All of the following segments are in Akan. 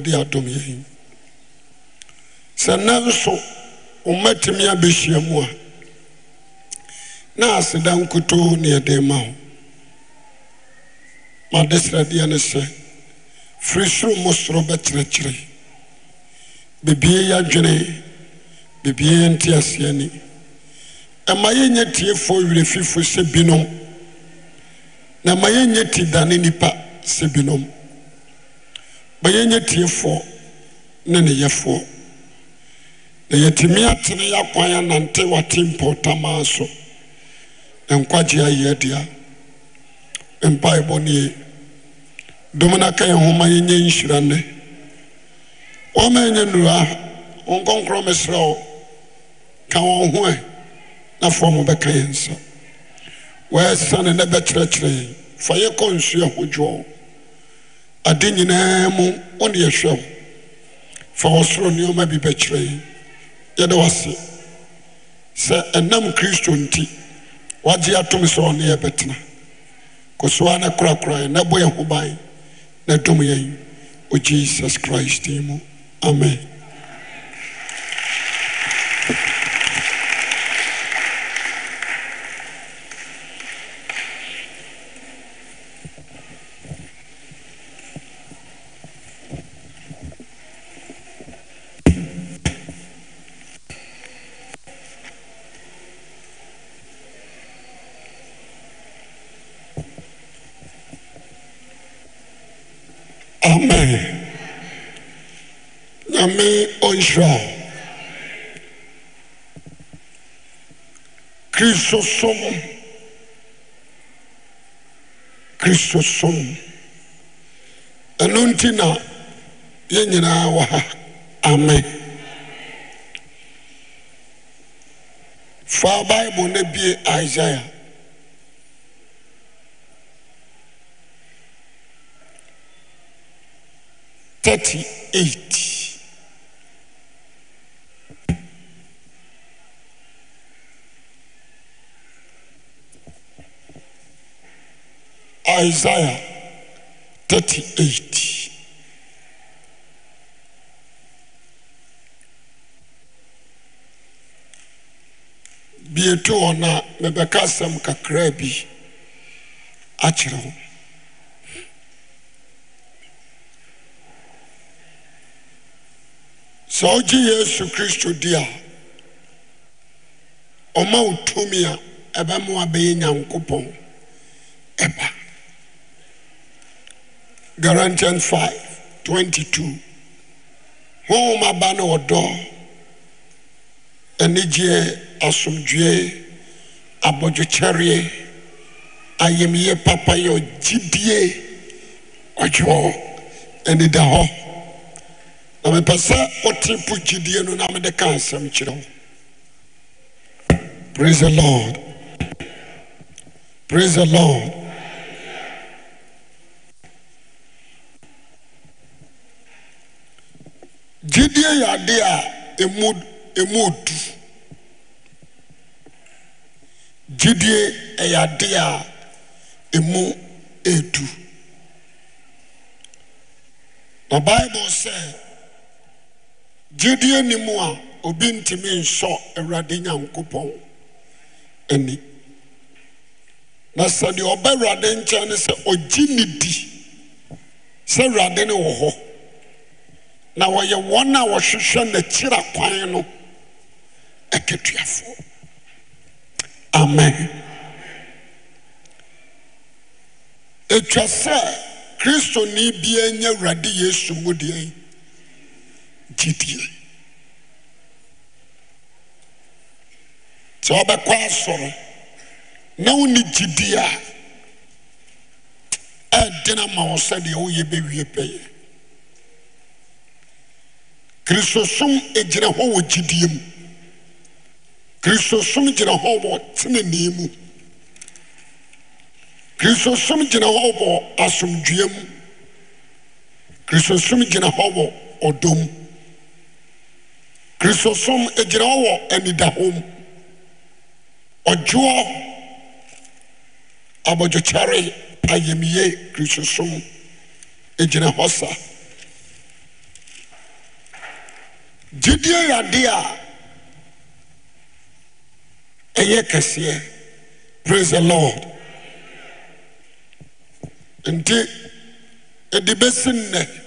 de admɛi sɛ nanso wɔmmatumi abɛhyiamu a na ase da nkutoo ne ɛden ma hɔ madesrɛdeɛ ne sɛ firi soro mo soro bɛkyerɛkyerɛ bebie ɛ adwene bebie ɛ nteaseɛ ni ɔma yɛnyɛ tiefoɔ werɛ fifoɔ sɛ binom na ɛma yɛnyɛ ti dane nnipa sɛ binom ma yɛnyɛ tiefoɔ ne ne yɛfoɔ na yɛtumi atene yɛakwan anante wate mpɔtamaa so na nkwagye ayɛ adea mpaebɔ ne ye dom no ka yɛ ho ma yɛnyɛ nhyira nnɛ wɔma yɛnyɛ nnura wo nkɔnkorɔ mesrɛ wo ka wɔn ho ɛ na fa mo bɛka yɛn nsa wɔɛsane ne bɛkyerɛkyerɛ yɛn fa yɛkɔ nsuo ahodwoɔ ade nyinaa mu wo ne ɛ hwɛ wo fa wɔsoro nneɔma bi bɛkyerɛyɛ yɛdɛ wɔse sɛ ɛnam kristo nti woadye ɛatom sɛ ɔ ne yɛ bɛtena kɔsoaa ne korakoran ne bɔ yɛ hoban ne domyɛn o jesus christ yi mu amen ame nyame ɔnhyirɛ kiso kristosom ɛno nti na yɛn nyinaa wɔ ha ame faa bible ne bue isaiah 38. Isaiah 38. Bietu ona mebeka asɛm kakraa bi akyerɛ wo sɛ ogye yesu kristo di a ɔma wo tomi a ɛbɛmaa bɛyɛ nyankopɔn ɛba gorintians 5 22 hohoma ba ne ɔdɔ anigyeɛ asomdwoɛ abɔdwokyɛreɛ ayamyiɛ papa yɛ ɔ gyebie ɔdyo wɔ ɛnida hɔ amepɛ sɛ wote po gyidie no na mede ka nsɛm kyerɛ wo prais lord prais e lord gyidie yɛade a mu ɛdu gyidie ɛyɛade a ɛmu ɛdu na bible sɛ gyediɛ nnim a obi ntumi nsɔ awurade nyankopɔn anim na sɛdeɛ ɔbɛ awurade nkyɛn ne sɛ ɔgye ne di sɛ awurade ne wɔ hɔ na ɔyɛ wɔn a wɔhwehwɛ n'kyira kwan no ɛkatuafoɔ amen ɔtwa sɛ kristoni biaa nyɛ awurade yesu mudeɛn i tɛ obɛkɔ asɔro na wonni gyidie a adina ma wo sɛdeɛ woyɛ bɛwie bɛyɛ krisosom agyina hɔ wɔ gyidie m krisosom gyina hɔ wɔ tenene mu krisosom gyina hɔ wɔ asomdwua m krisosom gyina hɔ wɔ ɔdɔm krisusom agyina hɔwɔ anidahom ɔdwoɔ abɔdwokyare ayamye krisusom agyina hɔ sa gyidie yadeɛ a ɛyɛ kɛseɛ prais e lord nti ɛdebɛsim nɛ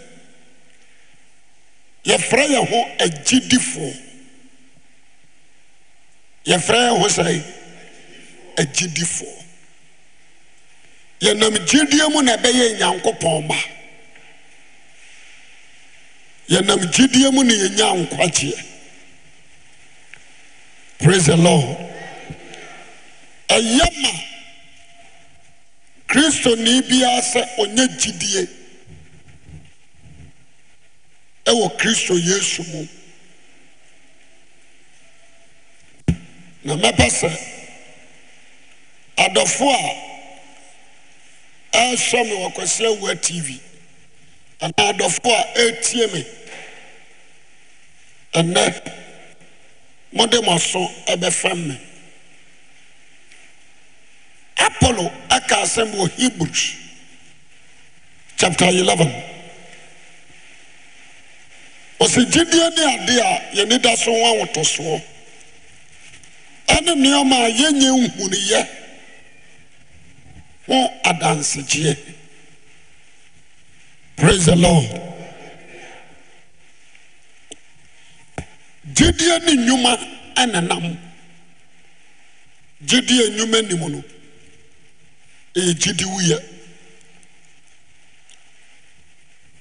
yɛfrɛ yɛ ho agyidifoɔ yɛfrɛ yɛ ho sɛ agyidifoɔ yɛnam gyidie mu ne ɛbɛyɛ nyankopɔn ma yɛnam gyidie mu ne yɛnya nkwagyeɛ prais e lord ɛyɛ ma kristoni biara sɛ ɔnyɛ gyidie ɛwɔ kristo yesu mu na mɛpɛ sɛ adɔfo a asɔ me wɔkwase awua tv ana adɔfo a atie me ɛnɛ mode moaso ɛbɛfam me apollo akaa sɛ m wɔ hebruws chapter 11 ɔsɛ gyidie ne ade a yɛni da so ho ahotosoɔ ɛne nneɔma a yɛnyɛ nhunuyɛ ho adansegyeɛ praise the lord gyidie ne nnwuma ɛnenam gyidie nnwuma nim no ɛyɛ gyidi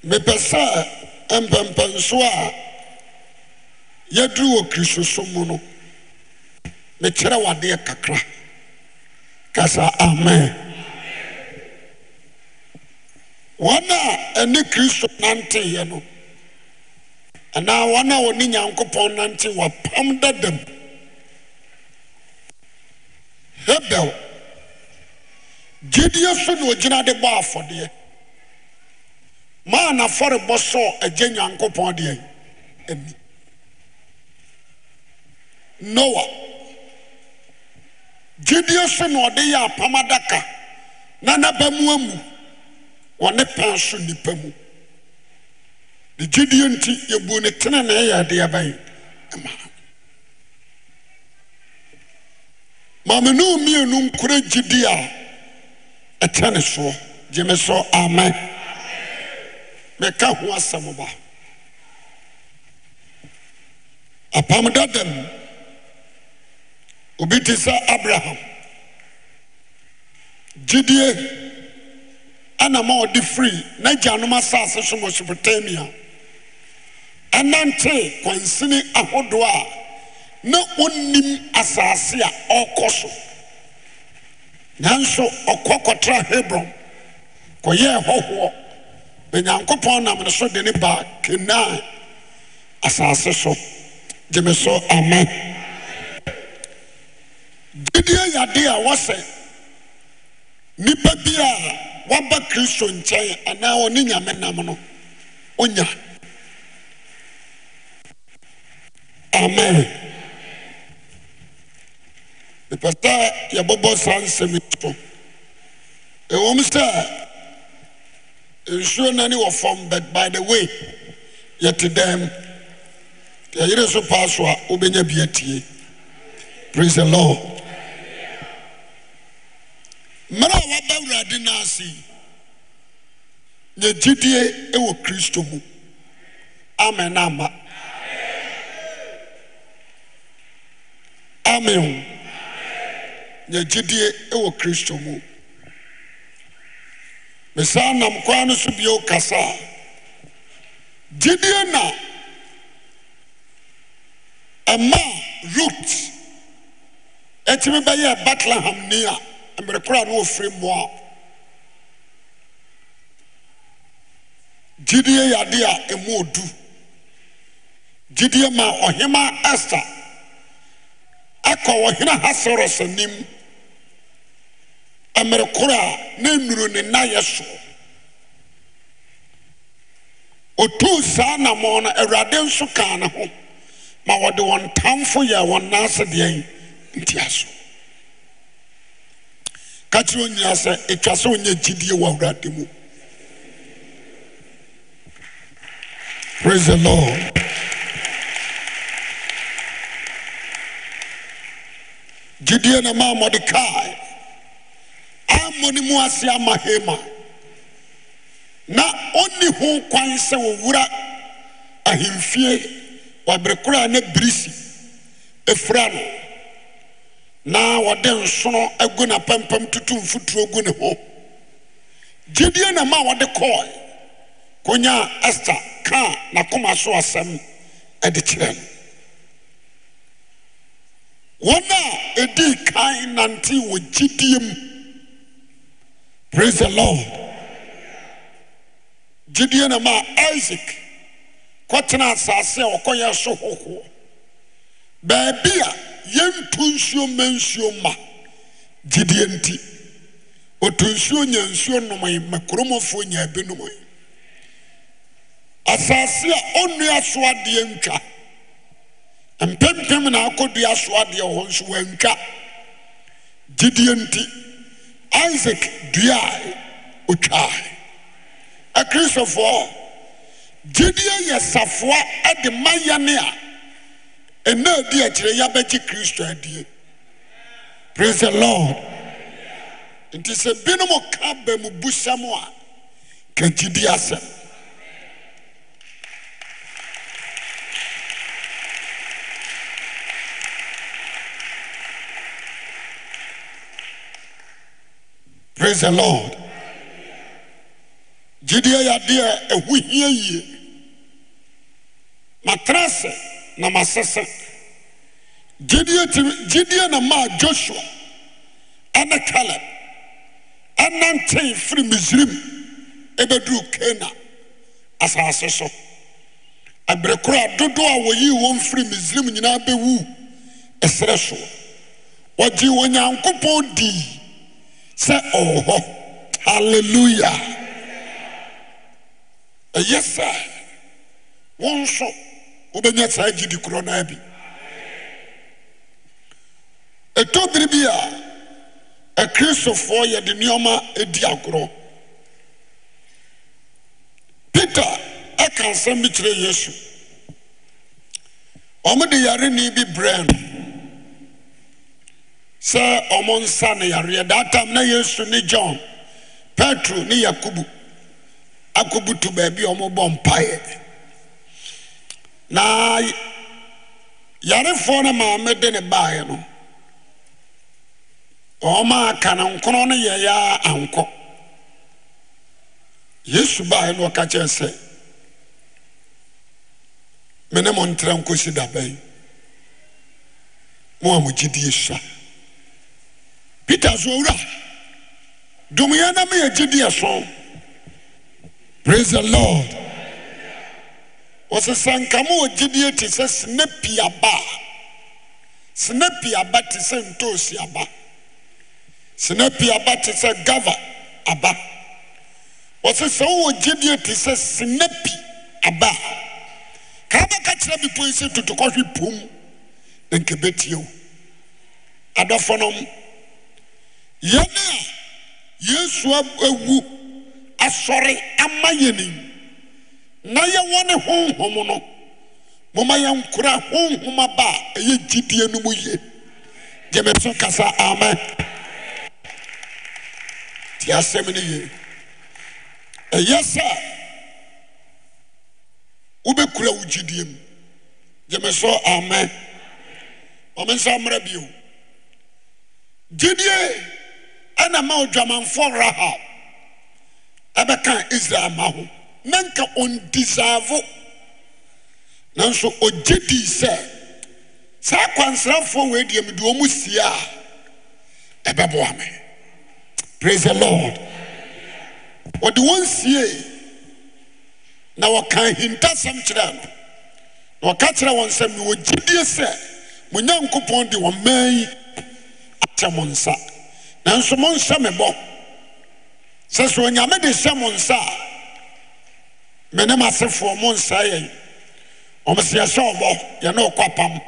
mepɛ sɛ mpɛmpɛnso a yɛduru wɔ krisoso mu no ne kyerɛ wadeɛ kakra ka sa amen wɔn a ɛne kristo nanteeɛ no anaa wɔn a wɔne nyankopɔn nante wɔpam da dam hɛ bɛw gyedie so na ɔgyina de bɔ afɔdeɛ maa n'afɔrebɔ sɔ agye nyankopɔn deɛ ani noa gyidie so na ɔde yɛ apam adaka na n'aba mu amu wɔne pɛn so nipa mu ne gyidie nti yɛbu ne tenenee yɛ adeɛ bɛyɛ ma maamene mmienu nkure gyidie a ɛtɛ ne soɔ gye me amen mɛka ho asɛm ba apam dadamu obi te sɛ abraham gyidie anama ɔde frii neagyanom asase so mesopotamia ɛnantee kwansini ahodoɔ a ne onnim asase a ɔrekɔ so nanso ɔkɔ kɔtra habron kɔyɛɛ hɔhoɔ na nyankopɔn nam ne so de ne baa kenaa asase so gyeme so ama gyidie yade a wɔsɛ nnipa bi a waba kristo nkyɛn anaa ɔne nyame nam no onya amen mepɛ sɛ yɛbɔbɔ saa nsɛm so ɛwom sɛ nsuo n'ani wɔ fam but by the way yɛte dɛm yɛyere so paa so a wobɛnya bi atie praise the lord mmerɛ a wɔaba awurade no ase yi nyɛ gyidie kristo mu amen ama amen nyɛ gyidie wɔ kristo mu mesan nam koraa no so bio kasa gyidie na ɛma rut atumi bɛyɛɛ betlehem ni a mmerɛ koraa ne wɔfiri mmoa gyidie yade a ɛmu odu gyidie ma ɔhema ester akɔ ɔhene haseros anim ɛmɛrɛ koro a ne nuru ne otu yɛ soɔ otuu saa namɔ no awurade nso kaa ne ho ma wɔde wɔn tamfo yɛ wɔn nan ase deɛ ntiaso ka kyerɛ onyina sɛ ɛtwa sɛ onyɛ gyidie wɔ awurade mu praise the lord gyidie na maa mɔde kae ammɔ no mu ase ama hema na ɔnni ho kwan sɛ wɔwura ahemfie wɔaberekoro a na birisi efura no na wɔde nsono na n'apampam tutu mfuturo gu ne ho gyidie na ma wɔde kɔɔ konya esta kaa n'akoma so asɛm ɛde kyerɛ no wɔn a edi kan nante wɔ gyidie mu praise the lord gyidie na ma isaac kɔtena asase a ɔkɔyɛ so hohoɔ baabi a yɛntu nsuo ma nsuo ma gyidie nti otu nsuo nya nsuo nomee ma kuromɔfoɔ nya bi nomee asase a ɔnnua soadeɛ ntwa mpempem na akɔdua soadeɛ hɔ nso wantwa gyidie nti isaak duaa otwa akristofoɔ gyidiɛ yɛ safoa ɛde ma yɛ ne a ɛnaadi akyirɛ yɛabɛgye kristo adie prais he lord nti sɛ binom ka ba mubusɛm a kagyidi asɛm gyideɛ yɛde a ɛhohia yie matrase na masese gyidiɛtm gyidee na maa josua ane kaleb anantɛe firi musrim bɛduruu kana asase so aberɛ koraa dodoɔ a wɔyiie wɔ mfiri musrim nyinaa bɛwu ɛserɛ so wɔde o nyankopɔn dii sɛ ɔ hɔ alleluya ɛyɛ sa wo nso wobɛnya saa gyedi korɔ no abi ɛtɔbiri bi a akrisofoɔ yɛde nneɔma adi akorɔ peter ɛka sɛm ni kyerɛɛ yesu ɔmɛde yarenni bi brɛɛn sɛ ɔmo nsa ne yareɛ daatam na yesu ne john petro ne yakubu akɔbutu baabi a ɔmobɔ mpaeɛ na yarefoɔ no maame de ne baeɛ no ɔma aka no nkono no yɛyɛa ankɔ yesu baeɛ no ɔka kyerɛ sɛ me ne mo ntra nkɔsi dabɛn mo a mogyidie sua peter so ɔwura a domia nama yɛgyedeɛ son prais he lord wɔsesa nka ma wɔgyedie te sɛ sena pi aba a sinapi aba te sɛ ntoosi aba sina pii aba te sɛ gava aba wɔse sɛ wowɔgyedie te sɛ sinapi aba a kaa dɛka kyerɛ bipoyi sɛ totokɔhwe pom ne nkɛbɛtie wo adɔfɔnom yɛne a yesu awu asɔre ama yɛni na yɛwɔ ne honhom no momma yɛnkora honhom aba a ɛyɛ gidi no mu ye gyeme so kasa ama nti asɛm no ye ɛyɛ sɛ wobɛkura wo gyidie mu gyeme so ama ɔme nsa mmra bio gyidie ɛna ma odwamanfoɔ raha ɛbɛka israel ma ho na nka ɔndisaavo nanso ɔgye dii sɛ saa akwansrafoɔ wɔadiɛ mede wɔ mu sie a ɛbɛboa me prais e lord wɔde wɔn siei na wɔka hinta sɛm kyerɛɛ no na wɔka kyerɛ wɔn nsɛm ne ɔgyedie sɛ monyankopɔn di wɔ mmɛn akyɛ mo nsa nsomo nsɛ me bɔ sɛ sɛ ɔnyamede sɛ mo nsa a menom asefoɔ mo nsa yɛn ɔmesyɛ sɛ ɔbɔ yɛne ɔkpam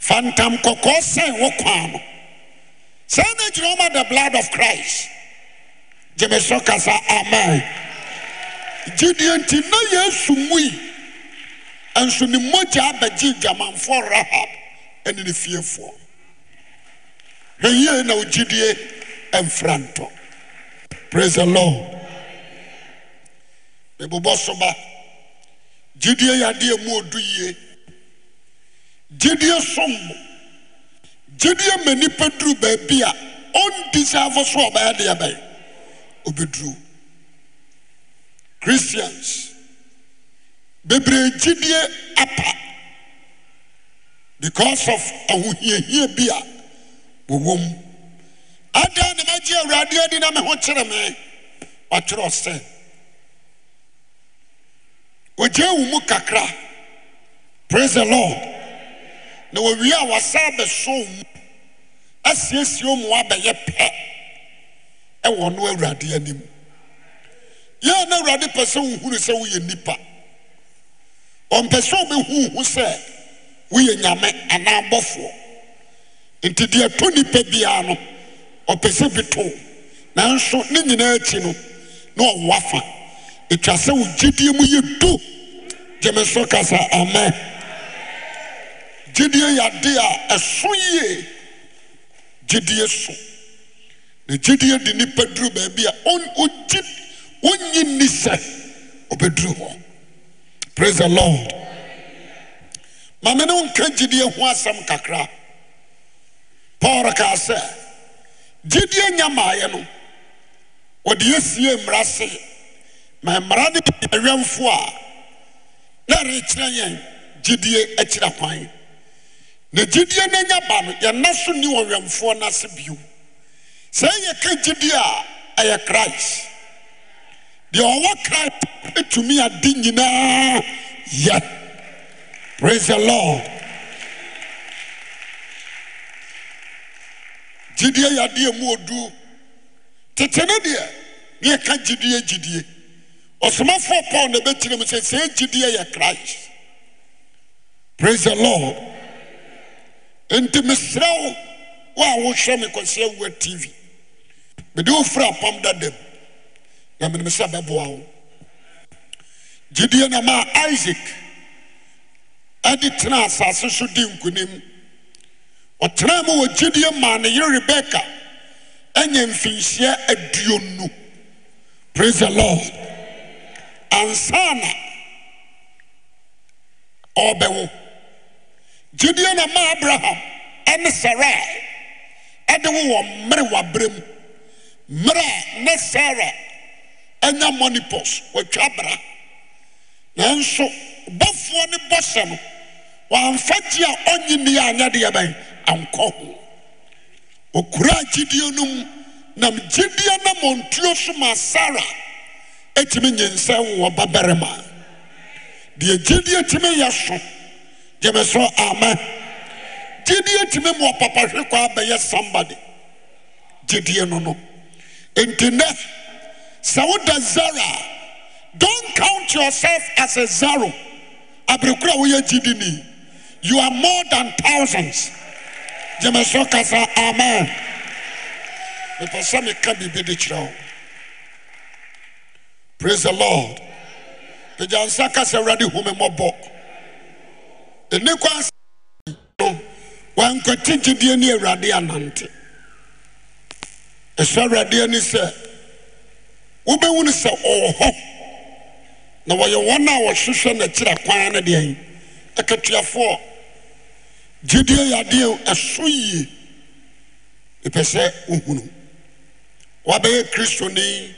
fantam kɔkɔɔ sɛn wo kwa no sɛɛ nɛ agyina ɔma the blood of christ gyeme sɔ kasa ama gyidiɛnti nna yɛ asumui nso ne mɔgya aba gye gyamanfoɔ rahab nine fiefoɔ And here wogyidie ɛmfra ntɔ prais e lord mebobɔ soma gyidie yɛadeɛ mu ɔdu yie gyidie som gyidie ma nnipa duru baabi a ɔndi saafo so ɔbɛyɛ deɛ bɛyɛ ɔbɛduru christians bebree gyidie apa because of ahohiahia bi a wɔwɔm adan na magye awurade adi na me ho kyerɛ me ɔtwerɛ sɛ ɔgye wo mu kakra praise the lord na wɔwie a wɔsan bɛso wo mu asiesie wo mu abɛyɛ pɛ ɛwɔ no awurade anim yɛa na awurade pɛ sɛ wohunu sɛ woyɛ nnipa ɔmpɛ sɛ sɛ woyɛ nyame anaa enti de atɔ nnipa biar no ɔpɛ sɛ bi too nanso ne nyinaa ati no ne ɔwa fa ɛtwa sɛ wo gyedie mu yɛdu gye meso kasa ama gyedie yɛde a ɛso yiee gyedie so ne gyidie di nnipa duru baabi a ɔgyi onyi ni sɛ ɔbɛduru hɔ prais he lord ma me no onka gyidiɛ ho asɛm kakra paul ka sɛ gyidie nya maaeɛ no wɔde yɛsie mmara se ma mmara ne yɛwɛmfo a na ɛrekyerɛ yɛn gyidie akyira kwan na gyidie n'anya ba no yɛna so nni wɔ wɛmfoɔ no ase bio sɛ yɛka gyidie a ɛyɛ christ deɛ ɔwɔ christ ɛtumi ade nyinaa yɛ praise the lord gyidie yɛadeɛ mu ɔduu tete no deɛ ne yɛka gyidie gyidie ɔsomafoɔ paul na ɛbɛkyerɛ mu sɛ sɛɛ gyidie yɛ christ praise the lord nti mesrɛ wo wo a wohwɛ me kɔsɛ wua tv mede wo firi apam dadam na menim sɛ bɛboa wo gyidie na maa isaac ade tena asase so di nkonim ɔteraa ma wɔ gyidie maa ne yere rebeka ɛnya mfinsyia aduon nu prase he lord ansana ɔrbɛwɔ gyidie na ma abraham ɛmesaree ɛde wo wɔ mmere waberɛ m mmerɛ ɛ ne sara ɛnya monipus watwabra nanso bɔfoɔ ne bɔ sɛ no wamfagye a ɔnyeniɛ anyɛde ɛbani ankɔ ho ɔkuraa gyidie no mu nam gyidie na mɔntuo so ma sara ɛtumi nyinsɛn wɔ babarima deɛ gyidie tumi yɛ so gyeme so ama gyidie mu kɔ abɛyɛ somebody gyidie no no nti nɛ woda zara don't count yourself as a zero abirekura woyɛ gyidini you are more than thousands. gymɛsɛ kasa ama mepɛ sɛ meka biribi de kyerɛ ho prais he lord pagyansa kasa awurade ho ma mmɔbɔ ɛne kwaa sɛ no wankwategyedieni awuradeɛ anante ɔsɛ awuradeɛani sɛ wobɛwu no sɛ ɔwɔ hɔ na wɔyɛ wɔ no a wɔsehwɛ n'kyira kwaa no deɛn ɛkatuafoɔ gyidie yɛ adeɛ ɛso yie nipɛ sɛ ohunu wɔabɛyɛ kristoni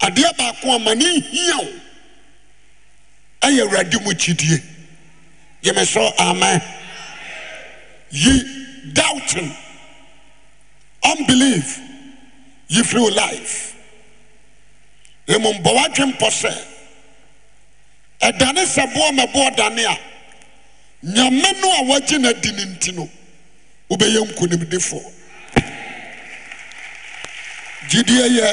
adeɛ baako amane hiewo ɛyɛ awuradi mu gyidie yeme sɛ ama yi dowtin unbelief yi friw life emombɔw' dwempɔ sɛ ɛdane sɛ boɔ maboɔ dane a nyame no a wɔagye no adi no nti no wobɛyɛ nkonimdifoɔ gyidie yɛ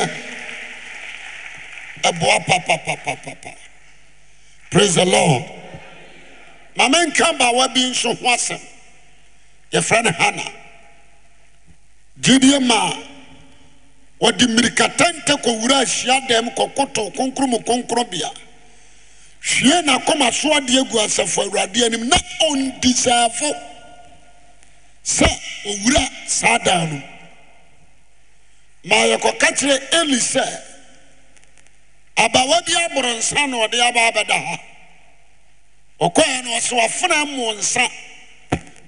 ɛboa papapapapapa praise the lord ma menka baawa bi nso ho asɛm yɛfrɛ no hana gyidie ma wɔde mmirikatɛntɛ kɔwura ahyia dɛm kɔkoto konkromu konkrobea hwie na n'akɔmasoɔde agu asafo awurade anim na ɔndisaafo sɛ owura saa dan no ma yɛkɔka kyerɛ eli sɛ abawa bi aboro nsa na ɔde aba abɛda ha ɔkɔɛ no ɔsɛ wafena mmo nsa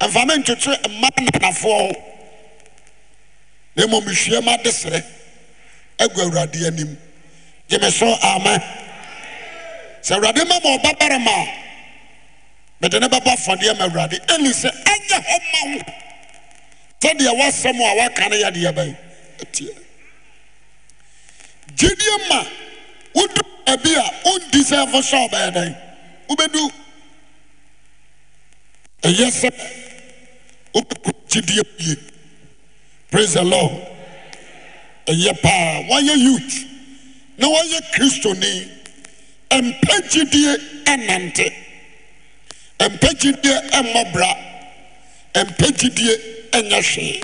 mfame ntoto mma nanafoɔ ho na mmom hwie ma de serɛ agu awurade anim gye me so ama sɛ awurade mama ɔbabara maa bɛde ne bɛba fadeɛma awurade eli sɛ ɛyɛ hɔ ma wo sɛdeɛ woasɛm a woaka ne yɛdeabayɛ gyidiɛ ma wodu a bi a wondi sɛfo sɛ ɔbɛyɛdɛn wobɛdu ɛyɛ sɛ ogidiɛ yɛ pras e lar ɛyɛ paa woayɛ youth na woayɛ kristoni mpɛ gyidie nante mpɛ gyidie mmɔbra mpɛ gyidie nyɛ hwee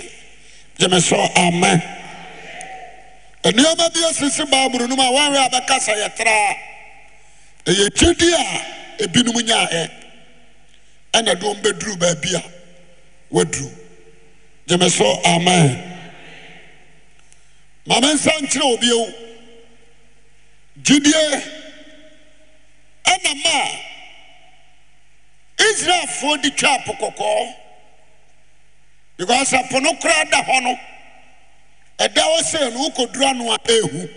gyemeso amen nnuɔma biɛsisi bible nom a wɔarɛ a bɛkasa yɛtraa ɛyɛgyedie a ebinom nya ɛ ɛnadɔm bɛduruu baabi a woaduru gyemeso amen mamɛnsa nkyerɛ wo biwo gyidiɛ ɛna ma a israelfoɔ de twa apo kɔkɔɔ because apo no koraa da hɔ no ɛda hɔ sɛ no wokɔduru ano a ɛɛhu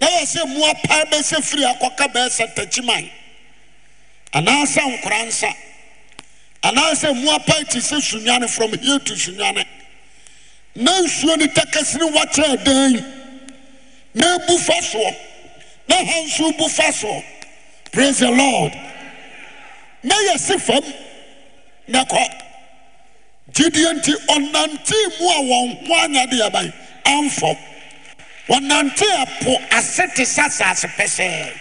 na yɛ sɛ mmoa paa bɛsɛ firi akɔka bɛɛsɛ takyiman anaasɛ nkora nsa anaasɛ mmoa paa ti sɛ sunyane from here to sunyane na nsuo ne takasini wakyerɛ dan na ebu fa soɔ na ha nsuo bu fa soɔ prais the lord nɛ yɛ se fam na ka gyidie nti ɔnantee mu a wɔn ho anyade abaye amfɔm ɔnantee apo ase te sasaase pɛ sɛɛ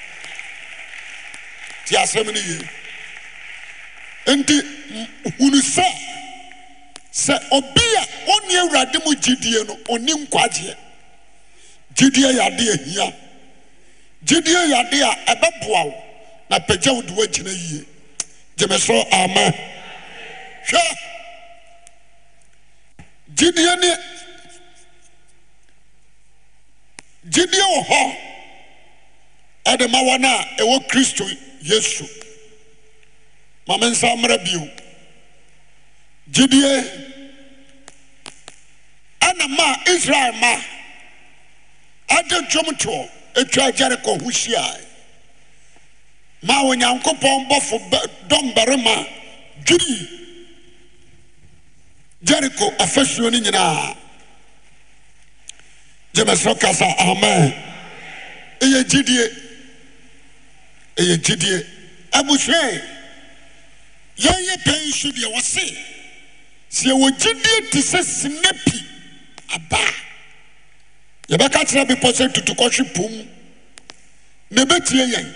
ti asɛm no ye nti hunu sɛ sɛ obi a ɔne awurade mu gyidie no ɔnim nkwaagyeɛ gyidie yɛade ahia gyidie yɛade a ɛbɛboa wo na pagya wo do waagyina yie gyeme so ama hwɛ gyidie ne gyidie wo hɔ ɔde mawa n a ɛwɔ kristo yesu mamensa mmra bio gyidie anamaa israel ma agya twomtoɔ atwaagyare kɔho hyia ma onyankopɔn bɔfo dɔmbarima dwirii jeriko afasuo no nyinaa gyemɛsrɛ kasa amen ɛyɛ gyidie ɛyɛ gyidie abusue yɛnyɛ pɛi so deɛ wɔse sɛ yɛwɔ gyidie te sɛ sinapi abaa yɛbɛka kyerɛ bepɔ sɛ tutukɔhwe pom ne ɛbɛtie yɛn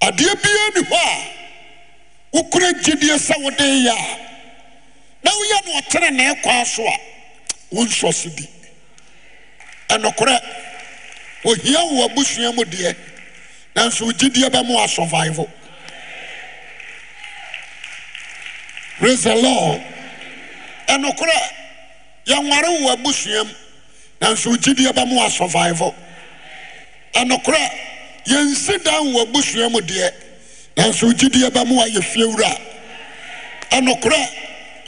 adeɛ biara ni hɔ a wokora gyidie sɛ wode yɛ na woyɛ no ɔtere ne kwaa so a wonsɔ so bi ɛnokorɛ ohia wo abusua mu deɛ nanso gyidie bɛmo a survival praise the lord ɛnokorɛ yɛnware wo abusua mu nanso gyidie bɛmo a survival ɛnokorɛ yɛnsi dan wɔ busua mu deɛ nanso gyidie bɛ mu a yɛfie wura ɛnokorɛ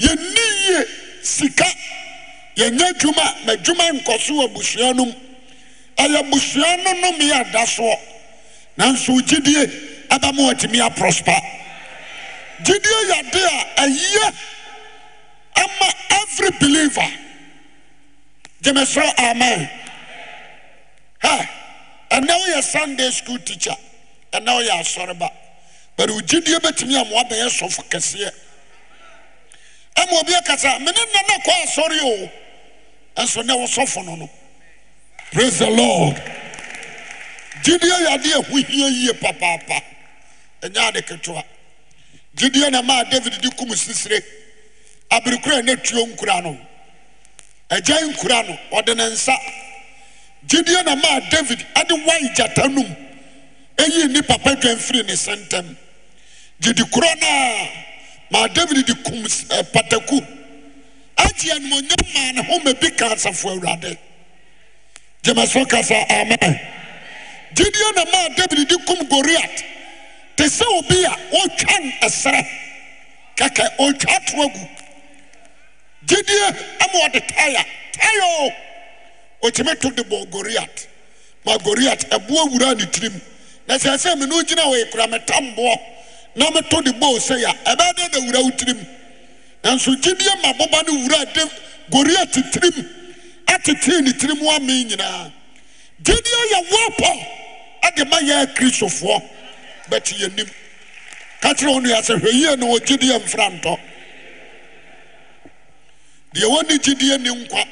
yɛnni yie sika yɛnyɛ adwuma ma adwuma nkɔso wɔ busua no mu ɛyɛ busua no nome yɛ ada soɔ nanso gyidie ɛbɛ mu atumi aprɔspa gyidie yɛde a ɛyɛ ama every believer gyemesɛ amen ha Hey. ɛnɛ woyɛ sunday school teacher ɛnɛ woyɛ asɔreba but ogyidie bɛtumi a moabɛyɛ sɔfo kɛseɛ ɛma obi akasa mene nna na kɔ asɔre o ɛnso ne wo sɔfo no no praise the lord gyidie yɛ adeɛ ɛho hie yie papaapa ɛnyɛ ade ketewa gyidie na maa david di kum sisire aberekora a ne tuo nkura no agyan nkura no ɔde ne nsa gyidie na maa david ade wai gyata nom ɛyii nnipapa dwamfiri ne sɛntɛm gyidi korɔ no a ma david de kum eh, pataku agye anomonya maane ho mabi ka asafoɔ awurade gyamaso kasa aman gyidie na maa david de kum goriat te sɛ obi a otwa n ɛserɛ kaka ɔtwa toa gu gyidie amaɔde taea tae o ɔtumi to de bɔ goriat ma goriat ɛboa wura ne tirim na sɛ sɛ me no gyina wɔyɛ kura metamboɔ na meto de bɔɔ sɛ a ɛbɛɛ da wura wo tirim nanso gyidiɛ ma boba no wura de goriat tirim atetee ne tirim wame nyinaa gyidiɛ yɛ wɔpɔ ade ma yɛ kristofoɔ bɛte yɛnim ka kyerɛ wo nua sɛ hwɛ yie ne wɔ gyidiɛ mfra ntɔ deɛ wɔne gyidiɛ ne nkwa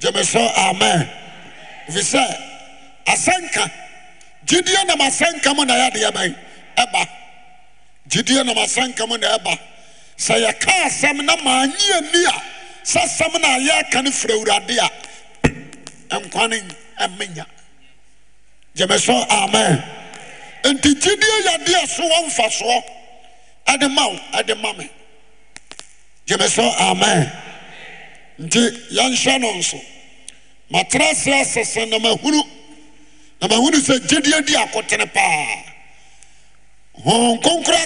gyeme sɔ ame fir sɛ asɛnka gyideɛ namasɛnka mu na yɛdeɛbɛn ɛba gyideɛ namasɛnka m na ɛba sɛ yɛka a sɛm na maanyiani a sɛsɛm na yɛrka ne firɛwurade a nkwane menya gyemɛ sɔ ame nti gyideɛ yɛdeɛ so wɔ mfasoɔ ɛde mawo ɛde ma me gyeme sɔ ame nti yɛnhwɛ no nso matera ase asese na mahunu na mahunu sɛ gyidie di akotene paa hon konkora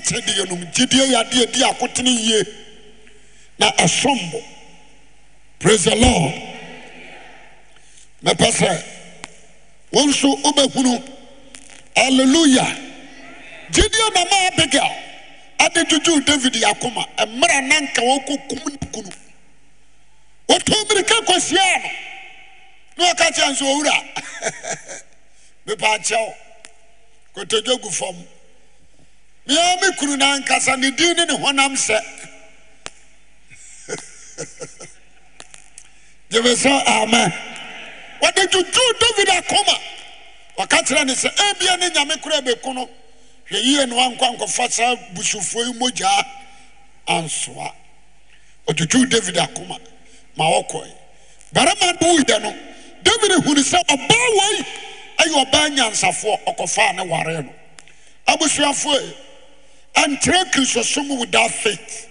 nom gyidie yɛadeɛ di yie na ɛsom bo praise the lord mɛpɛ sɛ wo nso wobɛhunu alleluya na abigail ade dwudwuu david yɛ akoma na wɔto mirika kɔsia no na ɔka kyɛ nso owura mepaakyɛ wo gu fam meaa me kunu no ankasa ne din ne ne honam sɛ gyeme sɛ ama wɔde dwudwuu david akoma ɔka kyerɛ ne sɛ eh, ebia ne nyame kora bɛku no hwɛ yie no wankɔ ankɔfa saa busufoɔ yi mogyaa ansoa ɔdwudwuu david akoma maɔɔ barɛmanidɛ no david hunu sɛ ɔbaa wai ɛyɛ ɔbaa nyansafoɔ ɔkɔfaa ne ware no abosuafoɔe ɛntera krisosom witowt fait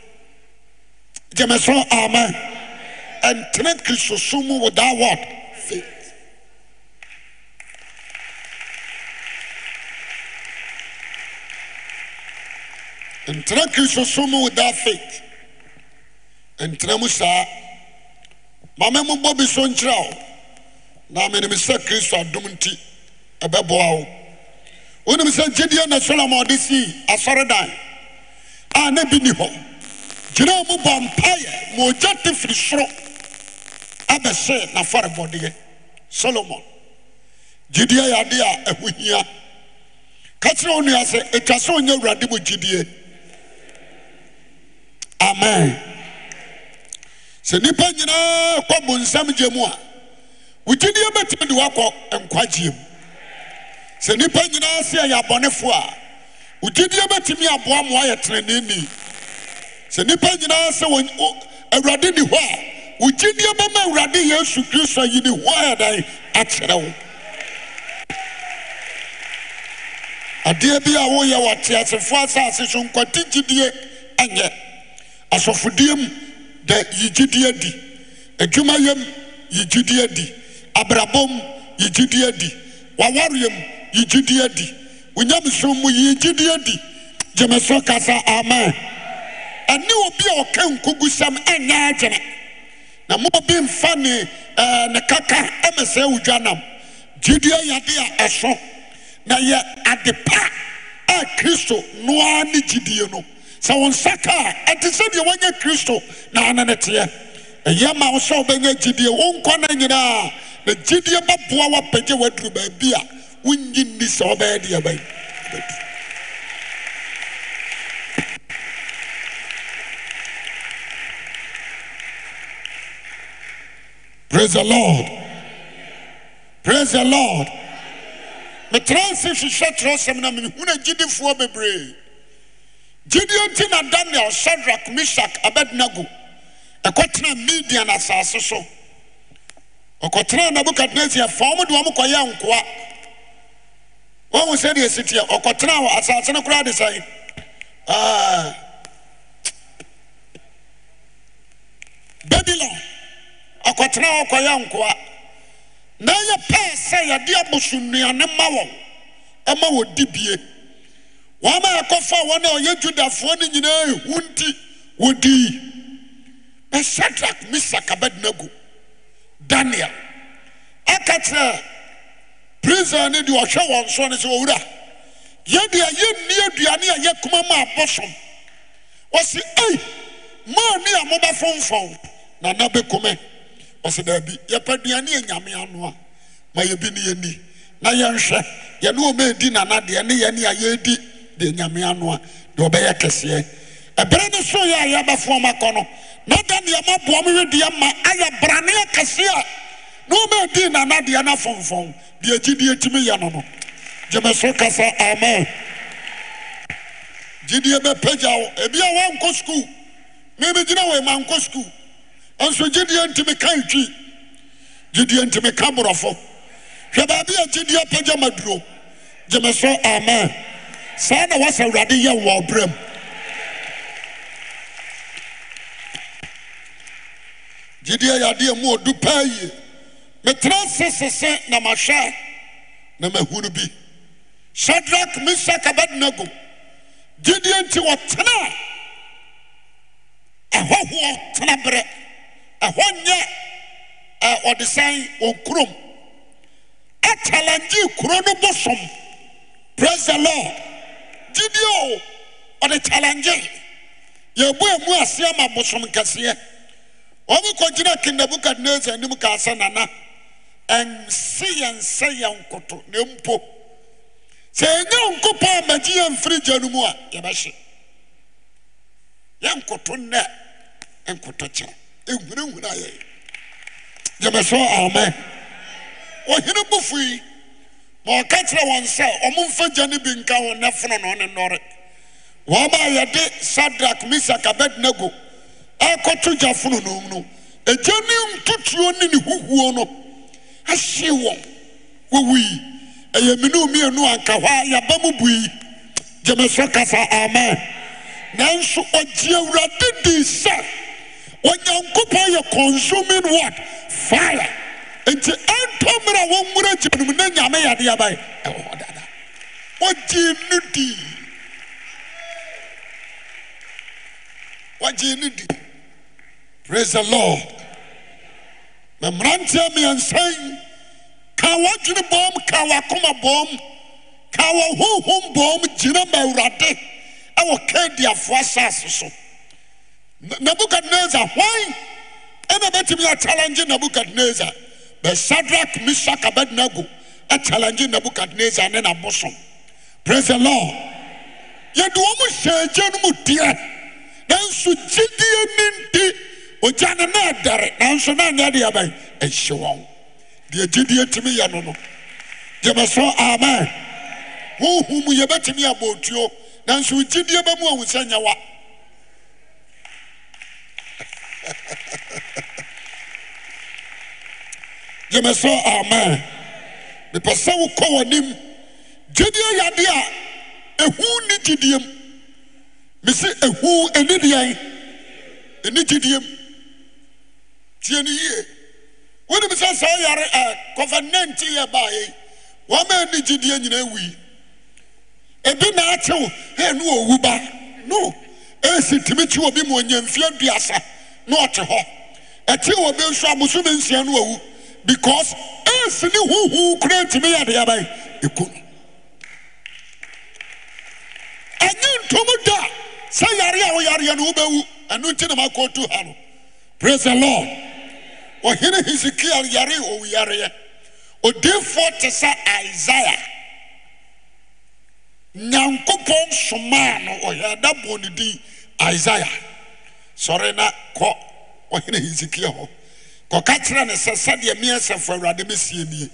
yamɛsɛ ama ntea kioso iowa nea krioso iou fait neamsaa mamɛmobɔ bi so nkyerɛ wo na menim sɛ kristo adom nti ɔbɛboa wo wonim sɛ gyidie na solomon ɔde sii asɔredan a na bi ni hɔ gyina o muba mpa eɛ maɔgya te firi soro abɛsɛ nafarebɔdeɛ solomon gyidiɛ yɛade a ahohia ka kyerɛ wo nuasɛ atwa sɛ wonyɛ awurade mu gyidie amen sɛ nnipa nyinaa kɔmu nsam gye mu a wogyidiɛ bɛtumi de woakɔ nkwa gyeɛ m sɛ nnipa nyinaa sɛ ɛyɛ abɔnefo a wogyidiɛ bɛtumi aboa mmoayɛ terene ni sɛ nnipa nyinaa sɛ awurade nni hɔ a wo gyidie mɛma awurade yesu kristo yi neho ayadan akyerɛ wo adeɛ bi a woyɛwɔ teasefo asase so nkwate gyidie anyɛ asɔfodiɛ m nɛ yegyidiɛ di adwumayam yegyidiɛ di abrabɔm yegyidiɛ di wawaroɛm yegyidiɛ di onyamsom mu ye gyidiɛ di gyemesɛ kasa ama ɛne obi a ɔka nkɔgu sɛm ɛnyɛa gyenɛ na maobi mfa ne eh, ne kaka mɛ sɛ awodwanam gyidie yɛde a ɛso na yɛ ade pa a kristo noara ne gyidie no sɛ wo saka a ɛte sɛdeɛ woanyɛ kristo naaneno teɛ ɛyɛ mawo sɛ wobɛnyɛ gyidiɛ wonkwano nyinaa nagyideɛ bɛboa woapɛgya w'aduru baabi a woyini sɛ wobɛyɛebpas d prase lord metrɛsɛ hihwɛkyerɛsɛm no meehuno gyidifoɔ bebree gyidie nti na daniel shadrach mishak abednego ɛkɔtena median asase so ɔkɔtena nabukadnesar fa wɔn de wɔn kɔyɛ nkoa wɔn ho sɛ deɛ si teɛ ɔkɔtena asase no koraa de sɛn aa ah. babylon ɔkɔtena wɔ kɔyɛ nkoa na yɛ pɛɛ sɛ yɛde abosonnuane ma wɔn ɛma wɔn dibie. wɔamaakɔfa a wɔ n a ɔyɛ dwudafoɔ no nyinaaho nti wɔdi ɛsadrak misa kabadnago daniel aka trɛ prisa no di ɔhwɛ wɔn so ne sɛ ɔwura yɛdea yɛnni aduane a yɛkma maabɔ som wɔsɛ i maani a mobɛfo mfawo na na bɛkume ɔsɛ daabi yɛpa duane a nyame ano a ma yɛbi ne yɛani na yɛnhwɛ yɛne ɔ maɛdi nana deɛ ne yɛnea yɛrdi ɛmɛranɛkɛsɛa nɔaɛgngeso kɛsɛ gid ɛpya ia wɔnkɔ sko mebɛgyina mankɔ skl no gyideɛ ntim katwi nkaɔ hwɛ aaa gidɛ pɛgyamaduro gyime so m saa na woasɛ wurade yɛ woaberɛ m gyidiɛ yade a mu ɔdu paa yie metera sesese na mahwɛa na maahunu bi sadrak mesa kabadnagu gyidie nti wɔtenaa ɔhɔhoɔ tena berɛ ɛhɔ nyɛ ɔdesane ɔkurom atalangyee kuro no bosom presda lar gyibia o ɔde kyalangyee yɛbɔ amu aseɛma mosom nkɛseɛ ɔbɛkɔgyina ke nabukadnassar nnim kaa sɛ nana ɛnse yɛnsɛ yɛnkoto na mpo sɛ ɛnyɛ nkopɔn a magye yɛmfirigya no mu a yɛbɛhyɛ yɛnkoto nnɛ nkoto kyerɛ hunahunu ayɛ yemɛsɛ amɛ ɔhene bofo yi ɔka kyerɛ wɔn sɛ ɔmomfa gya ne bi nka na ne na no ne nnɔre wɔaba yɛde sadrak misak abednego ɛkɔto gya fono no mu no agya ne ntotuo ne ne huhuo no ahye wɔn wɔwui ɛyɛ mene mmienu anka hɔ a yɛba mu bui gyeme kasa amen nanso ɔgye awurade dii sɛ onyankopɔn yɛ consuming word fire nti ɛntɔ mmerɛ a wɔnwura gyina no mu na nyame yɛde abae ɛwɔ hɔ dada wɔgye no di wɔgye no di praise the lord na mmeranteɛ mmiɛnsa ka wɔdwene bɔm ka wɔakoma bɔm ka wɔhohom bɔm gyina ma awurade ɛwɔ kadiafoɔ asase so nebukadnezar hwan ɛna bɛtumi achallenge nebukadnezar bɛsadrak misak abadnago atalangye nabukadnezar ne na mosom prese la yɛde ɔ mu hyɛagya no mu teɛ nanso gyidie nindi ɔgya ne ma ɛdare nanso na anyɛde ɛbay ɛhyɛ wɔn deɛ gyidie tumi yɛ no no yɛmɛso ama wɔhu mu yɛbɛtumi yɛ abɔtuo nanso gyidiɛ bɛmu a wu sɛnyɛwa yemɛsɛ amaa nepɛ sɛ wo kɔwnim gyedeɛ yade a ɛhuw nne gyidiɛm me sɛ ɛhuw anideɛ ni gyidiɛm tiane yie wonem sɛ sɛ yare kɔfanantiyɛ baɛ waamaa ni gyideɛ nyina awii ɛbi naakyew a ne ɔwu ba no ɛsi timi kyewɔ bi maɔ nyamfia duasa ne ɔte hɔ ɛtie wɔbɛ so amosomɛ nsia no wawu ecause asine hohuu kora atumi yɛreɛbae ɛko ayentom da sɛ yareɛ ɔyareɛ no wobawu ɛno ntinemaakɔ to haro pres e lor ɔhere hezekiel yaree ɔwe yareɛ ɔdefoɔ te sɛ isaia nyankopɔn somaa no ɔyɛ ada bɔɔno di isaia sɔre na kɔ ɔhene hezekiel hɔ kɔka kyerɛ ne sɛ sɛdeɛ meɛsɛfo awurade mɛsienni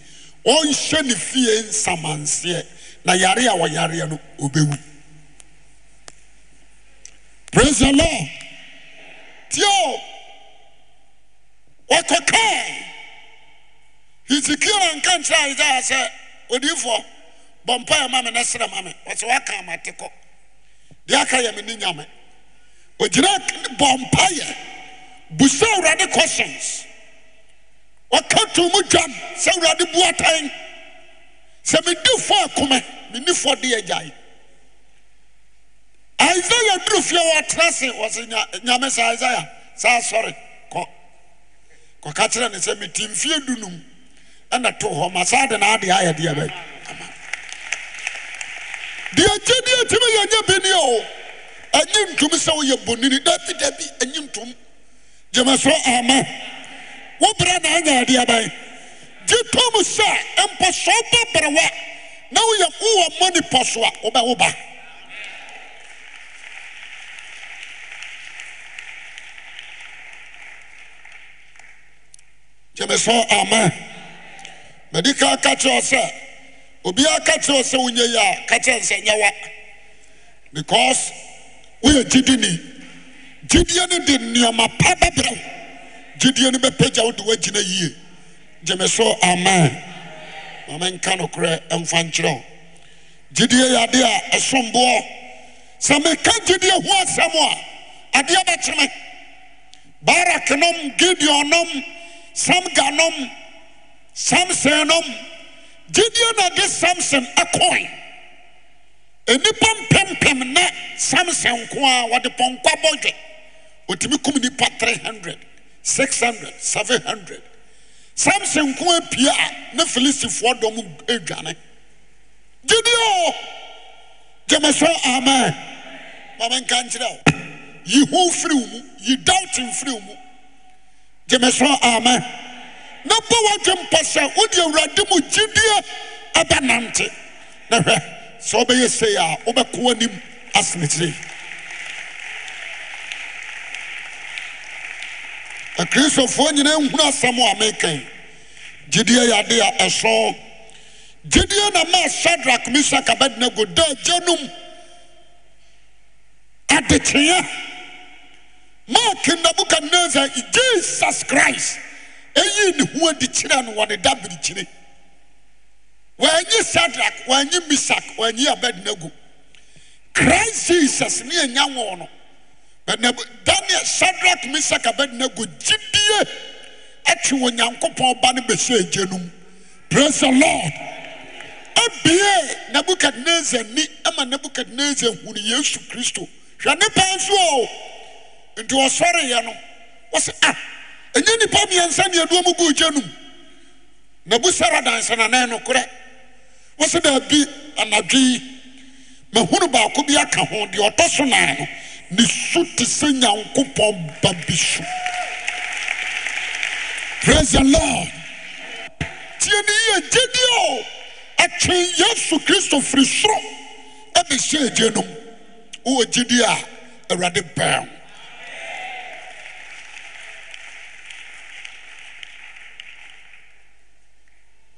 ɔnhwɛ ne fie nsamanseɛ na yare a wɔyareɛ no ɔbɛwu prsla tiɛo ɔkɔkae hiti kiara nka nkyerɛyeyaa sɛ ɔdiyifoɔ bɔ mpaɛ ma me ne serɛma ne ɔsɛ wɔaka matekɔ deɛ aka yɛ menninyame ɔgyina bɔmpa yɛ buso awurade cosions ɔka to mo dwan sɛ wurade boatai sɛ medifɔ akomɛ mennifɔ deɛ gyae isaia duru fiɛ wɔɔtora se ɔsnyame sɛ isaia saa sɔre kɔ ɔka kyerɛ ne sɛ metimfiɛ dunum ɛna to hɔ ma sɛade naade ayɛdeaba de agyede ɛtimi yɛanyɛ be niɛɔ aintom sɛ woyɛ bɔnini daa fidaa bi anyintom gyamɛso ama wobrɛ naanyɛadeɛban gyi tom sɛ mpɔ soo dɔ berɛwa na woyɛ ko ɔ mmɔ nepɔ soa wobɛwo ba kyemeso ama madi ka ka kyerɛɛ sɛ obiaa ka kyerɛɛ sɛ wonyɛ yɛa kakyerɛ nsɛnyɛwa because woyɛ gyi di ni gyidiɛ no de nneɔma pa baberɛw gyidie no bɛpɛgya wode w'agyina yie gyeme so aman amenka nokorɛ mfa nkyerɛn gyidie yɛade a ɔsomboɔ sɛ meka gyidiɛ ho asɛm a adeɛ bɛkyeme barak nom gideon nom sam ga nom samesen nom gyidie no de samsom akɔe nipa mpɛmpɛm na sam sɛm nko ar wɔde pɔnkwa bɔdwe ɔtumi komi nnipa 300 600 700 samsen nko a pie a ne filisifoɔ dɔm adwane gwidiɛ o gyameson ama mamɛnka nkyerɛo yehow mfiriw mu yi dowten mfiriw mu gyameson ama ne bɔ w'adwempɔ sɛ wodi awurade mu gyibie aba nante na hwɛ sɛ wobɛyɛ sɛe a wobɛkɔ wo anim asnikyirei akristofoɔ nyinaa nhunu asɛma me kɛe gyidie yɛade a ɛson gyidie na maa sadrak misak abednago da gyanom adekeea marke nabukadnazzar jesus christ ɛyii ne hoa di kyere no wɔne dabir kyire wanye sadrak wanye misak wanye abednago khrist jesus ne ɛnya wɔ no daniel sadrak misak abednego gyidie atwe onyankopɔn ba no bɛsɛ agye no mu praise the lord abie nebukadnezar ni ama nebukadnezar hunu yesu kristo hwɛ ne nso so o nti ɔsɔreeɛ no wɔsɛ a ah, ɛnyɛ nnipa mmiɛnsa ne aduo mu buu gye no mu nabusaradan sanane nokorɛ wɔsɛ daabi anadwe yi mahunu baako bi aka ho deɛ ɔtɔ so naa no ne su te sɛ nyankopɔn ba bi so praise the lord tie ne yɛ gyedi o atwe yesu kristo firi soro ɛbɛhyɛ agye nom wowɔ gyedi a awurade bɛn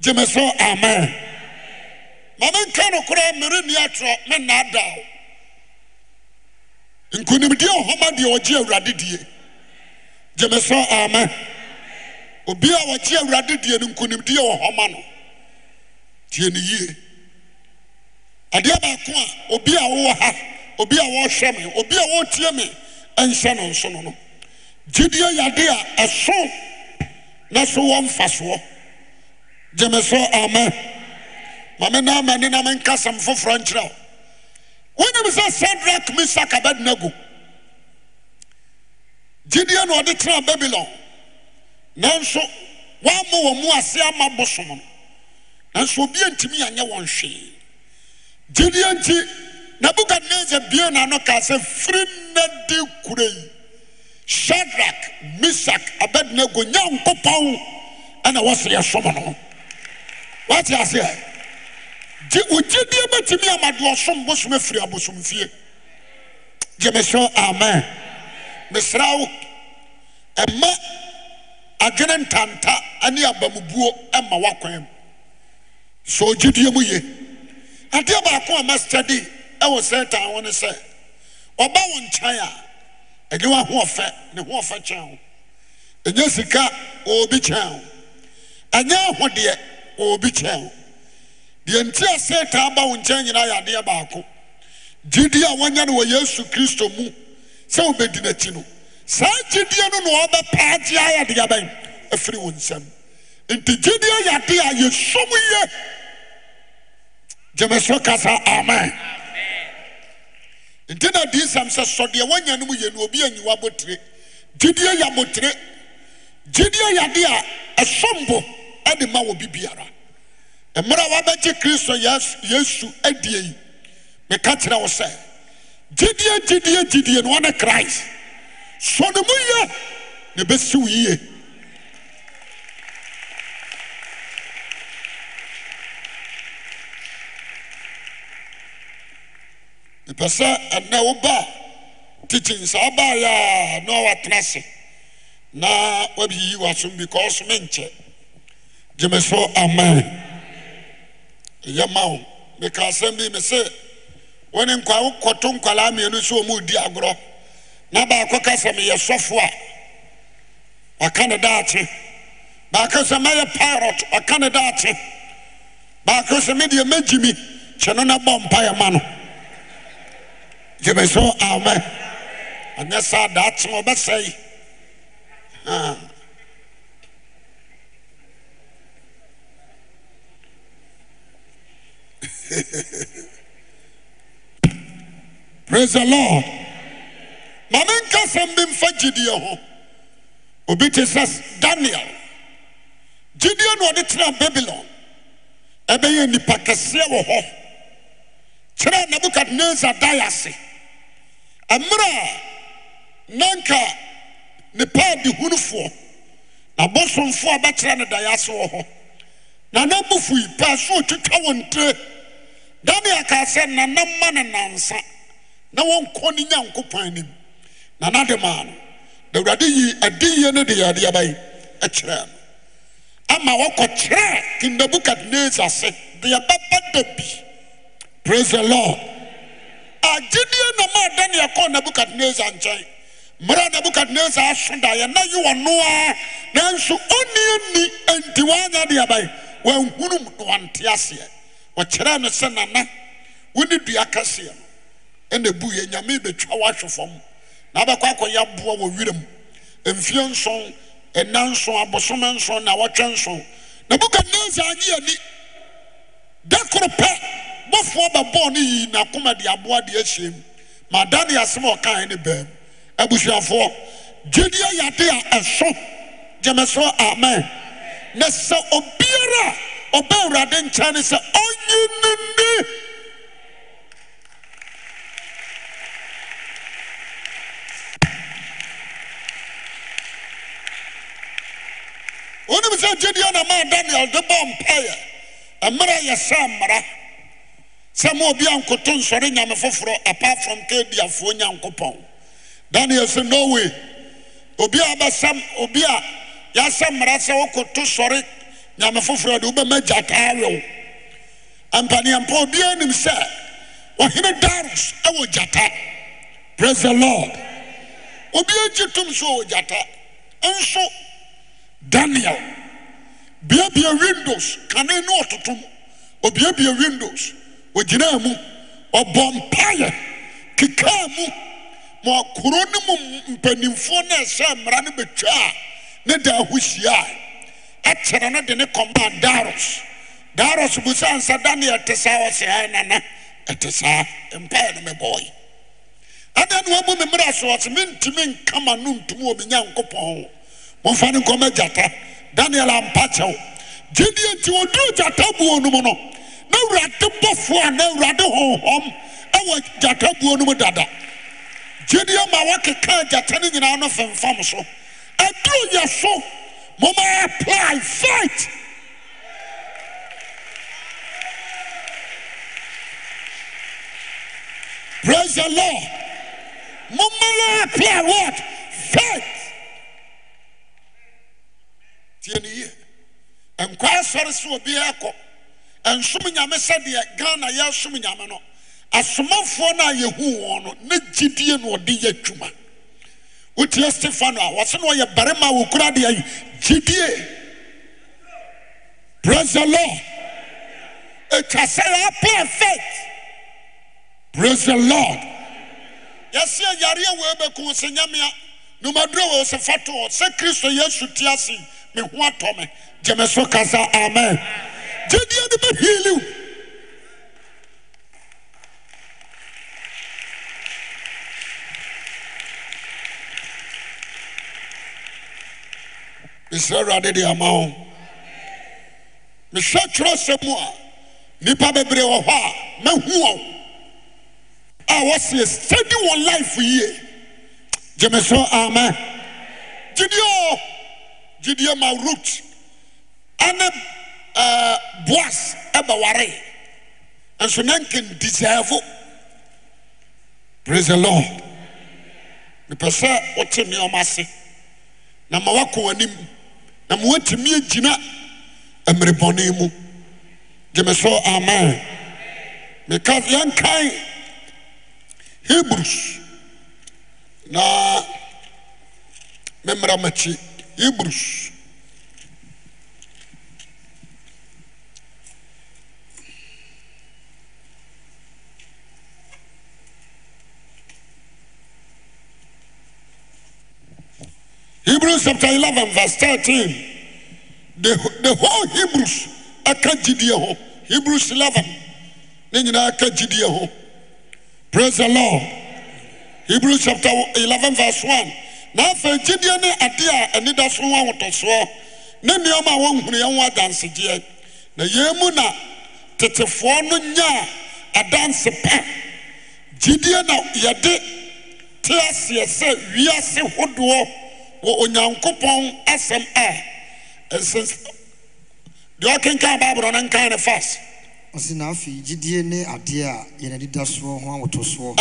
gyeme so amen ma menka no koraa mmerenni atorɔ mennaadaw nkonimdiɛ ɔhɔma deɛ ɔgye awurade die gyeme sɛ ama obi a wɔgye awurade die no nkonimdiɛ ɔhɔma no tie ne yie adeɛ baako a obi a wowɔ ha obi a wɔrehwɛ me obi a wɔretie me ɛnhyɛ no nso no no gyidie yade a ɛso na so wɔ mfasoɔ gyeme sɛ ama ma me na ama ne na menkasɛm foforɔ nkyerɛ wo wonam sɛ sadrak misak abadnagum gyidiɛ na ɔde tera babylon nanso wɔamma wɔ mu ase ama bɔ som no nanso obi a ntimi a nyɛ wɔn hwee gyidiɛ nti nabukadnazar bionoa no kaa sɛ firi na de kurei sadrak misak abadnagum nyankopɔn na wɔsɛ yɛ som no h watye ase ɛ wogyidie bɛtumi amadoɔsom bosom afiri abɔsomfie gye mesrɛ ama mesra wo ɔma adwene ntanta ane yɛaba mubuo ma woakwn m sɛ ɔgyidiɛ mu ye adeɛ ɔbaako a masekɛde ɛwɔ sɛtane ho ne sɛ ɔba wo nkyɛn a ɛnyɛ wahoɔfɛ ne hoɔfɛ kyɛn wo ɛnyɛ sika ɔrɔbi kyɛn wo anyɛ ho deɛ ɔrɔbi kyɛɛ wo deɛ nti asetaa ba wo nkyɛn nyinaa yɛdeɛ baako gyidiɛ a wɔnyɛ ne wɔ yesu kristo mu sɛ wobɛdi naki no saa gyidiɛ no na ɔbɛtaa gyea yɛdeadan ɛfiri wo nsɛm nti gyideɛ yadeɛ a yɛsom yɛ gyamɛso kasa aman nti na dii sɛm sɛ sɔ deɛ woanyano mu yɛnoɔbi anyiwa botire gyidiɛ yɛbotire gyideɛ yade a ɛsɔmbɔ ɛdema wɔ bi biara mmarɛ a woabɛgye kristo yɛasu adiɛ yi meka kyerɛ wo sɛ gyidie gyidiegyidie ne wone christ sɔ ne muyɛ ne bɛsiwo yie nipɛ sɛ ɛnɛ woba tikyin saa bayɛa na awatena se na wabiyiwasom because menkyɛ gyeme so ama yɛ ma wo mɛkaasɛm bi me sɛ wɔne nkwa wo kɔto nkwala ameɛnu sɛ wɔ mɛɔdi agorɔ na baakɔ ka sɛ meyɛ sɔfo a ɔka no daate baaka sɛ mɛyɛ pirot ɔka ne daate baake sɛ mɛdeɛ magyimi kyɛ no no bɔ mpa yɛ ma no deme sɛ awma ɔna saa daate ɔbɛsɛye praise the lord ma menka bi mfa gyidiɛ ho obi te sɛ daniel gyidiɛ na ɔde tena babylon ɛbɛyɛ nnipa kɛseɛ wɔ hɔ kyerɛ nebukadnezar dae ase ɛmmerɛ a nanka nepaa de hunufoɔ na bosomfoɔ a bɛkyerɛ no dae ase wɔ hɔ na n'abufui pɛɛ so ɔtwitwa wɔn tire dania kaa sɛ nana ma ne nansa na wɔnkɔ ne nya nkopɔn anim na naade maa no da wurade yi adiye no de yɛ ɔdeɛbae akyerɛɛ no ama wɔkɔkyerɛa ti nabukadnasar se deɛ bɛba da bi prase he lor agyedeɛ nama a ɔdaneɛkɔɔ nabukadnazzar nkyɛe mmarɛ a nabukadnazar so da yɛ nɛ yewɔ no ara nanso ɔne ani nti wɔanyɛ deɛbaye wanhunum na wɔnteaseɛ ɔkyerɛ no sɛ nana wo ne dua kaseɛ no ɛna buiɛ nyame bɛtwa wahwe fam na abɛkɔ akɔyɛ aboa wɔ werɛ mfie nson ɛna nson abosome nson na wɔtwɛ nson na bukadnesa anye ani da koro pɛ bɔfoɔ bɛbɔɔ ne yii nakoma de aboa de ahyia mu ma da ne asɛm a ɔkae ne baa mu abusuafoɔ gyedi yɛde a ɛso gyeme so amen na sɛ obiara a ɔba awurade nkyɛn ne sɛ ɔnyi nini wonim sɛ gyedeɛ na maa daniel de bɔɔ mpaeɛ mmerɛ yɛ sɛ mmara sɛ ma obi ankoto nsɔre nyame foforɔ apart from kadiafoɔ nyankopɔn daniel sɛ norway obi a bɛsɛm obi a yɛasɛ mmara sɛ wokoto sɔre nyame foforɔ ade wobɛma gyataa awɛw ampanneampa ɔbiaa nnim sɛ ɔhere dares wɔ gyataa pres the lord obiagye tom so ɔ wɔ gyata nso daniel beabia windows kane ne ɔtotom obia bia windows ogyinaa mu ɔbɔ mpaeɛ kekaa mu maɔkoro ne mu mpanimfoɔ na ɛsɛ mmara no bɛtwa a ne da ahosiaa ɛkyerɛ no de ne kɔmaa daros daros busa nsa daniel te saa ɔse ae nana ɛte saa mpaeɛ no mebɔɔe ɛda ne wabu me mmerɛ so ɔse mentumi nkama no ntumi wɔ menya nkopɔn momfa ne nkɔma gyata daniel ampa kyɛw gyedi o wɔduru gyata buo no mu no na awurade bɔfoɔ a na awurade honhom ɛwɔ gyata buo no mu dada gyedi ama wɔkekaa gyata no nyinaa no femfam so aduru yɛ so mo apply fight. praise the lord mo apply what nkwa obi obi ɛkɔ nsom nyame ghana ya nyame no asomafoɔ no a yɛhu hụ no ne gyidie na ɔde yɛ adwuma. wotia stefano a wɔsene ɔyɛ barima wo koraaade a gyidie prais he lord ɛtwa sɛaapɛ fat prais the lord yɛseɛ yareɛ wea bɛku wo sɛ nyame a nomadurɛ wɔɛ sɛ fatoɔ sɛ kristo yɛasu tiase me ho atɔme gye me so kasa amen gyedie ne mɛhiilim mɛsrɛ wurade de ama wo mehwɛ kyerɛ sɛm mu a nnipa bɛbree wɔ hɔ a m'ahua wo a wɔseɛ sɛdi wɔn lif yie gye me so ama gyidiɛ o gyidiɛ ma rot ana eh, boas abawaree nso na nkɛndisaafo pras e lord nipɛ sɛ wote nne ɔma ase na mawoakɔ'anim namewaatime agyina mmirebɔne mu gye mesɛ amen mecas yɛnkae hibruws na memmra makye hibrus hebrew 11:v13 dde hɔ hebrews ɛka gyidiɛ hɔ hebruws 11 ne nyinaa aka gyidiɛ hɔ pras he lar hebrew 11:1 na sɛ gyidie ne ɛde a anida so wa awotɔsoɔ ne nneɔma a wonhunuɛ wo adansegyeɛ na yɛ mu na tetefoɔ no nyaa adanse pɛ gyidie na yɛde teɛseɛ sɛ wiase hodoɔ wɔ onyankopɔn asɛm a ɛsɛ deɛ ɔkenkan bible no nkan ne fast ɔsi na afei gyidie ne adeɛ a yɛn adida soɔ ho awotosoɔ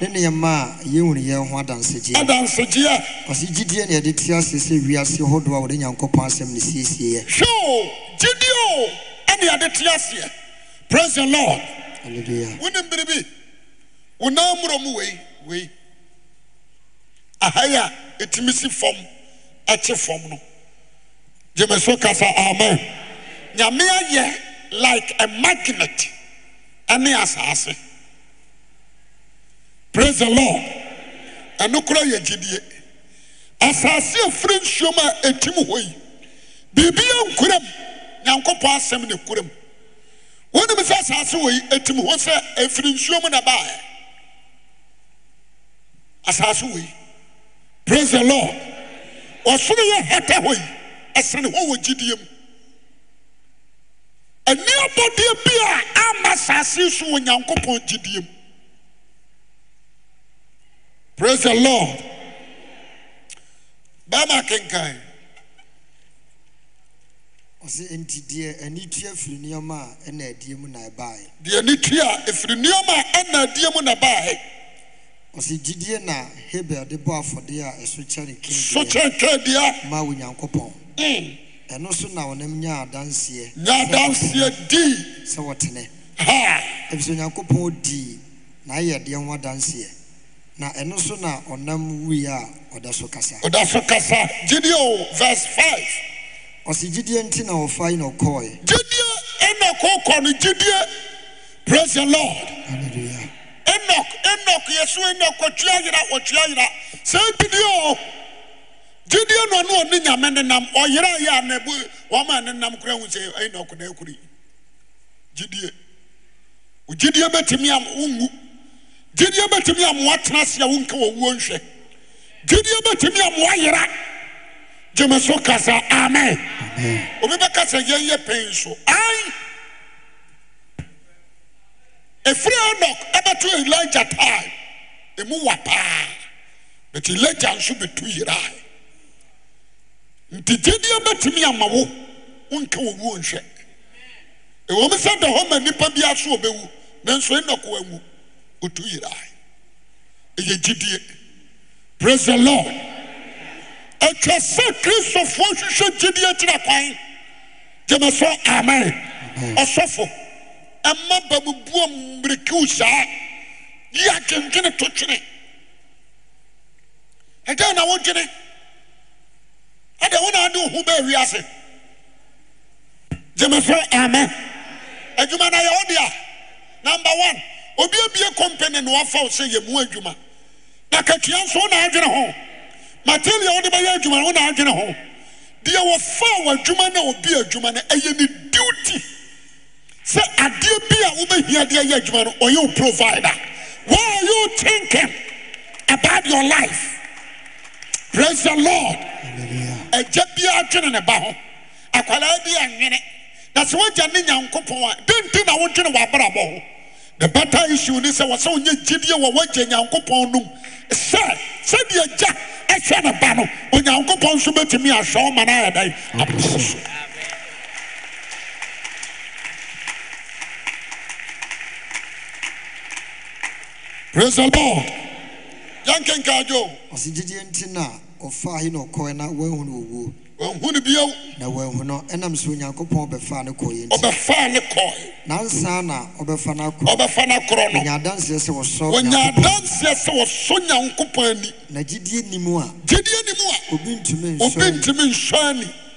ne nneɛma a yɛwunu yɛn ho adansegyeɛ adansegyeɛ ɔsi gyidie ne yɛde te ase sɛ wiase hodoɔ a wɔde nyankopɔn asɛm ne siesie yɛ gyidie o ɛne yɛde aseɛ praise the lord hallelujah wonim biribi wo mu wei wei ahay a ɛtimi si fam ɔkye fam no gyemeso kasa amen nyamea yɛ like a magnet ane asaase prise law ɔno kurɔ yɛ gyedie asase afiri nsuom a ɛtim hɔ yi biribia nkurɛm nyankopɔn asɛm ne kuram wonem sɛ asaase wɔ yi ɛtim hɔ sɛ afirinsuom na baɛ asase wɔyi praise the lord ɔsoro yɛ hɛtɛ hɔ yi ɛsɛne hɔ wɔ gyidie mu ani abɔdeɛ bi a ama saase so wɔ nyankopɔn gyidie mu praise the lord bɛma kenkan ɔsɛ enti deɛ ani tua firi nneɛma a ɛna adie mu na ɛbaeɛ deɛ ani tua ɛfiri nneɛma a ɛna adie mu na ɛbaeɛ ɔsi gyidie na hebel de bɔ afɔdeɛ a ɛso kyɛn kɛn deɛ kyɛn deɛ maa wɔ nyankopɔn mm. ɛno so na wɔnam nya adanseɛ nya adanseɛ di sɛ wɔtene ha ebisɛ nyankopɔn di na ayɛ deɛ ho adanseɛ na ɛno so na ɔnam wuiɛ a ɔda so kasa ɔda so kasa gyidie o verse five ɔsi gyidie nti na ɔfa yi na ɔkɔɔɛ gyidie ɛna kɔɔkɔ no gyidie praise the lord hallelujah. no inok yɛso inok ɔtwi ayera ɔtwa ayera sɛ bidiɛ o gyidiɛ nno ɔne ɔm ne nyame ne nam ɔyera yɛ anab wamaa ne nam kora hu sɛ anok naahore gyidie gyidiɛ e bɛtumi a wonmu gyidiɛ e bɛtumi a mowatena ase a wonkɛ wɔwua nhwɛ gyidiɛ e bɛtumi amowayera gyeme so kasa amen obɛbɛka sa yɛn yɛ pɛi so ai ɛfirianɔ abɛto iligja tae ɔmo wa paa nati iliga nso bɛto yirae nti gyidie bɛtumi ama wo wonkɛ wɔ wu ɔ nhwɛ ɛwɔm sɛ da hɔ ma nnipa bi asoɔ bɛwu nanso inakoa wu ɔto yirae ɛyɛ gyidie pres e law atwa sɛ kristofoɔ hwihwɛ gyidiɛ agyirɛ kwan gyamasɛ ama ɔsɔfo ɔma babubua mirekuw saa yi adwendwene totwene ɔdya na wodwene ade wonaade wo ho baawiase gyeme so ama adwuma na yɛwode a nama oe obiabie cɔmpany ne woafawo sɛ yɛ mua adwuma na kakea so wonaadwene ho mateleɛ wode bɛyɛ adwumano wonaaadwene ho deɛ wɔfaa adwuma no ɔb adwuma no ɛyɛ ne duty sɛ adeɛ bi a wobɛhiadeɛ yɛ adwuma no ɔyɛ wo provideer wa ar you tinkin about your life prais the lord agya biara dwene ne ba ho akwadaa di awene na sɛ woagya ne nyankopɔn a dɛnti na wodwene w'abrabɔ ho ne bɛta isuni sɛ wɔ sɛ wonyɛ gye bia wɔwoagye nyankopɔn nom sɛ sɛde agya ahwɛ ne ba no onyankopɔn nso bɛtumia ahwɛ wo ma no ayɛdae apsu pristbor yankenka ɔsɛ gyedee nti noa ɔfa aheno ɔkɔe na wanhu no wɔwuo hu no bi na wahu no ɛnam sɛ onyankopɔn ɔbɛfaa no kɔe nɔiɛfaane kɔnansa na ɔɛfɛsɛɛn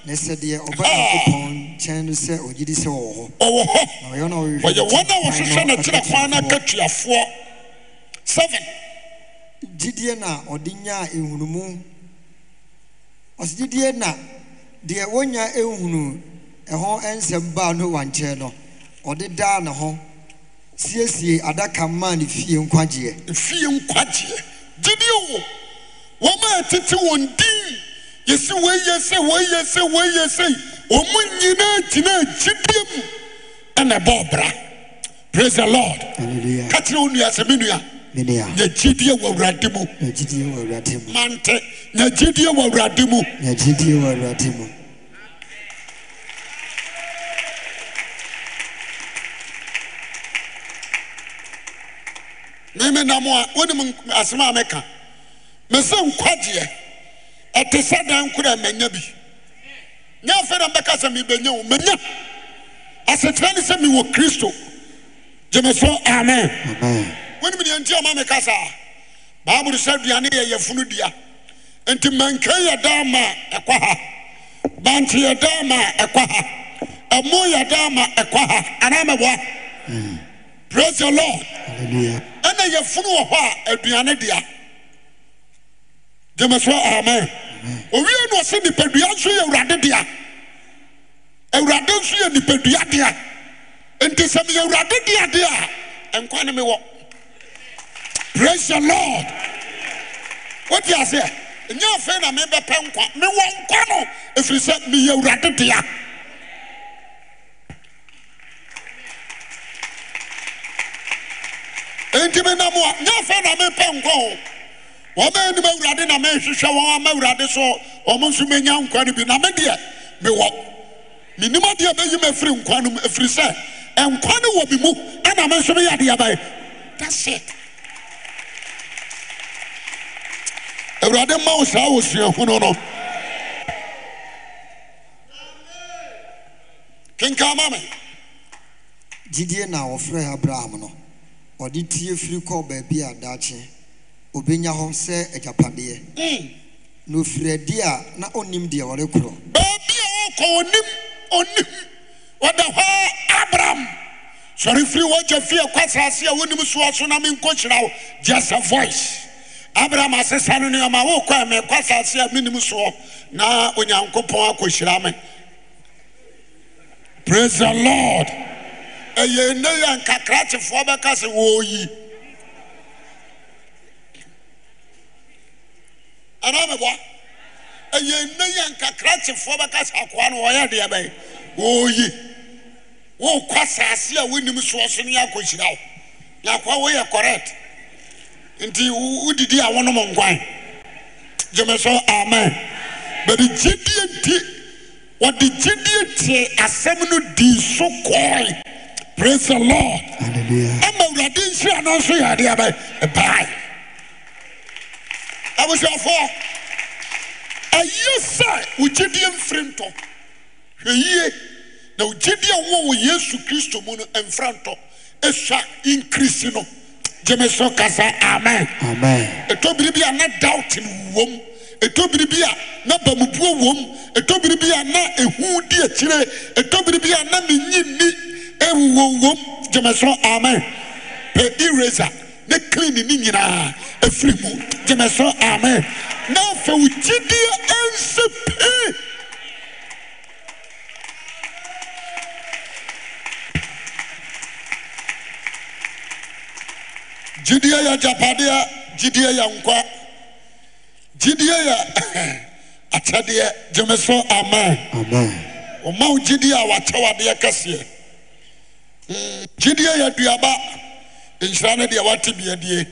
ɛsɛdeɛ ɔbɔnɛn n sɛ ɔgyei sɛ ɔwɔ hɔsna k nkatafoɔ s gyidie na ɔde nyaa hunumu ɔsɛ gyidie na deɛ wɔnya nhunuu ho nsɛm baa no wa nkyerɛ no ɔde daa ne hɔ siesie adaka maa ne fie nkwagyeɛ fie nkwa gyeɛ gyidiɛ wɔ wɔmaa ɛtete wɔn dii yɛsi wɔiyɛ sɛ wɔyɛ sɛi ɔyɛ sɛi ɔmɔ nyinaa tinaa gyibiemu ɛna ɛbɔɔbra pras e lordka kyerɛ onuaasɛmɛnua nt nagyediɛ wawrad mumeenamo a wonim asm a meka mesɛ nkwagyeɛ ɛte sɛ dan kora manya bi nyɛafɛda m bɛka sɛ mibanya wo manya asɛkyeɛ ne sɛ miwɔ kristo gyemeso aman nomdenti ɔma ne ka sɛa baibro sɛ aduane yɛ yɛfunudua nti manke yɛdaa maa ɛkɔ ha mantwoyɛdaa ma ɛkɔ ha mo yɛdaa ma ɛkɔ ha anaamaboa brɛselo hmm. na yɛfunu wɔ hɔ a aduane dea gyemaso ame wie noɔ sɛ nnipada nso yɛ awurade de a awurade nso yɛ nnipadadea nti sɛm yɛawurade deadeɛ a ɔnkwa no mewɔ prase he lord wotiasɛ ɛnyɛ fɛi na mebɛpɛ nkwa mewɔ nkwa no ɛfiri sɛ miyɛ awurade dea enti mena mo a nyɛ fɛi na mepɛ nkwa ho ɔmɛanim awurade na mehwehwɛ wɔ ama awurade so ɔmo nso manya nkwa no bi na medeɛ mewɔ mennimadeɛ mɛyima firi nkwa nom ɛfiri sɛ nkwa ne wɔ mi mu a na mɛsomɛyɛ deabae da se awurade ma wo saa wɔ suahunu no kenka ma me gyidie na wɔfrɛ abraham no ɔde tie firi kɔɔ baabi a daakye obɛnya hɔ sɛ agyapadeɛ hmm. na ofiri adi a na ɔnim deɛ ɔrekorɔ baabi a wɔkɔ ɔnim ɔnim wɔda hɔ abraham sɔre firi wɔgya fie kɔ asase a wonim soa so na menkɔhyira wo just a voice abraham asesa no nneɔma worekɔ a mekɔ saase a menim soɔ na onyankopɔn akɔhyira me pas e lord ayɛnɛ yɛ nkakrakyefoɔ bɛkase woyi ananaboa ayɛnɛ yɛ nkakrakyefoɔ bɛkase akoa no wɔyɛ deɛ bɛ woyi worekɔ sase a wonim soɔ so ne yɛakɔhyira nakoa woyɛ korrect nti wodidi a wonom nkwan gyeme so amen but gyedie nti wɔde gyedie tie asɛm no di so kɔɔe prase law ma awuradeɛ nhyireano nso yɛadeɛ abɛ bae amosiɛfoɔ ayie sɛ wogyedie mfiri ntɔ hwɛyie na wogyedie wɔa wɔ yesu kristo mu no mfrantɔ sua nkrisi no gyemɛso kasa amen ɛtɔbiribi a na dow tene wuwom ɛtɔbiribi a na bamubuo wom ɛtɔbiribi a na ɛhuw diakyire ɛtɔbiribi a na menyini wuwomwom gyemɛso amen pɛ erasa ne kleni ne nyinaa afilihu gyemɛso amen na fa wogyidiɛ ɛnse pe gyidie yɛ agyapadeɛ gyidie yɛ nkwa gyidie yɛ akyɛdeɛ gyeme so amen ɔma wo gyidie a wakyɛwadeɛ kɛseɛ gyidie mm, yɛ duaba nhyira ne deɛ wate biadie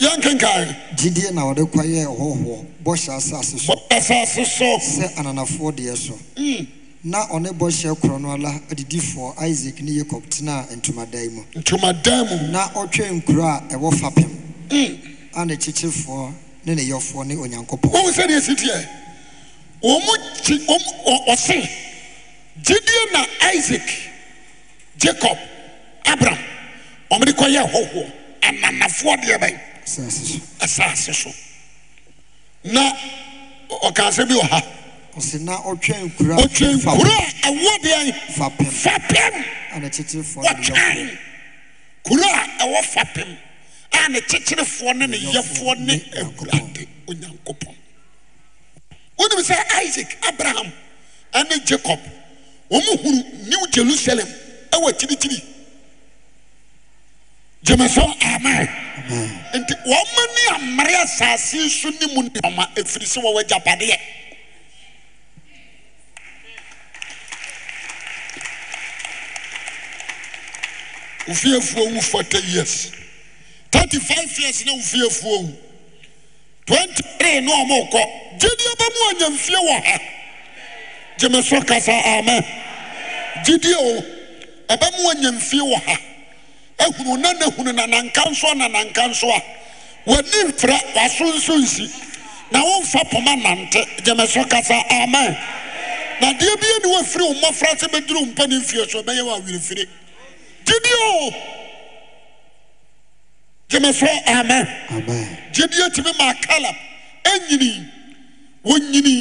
yɛnkenkan gyidie na wɔde kwa kɔyɛɛ hɔhoɔ bɔhyɛ asase so bɔhyɛ asase so sɛ ananafoɔ deɛ so mm. na ɔne bɔhyɛ korɔ no ala adidifoɔ isaac ne yacob tenaa ntomadan mu ntomadan mu na ɔtwɛn nkuro a ɛwɔ fapem hmm. a ne kyekyefoɔ ne ne yɔfoɔ ne onyankopɔn wohu sɛdeɛ si teɛ wɔn kyi ɔse gyidie na isaac jacob abraham ɔmde kɔyɛ hɔhoɔ ananafoɔ deɛ bɛn asase so asase so na ɔkaa bi wɔ ha de fapetwae kuro a ɛwɔ fapem ane kyekyerefoɔ ne ne yɔfoɔ ne agurade onyankopɔn wonim sɛ isaak abraham ane jacob ɔmohuru new jerusalem wɔ kyirikyiri gyamason ama nti wɔmane ammare asase so ne mu nma ɛfiri sɛ wɔwɔagyabadeɛ wofiefuo wu 40 years five years na wofiefuo wu 23 na ɔmo kɔ gyidie bɛ mu anyamfie wɔ ha gyeme kasa amen gyidie o ɛbɛ mu anyamfie wɔ ha ehunu na nehunu na nanka nso na nanka nso a w'ani mfra w'aso nso nsi na wɔmfa poma nante gyeme kasa amen na deɛ bie ni wɔfiri wɔn mmɔfra sɛ bɛduru mpɔ ne mfie so bɛyɛ wɔ awerɛfire. gyediɛ o gye mesoɔ ama gyedie timi maakala ɛyini wɔyini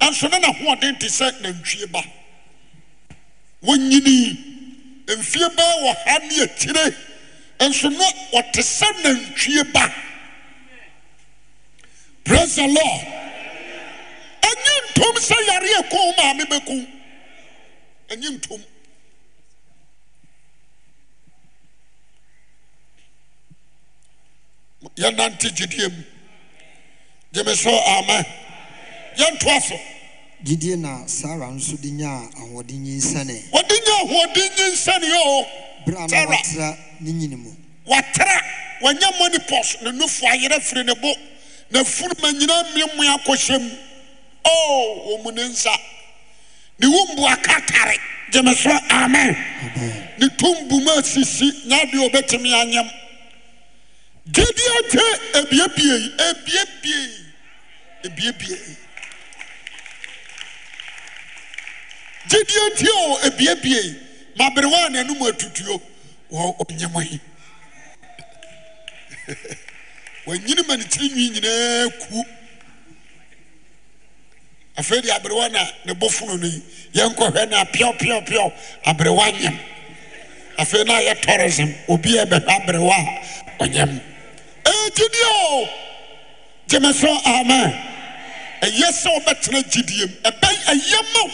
nso no ne hoɔden te sɛ nantwie ba wɔnyini mfie bɛɛ wɔha nne atire nso no ɔte sɛ nantwee ba prise lɔw ɛnyi ntom sɛ yare kum maa me bɛkum anyi ntom yɛnante gyidie m gyeme so amen yɛntoa so gyidie na saa ara nso de nyaa ahoɔde nyinsɛne wɔde nya ahoɔden nyinsɛne o berɛ na wtra ne nyinimu wɔtra wɔanyɛ mmɔnepɔso ne nofo ayerɛ firi ne bo na furuma nyina mmemmoakɔhyɛ m o oh, wɔmu ne nsa ne womboa katare gyeme so amen ne tɔm bu m a sisi nɛ adeɛ ɔbɛtumi anyɛm gyediɛ ye ibiebabie biabie gyediɛ ki ɔ abiabie ma aberewɔ a neɛnom atoduo wɔnyɛmɔ ye wɔanyinema nekyi dwii nyinaa ku afei deɛ abere waa na ne bɔfononoyi yɛnkɔhwɛ ne apiɛwpiwpiw abre wa nyam afei na yɛ toresm obia bɛhwɛ abere wɔ a ɔnyɛm gyidiɛ o gyamɛso ame ɛyɛ sɛ wobɛtena gyidie m ɔbɛn ɛyɛ ma wo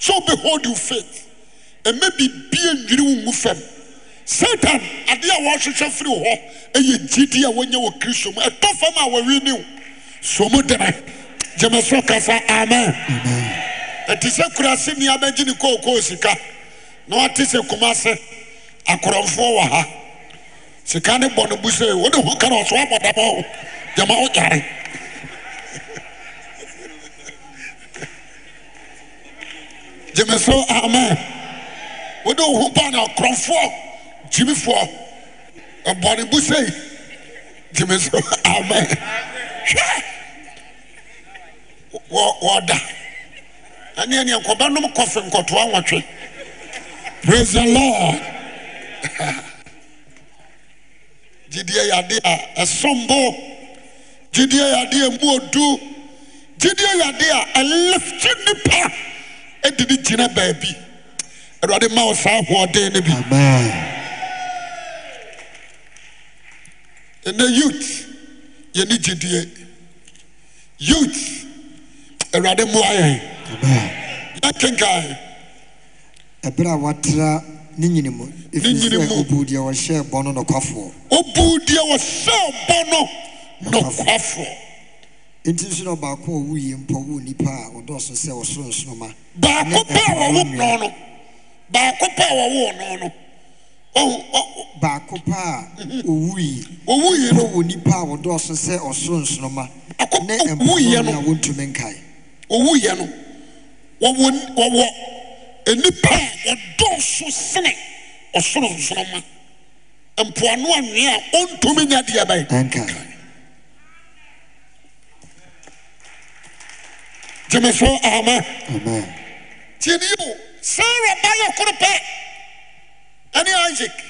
sɛ obɛhod wo fait ɔmɛ biribia nnwirewo nmu fam satan ade a wɔahwehwɛ firi w hɔ ɛyɛ gyidie a woanyɛ wɔ kristo mu ɛtɔ fam a wɔweni wo som damɛ gyamasɛ kasa amen ɔti sɛ kura se nneabagyene kookoɔ sika na wɔate sɛ koma ase akorɔmfoɔ wɔ ha sika ne bɔ ne bu se o de ho kana ɔso abɔ dama o jama o jare jemeso amen o de ho ba na ɔkorɔfoɔ jimifoɔ ɔbɔ ne bu jemeso amen hwɛ wɔ wɔda ɛne ɛne nkɔba nom kɔfe nkɔtoa nwɔtwe praise the lord. gyidiɛ yɛde a ɔsombo gyidiɛ yɛade a muodu gyidiɛ yɛade a alefuto nnipa ɛdi ne gyina baabi awurade mao fa hoɔden no bi ɛnɛ youth yɛni gyidie youth awurade mmoa yɛ akinkae ɛbrɛ a watra ne nyini mu ɛfisɛ obuu deɛ wɔhyɛɛ bɔ no nokɔfoɔɔ nti ns no baako a ɔwoi mp wɔ nipa a wɔdɔɔso sɛ ɔsoronsoomaono nbaako pa a ɔwuiɔ wɔ nipa a wɔdɔɔso sɛ ɔsoro nsoroma mhm. ne mpa wɔntumi nkae wɔ ɛnipa a ɔdɔso sene ɔsorosoroma mpoano ahwea a ɔntomi nya deɛbaɛ gyamɛ so ama tini sɛrɛba yɔɔkoropɔ ane igak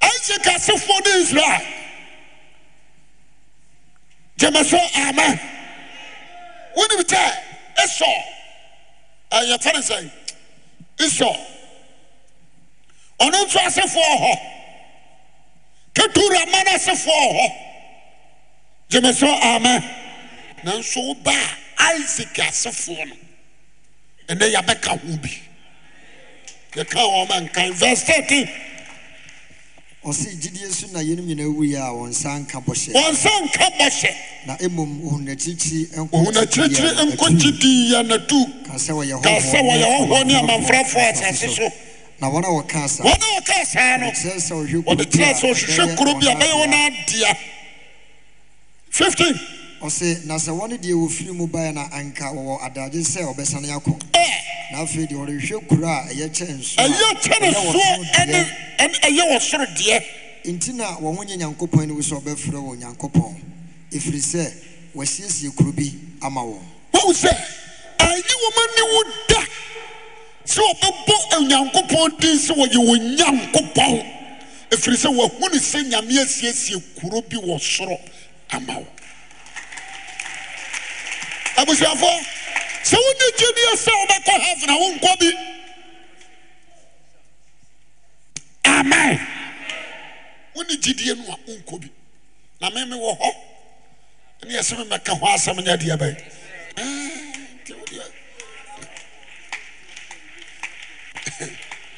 ijak asefoɔ de israel gyamɛ so ama wonimta sɔ ɛyɛfaresɛe sɛ ɔno nso asefoɔ hɔ kɛtora mano asefoɔ hɔ gyeme sɛ ama nanso woba a isak asefoɔ no ɛnɛ yɛabɛka hoɔ bi yɛka hɔ ma nkan vers 13 ɔsɛ gyidie so na yɛnum nyinaa wuiɛ a wɔn nsa nka bɔhyɛ. wɔn nka bɔhyɛ. na emom ohun akyirikyiri nkɔ ohun akyirikyiri nkɔ gyidie yɛ natu. kasa wɔyɛ hɔhoɔ kasa wɔyɛ hɔhoɔ ne amanfrafo asase so. na wɔn a wɔka asa. wɔn a wɔka asa no. wɔde kyerɛ sɛ sɛ ɔhwehwɛ kuro bi a bɛyɛ wɔn adia. fifteen. ɔse na sɛ wɔne deɛ wɔfiri mu baeɛ na anka wɔwɔ adagye sɛ ɔbɛsane akɔ na afei deɛ ɔrehwɛ kuro a ɛyɛ kyɛn nsoɛyɛ kyɛn ɛyɛ wɔ soro deɛ nti na wɔn ho nyɛ nyankopɔn ne wo sɛ ɔbɛfrɛ wɔ nyankopɔn ɛfiri sɛ wɔasiesie kuro bi ama wɔn wohu sɛ ayi wɔma ne wo da sɛ wɔbɛbɔ onyankopɔn din sɛ wɔyɛ wɔ nyankopɔn ɛfiri sɛ wɔahu ne sɛ nyame asiesie kuro bi wɔ soro ama busiafoɔ sɛ wonye gyedie sɛ wobɛkɔ hasna wonkɔ bi aman wone gyidie no a wonkɔ bi na meme wɔ hɔ ne yɛsɛ me mɛka hɔ asɛmnyadia ba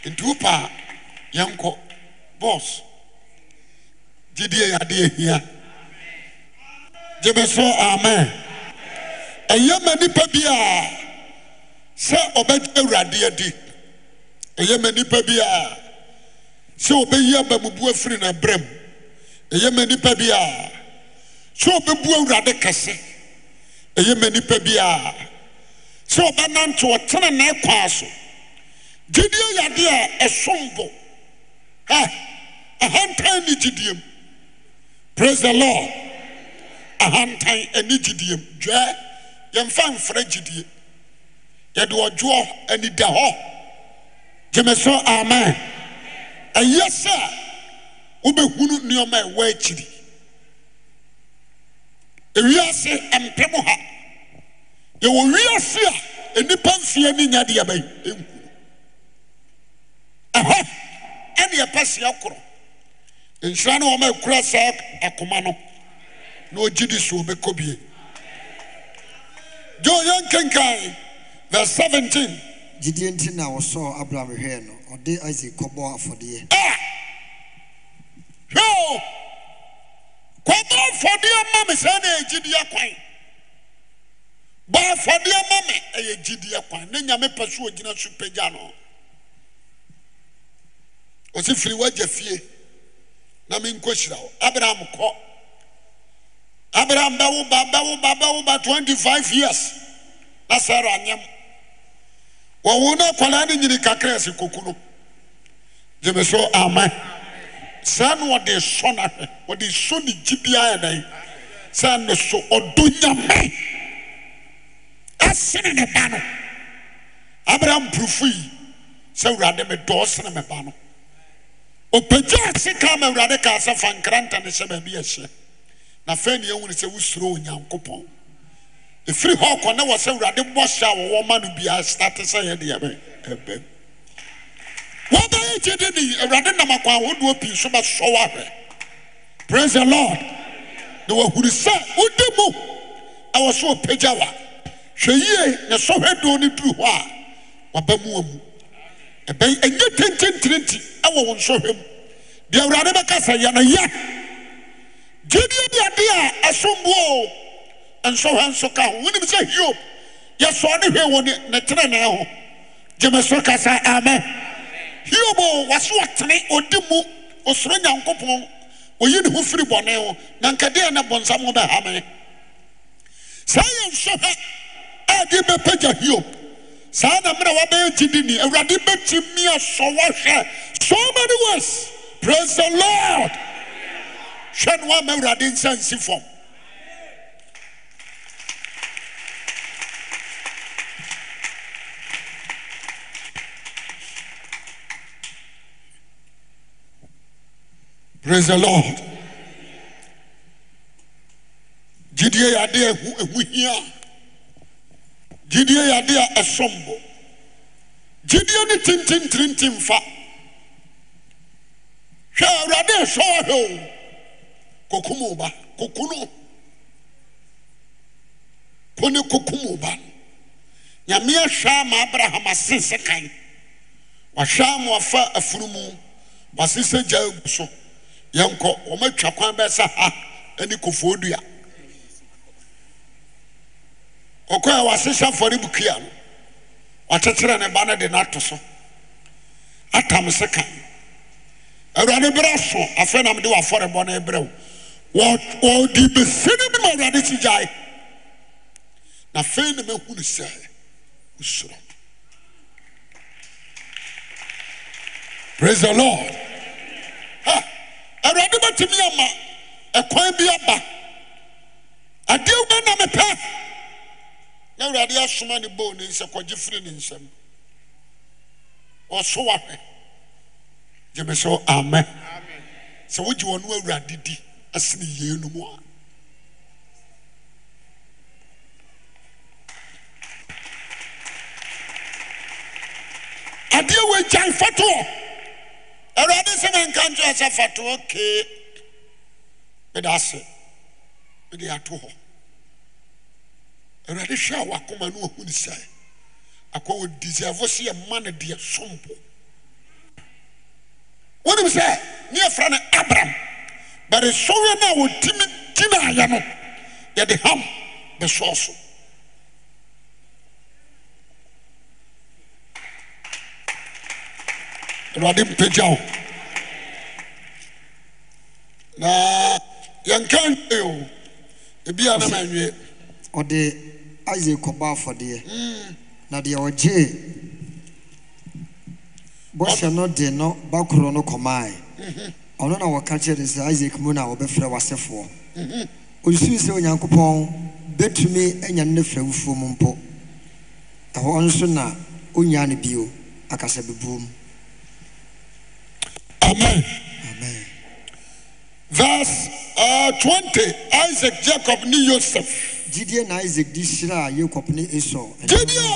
ntiwo paa yɛnkɔ bɔs gyidie yɛade ɛhia gye mɛ sɛ aman ɛyɛ ma nnipa bi a sɛ ɔbɛda awuradeɛ de ɛyɛ ma nnipa bi a sɛ wɔbɛyi aba mubua firi no brɛ m ɛyɛ ma nnipa bi a sɛ ɔbɛbua awurade kɛsɛ ɛyɛ ma nnipa bi a sɛ wɔbɛnante wɔtena nneɛkwaa so gyidiɛ yɛde a ɔsomdo ɛ ahantan ani gyidiɛ m pris de law ahantan ani gyidiɛm dwa yɛmfa mfra gyidie yɛde ɔdwoɔ anida hɔ gyeme so aman ɛyɛ sɛ a wobɛhunu nneɔma wɔakyiri wiase mpem ha yɛwɔ wiase a nipa nsiɛ ni nyadeabayi nkuu ɛhɔ ɛne ɛpɛ siɛ korɔ nhyira ne wɔma ɛkuro sɛ ɔkoma no na ɔgyi di so ɔbɛkɔ bie o yɛkenka vs 17 gyidie nti na wosɔɔ abraham hwɛɛ no ɔde isaak kɔbɔ afɔdeɛ hwɛ kɔbɔ afɔdeɛ ma me sɛa ne ɛyɛ gyideɛ kwan bɔɔ afɔdeɛ ma me ɛyɛ gyideɛ kwan ne nyamepɛ so ɔ gyina so pagya no ɔti firi w'agya fie na menkɔhyira wo abraham kɔ abraham bɛwoba bɛwoba bɛwoba 2n5iv years na sɛ rɛnyam wɔwo no kwaraa ne nyini kakra ɛse koku no geme so ama saa ne ɔdesɔn ɔde sɔ ne gyibia ɛna sɛ ne so ɔdɔ nyamɛ asene ne ba no abraham purufo yi sɛ wurade medɔɔ sene me ba no ɔpagya ase kaa ma awurade kaa sɛ fa nkranta ne hyɛ baabi ɛhyiɛ na afɛi neawuno sɛ wo suro nyankopɔn ɛfiri hɔ kɔ ne wɔ sɛ awurade bɔ sɛ a wɔwɔma no biaa state sɛeɛ deɛmɛ bam woadaɛgyedene awurade nnamakwhɔdoɔ pii so bɛsɔ w ahwɛ pris e lord ne wahurusa wode mu ɛwɔ sɛ ɔpɛgya w a hwɛ yie nyɛ sɔhwɛ doɔ no duru hɔ a wbɛ muamu bɛn ɛnyɛ tentintirinti ɛwɔwo nsɔhɛ m deɛ awurade bɛka sa yɛ no yɛ gyidie you, adeɛ a ɛsomboɔ o nsɔhwɛ nso ka ho wonim sɛ hiob yɛsɔɔ ne hwɛ wɔ ne tenenee ho gyeme so kasa amen hiob o wase ɔtene ɔdi mu ɔsoro nyankopɔn ɔyi ne ho firi bɔne ho na nkadeɛ ne bɔnsam ho bɛhame saa yɛ nsɔhwɛ a be bɛpagya hiob saa na mmerɛ wabɛyɛ gyidi ni awurade bɛtumi asɔ wɔhwɛ so many ways praise the lord hwɛnoaa maawurade nsansifam pras lr gyidiɛ yɛade a ahohia gyidiɛ yɛade a ɔsombo gyidiɛ ne tintintirinti mfa hwɛ awurade ɔsɛhɛ hwɛ maaahasense kan hwɛ mafa afunumu wɔasesɛ gya mso yɛnkɔ ɔmatwa kwn bɛsɛ ha nikɔfoɔ da ɔa wɔase sɛ fɔre bka no tyetyerɛ ne ba no de noato so atamse kan awurade berɛ so afi nam de wafɔrebɔne berɛ o wɔɔde bɛse ri ne ma awurade tigyae na fei na mahu no sɛaeɛ osoro pras he lord awurade mɛtumi ama ɔkwan bi aba adeawudanamepɛ ne awurade ɛasoma ne bou ne sɛ kɔgye firi ne nsɛm ɔsowohwɛ gye me so amen sɛ wogye wɔ ne awurade di adeɛ wɔ agyan fatoɔ awurade sɛnenka nkye sɛ fatoɔ kee mede ase mede ato hɔ awurade hwɛ a wɔakoma ne wɔhu ne sae aka wɔdisavo sɛ yɛma no deɛ sompo wonim sɛ neɛfra no abram bɛde sɔre no a wɔtumi gyinaayɛ no yɛde ham bɛsɔɔ so awurade mpagya wo na yɛnka nwe o ebi a na ma nwe ɔde ayɛ kɔba afɔdeɛ hmm. na deɛ ɔgyee bɔhyɛ no de no bakoro no kɔmae mhm. ɔno na wɔka kyerɛ sɛ isaac mu na wɔbɛfrɛ w'asefoɔ mhm. sɛ onyankopɔn bɛtumi anya no ne frɛ mu mpo ɛhɔ nso na no bio akasa bebuo mu amen amen verse uh, 20 isaac jacob ne yosef gyidie na isaac de hyiraa yakob ne esau gyidie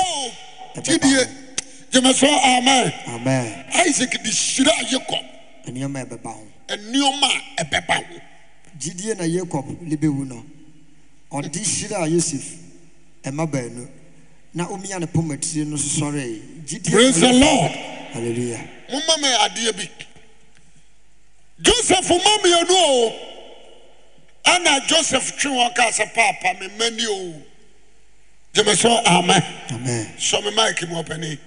gyidie gyeme amen amen isaac de hyiraa yakob nma ɛbɛba ho anuɔma ɛbɛba ho gyidie na yakob ne bɛwu no ɔde hyire a yosef ɔma baanu na ɔmia ne pɔmatire no ssɔree gyidie lrdala moma maɛ adeɛ bi josef ma mianu oo ana josef twe hɔ kaa sɛ paapa me mm'ani oo gyemɛsɛ ama sɔ me makamu ɔpani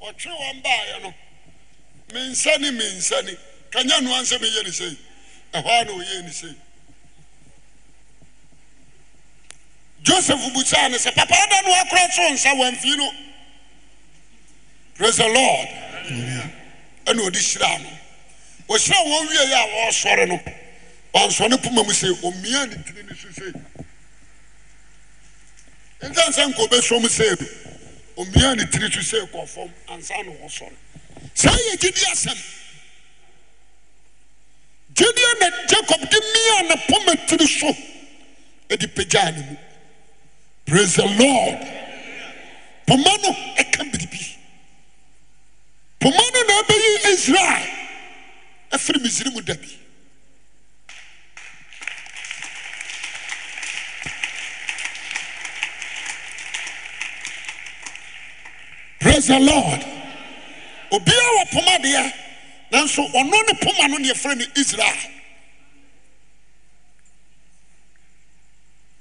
ɔtwe wɔn baayɛ no mensani mensani kanya nua nsɛm yɛ ne sei ɛhɔ a na ɔyɛ ne sei joseph busaa ne sɛ papa ada no akorɔ so nsa wɔamfii no praise the lord ɛna ɔde hyiraa no ɔhyira wɔn wieɛ a wɔresɔre no ɔnsɔne poma mu sɛ ɔmmia ne tiri ne so sei nkyɛn sɛ nkɔbɛsom sɛ bi ominia ne tiri so sɛɛkɔɔfɔm ansa no wɔ sɔ no saa yɛgyidiasɛm gyidia na jacob de mia na pomatiri so ɛdi pagyaa no mu prase e lord poma no ɛka biribi poma no na abɛyi israel ɛfiri misiri mu da bi e lord obiara wɔpoma dea nanso ɔno ne poma no ne ɛfrɛ ne israel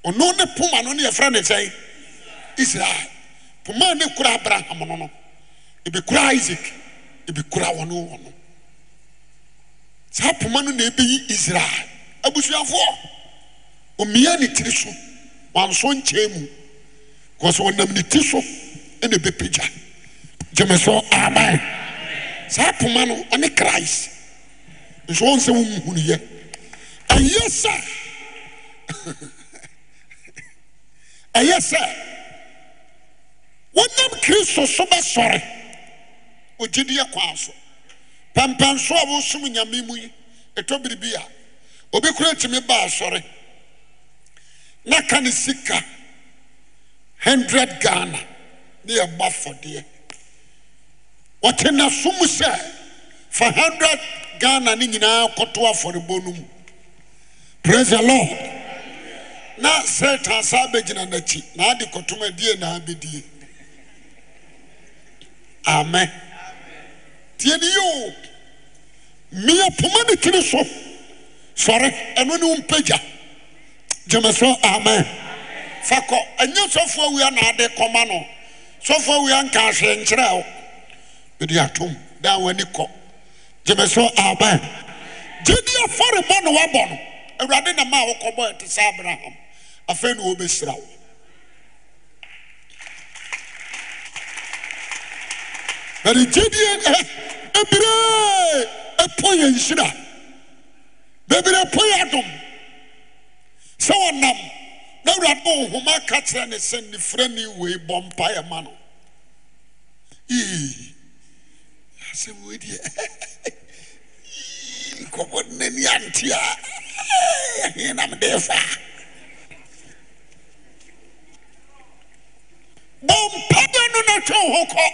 ɔno ne poma no ne yɛfrɛ ne sɛe israel poma a ne kura abraham no no ɔbɛkura isaak ɔbɛkura wɔnowɔ no saa poma no ne ɛbɛyi israel abusuafoɔ ɔmia ne tiri so wansɔ nkyɛɛ mu caus ɔnam ne tiri so ne bɛpɛgya ym so aba saa poma no ɔne christ nso wou sɛ womhunuyɛ ɛɛ sɛ ɛyɛ sɛ wonam kristo so mɛ sɔre ɔgyide ɛ kwa so panpanso a wosom nyame muyi ɔtɔ biribi a ɔbɛ kora kyumi baa sɔre na ka ne sika hundred ghana ne yɛma fɔdeɛ wɔte n'asom sɛ fa hundred ghana ne nyinaa kɔto afɔrebɔ no mu praise the lord na satan saa bɛgyina n'akyi na kɔtom adie naa na abɛdie amen tie ne yio mmea poma ne tiri so sɔre ɛno ne mpagya gyeme so amen fa kɔ ɛnyɛ sɔfoɔ awia na kɔma no sɔfoɔ awia nka ahwɛ nkyerɛ wo bɛdeatom dan wɔani kɔ gyemɛ sɛ aban gyediɛ afɔrebɔ no wɔabɔ no awurade na ma a wokɔbɔ ɛte sɛ abraham afei ne wɔbɛsra wo but gi birɛ ɛpo yɛ nhyira bebirɛ ɛpo yɛ adom sɛ wɔnam na awurade na ɔhoma ka kyerɛ ne sɛ nnifrɛ ne wei bɔ mpayɛ ma no sɛ wei deɛ nkɔmmɔ n'ani ante a ɛhe nam de fa bɔmpada no na twɛ ho kɔ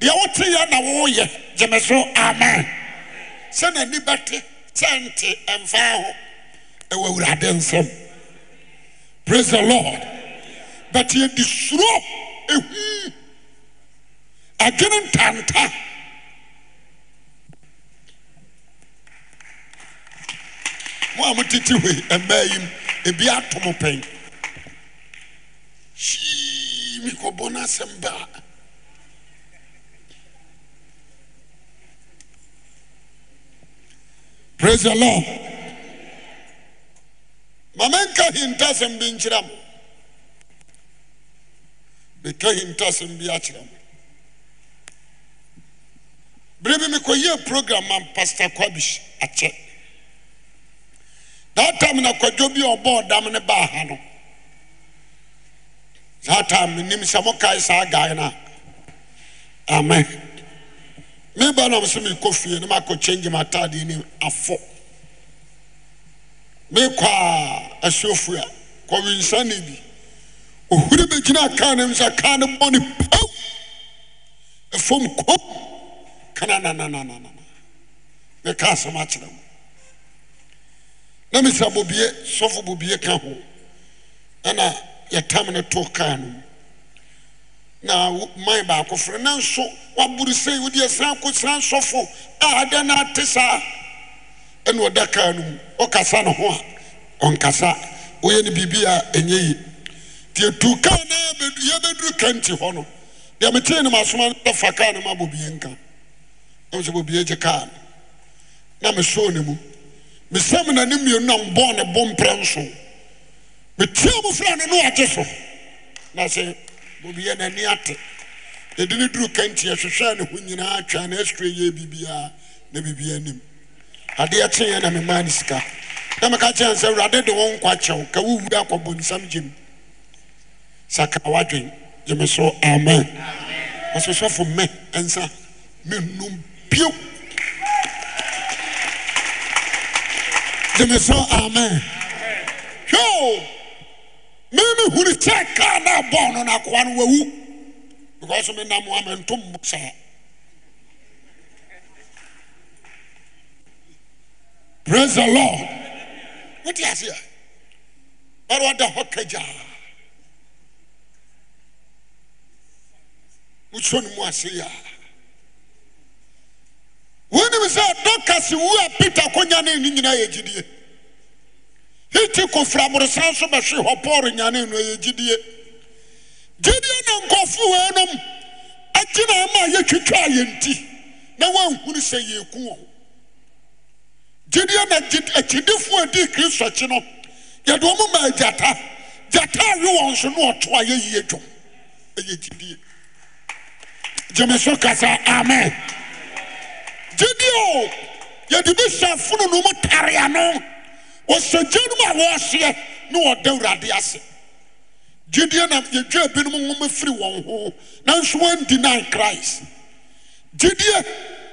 deɛ woteyɛ na woyɛ gyeme so amen sɛ n'ani bɛte sɛ nte ɛmfa ho ɛwɔ awurade nsɛm praise the lord but yɛdi suro ehu adwene ntanta mo a motete hɔ mayim bi atomo pɛn mikɔbɔno asɛm baa preselo mamɛnka hinta asɛm bi nkyerɛ mo mɛka hinta asɛm bi akyerɛ mo berɛ bi mekɔyɛɛ program a pasto kabis akyɛ saatam nakɔdwɔ bia ɔ ɔbɔɔdam ne ba aha no saa tamnim sɛ mokae saa gae noa amɛ meba nɔm so mekɔ fie ne maakɔkyɛngyemataadeɛ nim afɔ mekɔ a asuofua kɔwinsane bi ɔhuro bɛgyina kaa ne m sɛ kaa ne bɔne pau afom kom kena nanan me kaa sɛm akyerɛ mo na mesɛ bobie sɔfo bobie ka ho na yɛtam no toɔ kar no mu na man baakoforo ne nso waborosɛi wodeɛ ssra sɔfo ada na ate saa ɛne ɔda kar no mu ɔkasa ne hɔ a ɔnkasa woyɛ ne biribi a ɛnyɛ yi ti ɛtu kaa nayɛbɛduru ka nti hɔ no deɛ metee nomasoma ɛ fa kar no m a bobie nka amisɛ bobie gye kaa no na mesoone mu mesɛmna neenambɔɔ ne bo mprɛ nso metimufrɛ ne noagye so na sɛ bobiɛ noni ate ɛdi ne duru ka nti ahwehwɛa ne hɔ nyinaa twane astrayia birbiaa na bibia nim adeɛteɛ name maa ne sika na mɛka kyene sɛ wurade de wɔ nkɔakyɛw kawowua akɔbo nsam gye m sa ka w'adwen gyeme so aman ɔsɛ sɔfo mɛ nsa menom bi so amenɛmemehurisɛ ka na bɔ no nokoa no wawu because menamoamentosaa ps lr motaseɛ baeadahɔ kagya monmuaseɛa wonim sɛ dɔkas wu a peter kɔnya ne no nyinaa yɛ gyidie hiti kɔfiri aborosan so bɛhwe hɔ paul nyane no yɛ gidiye gidiye na nkɔfo wɔanom agyina ama yɛtwitwaa yɛn ti na woanhunu sɛ yɛku wɔ gidiye na akyidifo a dii kristo akyi no yɛde ɔmo maa gyata gyata awe wɔn so ne ɔto a yɛyie dwom ɛyɛ gidiye gyeme so kasa amen gyideɛ o yɛde be saafonunom tareano wɔsagya nom a wɔɔheɛ ne wɔda wurade ase gyidie na yɛdwa binom woma firi wɔn ho nansowandinai christ gyidie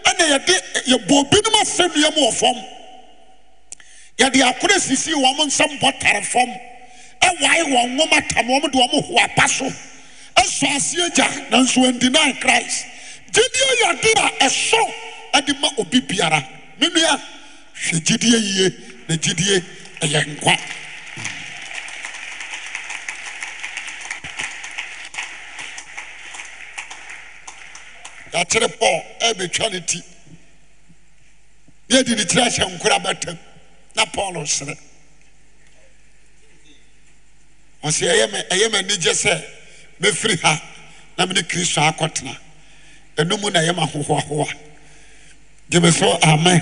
na yɛde yɛbɔ binom asɛnua m wɔ fam yɛde akoro asisii wɔm nsɛmbɔ tarefam ɛwae wɔn womatame ɔm de ɔm ho apa so sɔ aseɛgya nansoɔandenai christ gyideɛ yɛde a ɛsɔ de ma obi biara me nua hwɛ gyidie yie na gyidie ɛyɛ nkwa yɛakyere paul ɛbɛtwa ne ti ne yɛdi ne tiri ahyɛ nkora bɛtam na paul sere ɔsɛ ɛyɛ ma anigye sɛ mɛfiri ha na mene kristo akɔtena ɛno mu na ɛyɛ ma ahohoahoa gyeme soro amɛ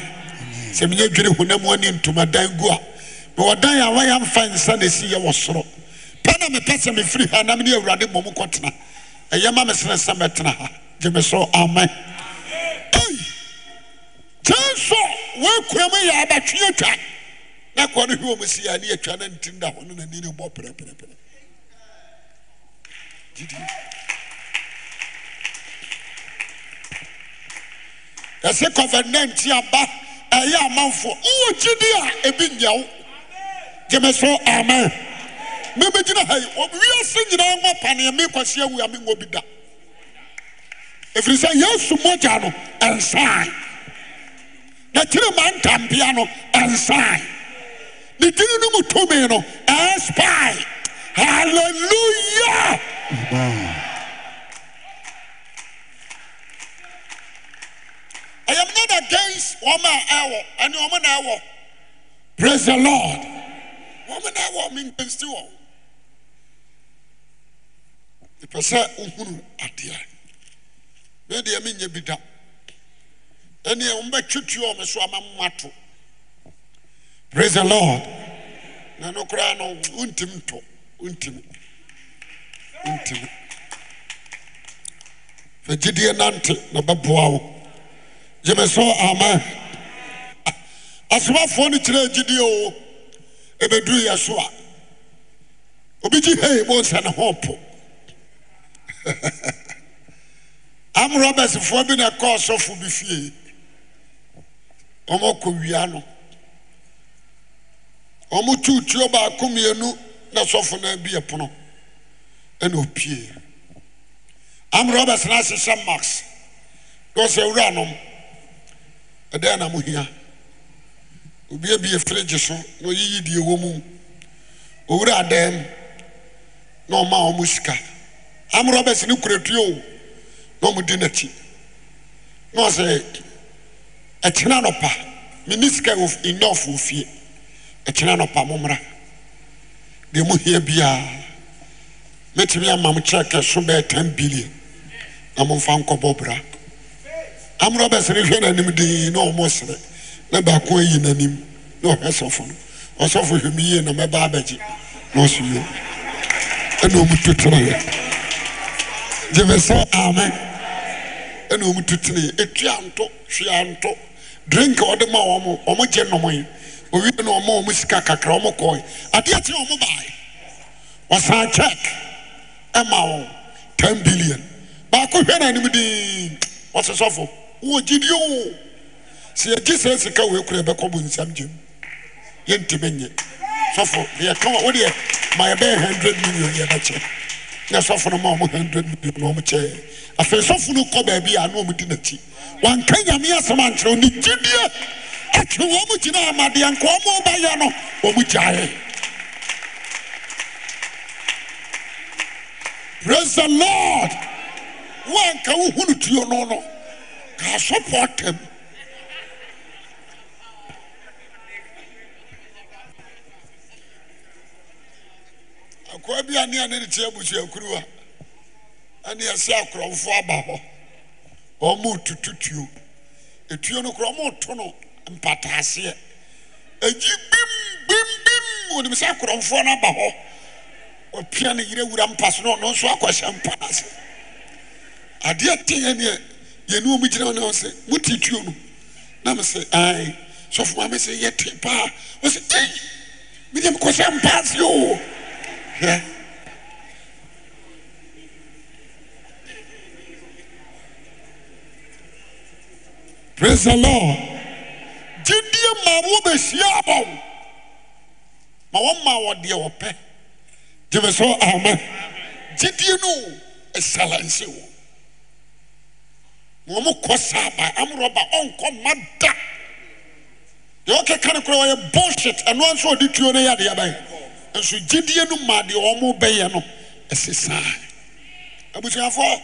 sɛ menyɛ dwere hu namaani ntoma dan gu a mewɔ dan a wayɛ mfa nsa ne asi yɛ wɔ soro pɛ na mepɛ sɛ mefiri ha nam ne yɛ awurade mmɔ mu kɔtena ɔyɛ ma mesene nsa mɛtena ha gye me soro amɛn tɛ so wokuram yɛabatwe ɛ twan na koa ne hewɔm si yɛa ni yɛtwa ne ntim dɛ hono noninebɔ prɛpɛrɛ ɛsɛ kovɛnanti aba ɛyɛ amanfoɔ nwɔ gyidi a ɛbi nyɛwo gye me so aman mɛbɛgyina hai wiase nyinaa mɔ paneɛ mekɔse wua mewɔ bi da ɛfiri sɛ yɛasumɔgya no nsɔae na kyire mantampia no nsɔae ne giri no mu tumi no spaee halleluya ɔma awɔ ane ɔmo naawɔ prase he lord wɔmone awɔ mensi wɔ nipɛ sɛ wohunu adeɛ medeɛ menyɛ bida ɛneɛ ɔmbɛtwetu wɔ meso amammato pras e lord nano koraa no wontim nto nn fagyediɛ nante na bɛboa wo gyemesɛ ama asomafoɔ no kyirɛ gyidiɛ o ɔbɛduruyɛ so a obigye hei bɛnsɛne hɔpo amrobersefoɔ bi ne ɛkɔɔ ɔsɔfo bi fiee ɔmɔkɔ wia no ɔmotwiwtuo baakomianu na sɔfo noa bia pono ne ɔpiee amrɔ bɛrs no ahyehyɛ maks de wɔsɛ wura nom ɛdɛn na mo hia obi abie firigye so na ɔyiyi deɛ ɛwɔ mu owura adan na ɔma wɔn sika amoro bɛsi ne kuratuo na wɔn di n'akyi na ɔsɛ ɛkyena nɔpa mini sika enough wɔ fie ɛkyena nɔpa mo mmra deɛ mo hia biara mɛtumi ama kyerɛ kɛso bɛyɛ ten billion na mo nfa nkɔbɔ bra. amụrụ ọbasịrị hwee n'anim dee na ọmụ sịrị na baako eyi n'anim na ọhịa sọfọ no ọsọfọ hwem yie na mẹba abegye na ọsọ yie ɛna ɔmu tuturu yɛ gyeme amen ɛna ɔmu tuturu yɛ etua nto hwea nto drink a ɔde ma wɔn wɔn gye nom yi owie na wɔn wɔn sika kakra wɔn kɔɔ yi adeɛ kye wɔn baaɛ wɔsan check ɛma wɔn ten billion baako hwɛ n'anim dee wɔsosɔfo. wowɔ gyidi oo sɛ yɛgye sɛ si ka woɛ koro yɛbɛkɔ bɔ nsam gye mu yɛntim nyɛ sɔfo yɛka wodeɛ mayɛbɛyɛ 100 million yɛbɛkyɛ nyɛ sɔfo no ma m 100 million nɔmkyɛɛ afei sɔfo no kɔ baabi a ne ɔmdi nati wanka nyameɛasɛm ankyerɛwo negyidie atwe wɔ m gyinaa madeɛnka ɔmabayɛ no ɔ m gyae pras e lord woanka wohu no tuo no no sopo tam akoa bi anea ne neteɛ bukyuakuruw a aneɛ sɛ akorɔnfoɔ aba hɔ ɔmatototuo ɔtuo no kura ɔmato no mpataaseɛ ayi ɔnim sɛ akorɔmfoɔ no aba hɔ ɔpia no yerɛ wura mpa so no ɔno nso akɔhyɛ mpaase adeɛ tɛɛnea yɛne ɔmu gyina wo ne wo sɛ mote tuo no na me sɛ ae sɔfo ma me sɛ yɛte paa wɔ sɛ ei medeɛ mekɔ sɛ mpaase o hwɛ praise the lord gyidie ma wɔbɛhyia ama wo ma wɔma wɔ deɛ wɔpɛ gyeme sɛ ama gyidie no wo ɔmokɔ saaba amrɔba ɔnkɔ mada deɛ ɔkɛka ne kora ɔyɛ boshit ɛnoa nsɛ ɔde tuo no yɛdeɛ bayɛ nso gyidie no ma deɛ ɔ mobɛyɛ no ɛsi saa abusuafoɔ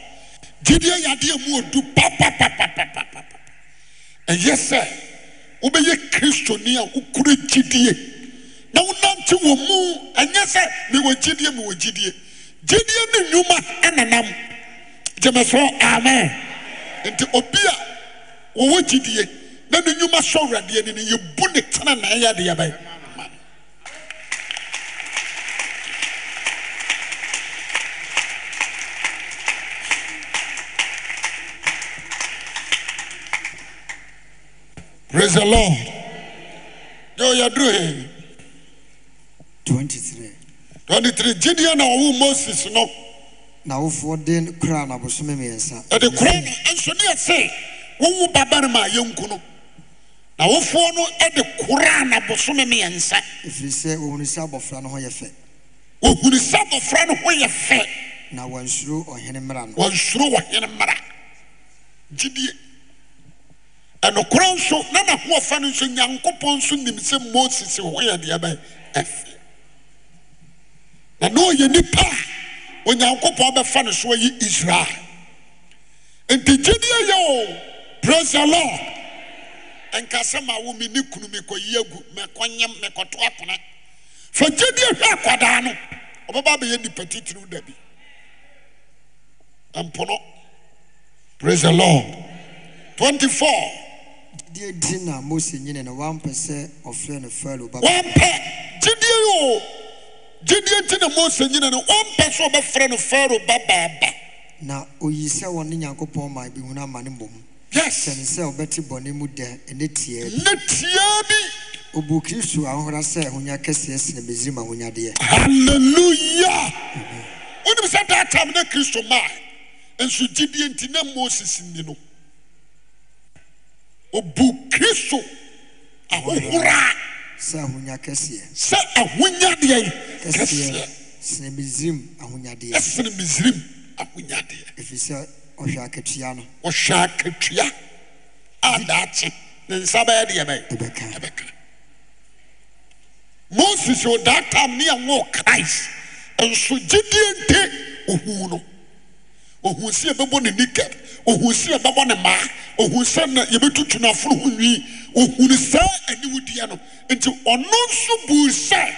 gyidie yadeɛ mu adu ba ɛyɛ sɛ wobɛyɛ kristoni a wo koro gyidie na wonanti wɔ mu ɛyɛ sɛ mewɔ gyidie mewɔ gyidie gyidie ne nwuma nanam gyemɛsɛɔ ana nti obi a wɔwɔgyidiɛ ne no nwuma sɔwradeɛ no no yɛbu ne tena naayɛdeɛbayɛ prais lord yɛɔyɛdr 203 gyideɛ na ɔwoo moses no ɛde kora no nsoneɛ sɛ wowo baba ne maa yɛnku no na wofoɔ no ɔde kora nobɔsome meɛnsa ɛfiri sɛ ɔhunusa bɔfra no hɔ yɛ fɛ wɔhunusa bɔfra no hɔ yɛ fɛ na wansuro ɔhenemmra nowansuro ɔhene mmara gyidie ɛnokora nso na nahoɔfa no nso nyankopɔn so nim sɛ moses wo hɔ yɛ deɛ bɛɛ ɛfɛ na na ɔyɛ nnipa a onyankopɔn bɛfa no soɔyi israel nti gyidiɛ yɛ o pres e lord nkasɛ ma wome ne kunu mekɔyi agu mekɔyam mekɔtoa pona fa gyedie hwɛ akwadaa no ɔbɛbaa bɛyɛ nipa titiriw da bi mpo no pres e lord 24gɛina mosienwpɛ sɛ ɔfrɛno fawɔmpɛ gyidiɛ o gyidie nti na mose nyina no ɔmpɛ sɛ ɔbɛfrɛ no faro babaaba na oyi sɛ wɔne nyankopɔn ma bɛhunu ama ne mmom sɛne sɛ ɔbɛte bɔne mu da ɛne tiaa bi ne tiaa bi ɔbu kristo ahohora sɛ ahonya kɛseɛ sene bɛsirim ahonyadeɛ halleluya wonim sɛ daa tam na kristo maa nso gyidie nti na moses nni no ɔbu kristo ahohora sɛahonya kɛsɛsɛ ahonyadeɛɛɛ smer hoyadeɛsmisrm ahoyadeɛfisɛ ɔhwɛ akata no ɔhwɛ akatua adaakye ne nsa bɛyɛdeɛ bɛɛa moses ɔdaatam ne ɛ wɔɔ cris nso gyidee de ɔhuu no ɔhuu sɛ ɛ bɛbɔ ne ni kɛ ɔhusiɛ bɛbɔ ne maa ɔhusɛnna yɛbɛtu tunaaforo ho wii ɔhu no saa aniwo duɛ no nti ɔno nso buusɛ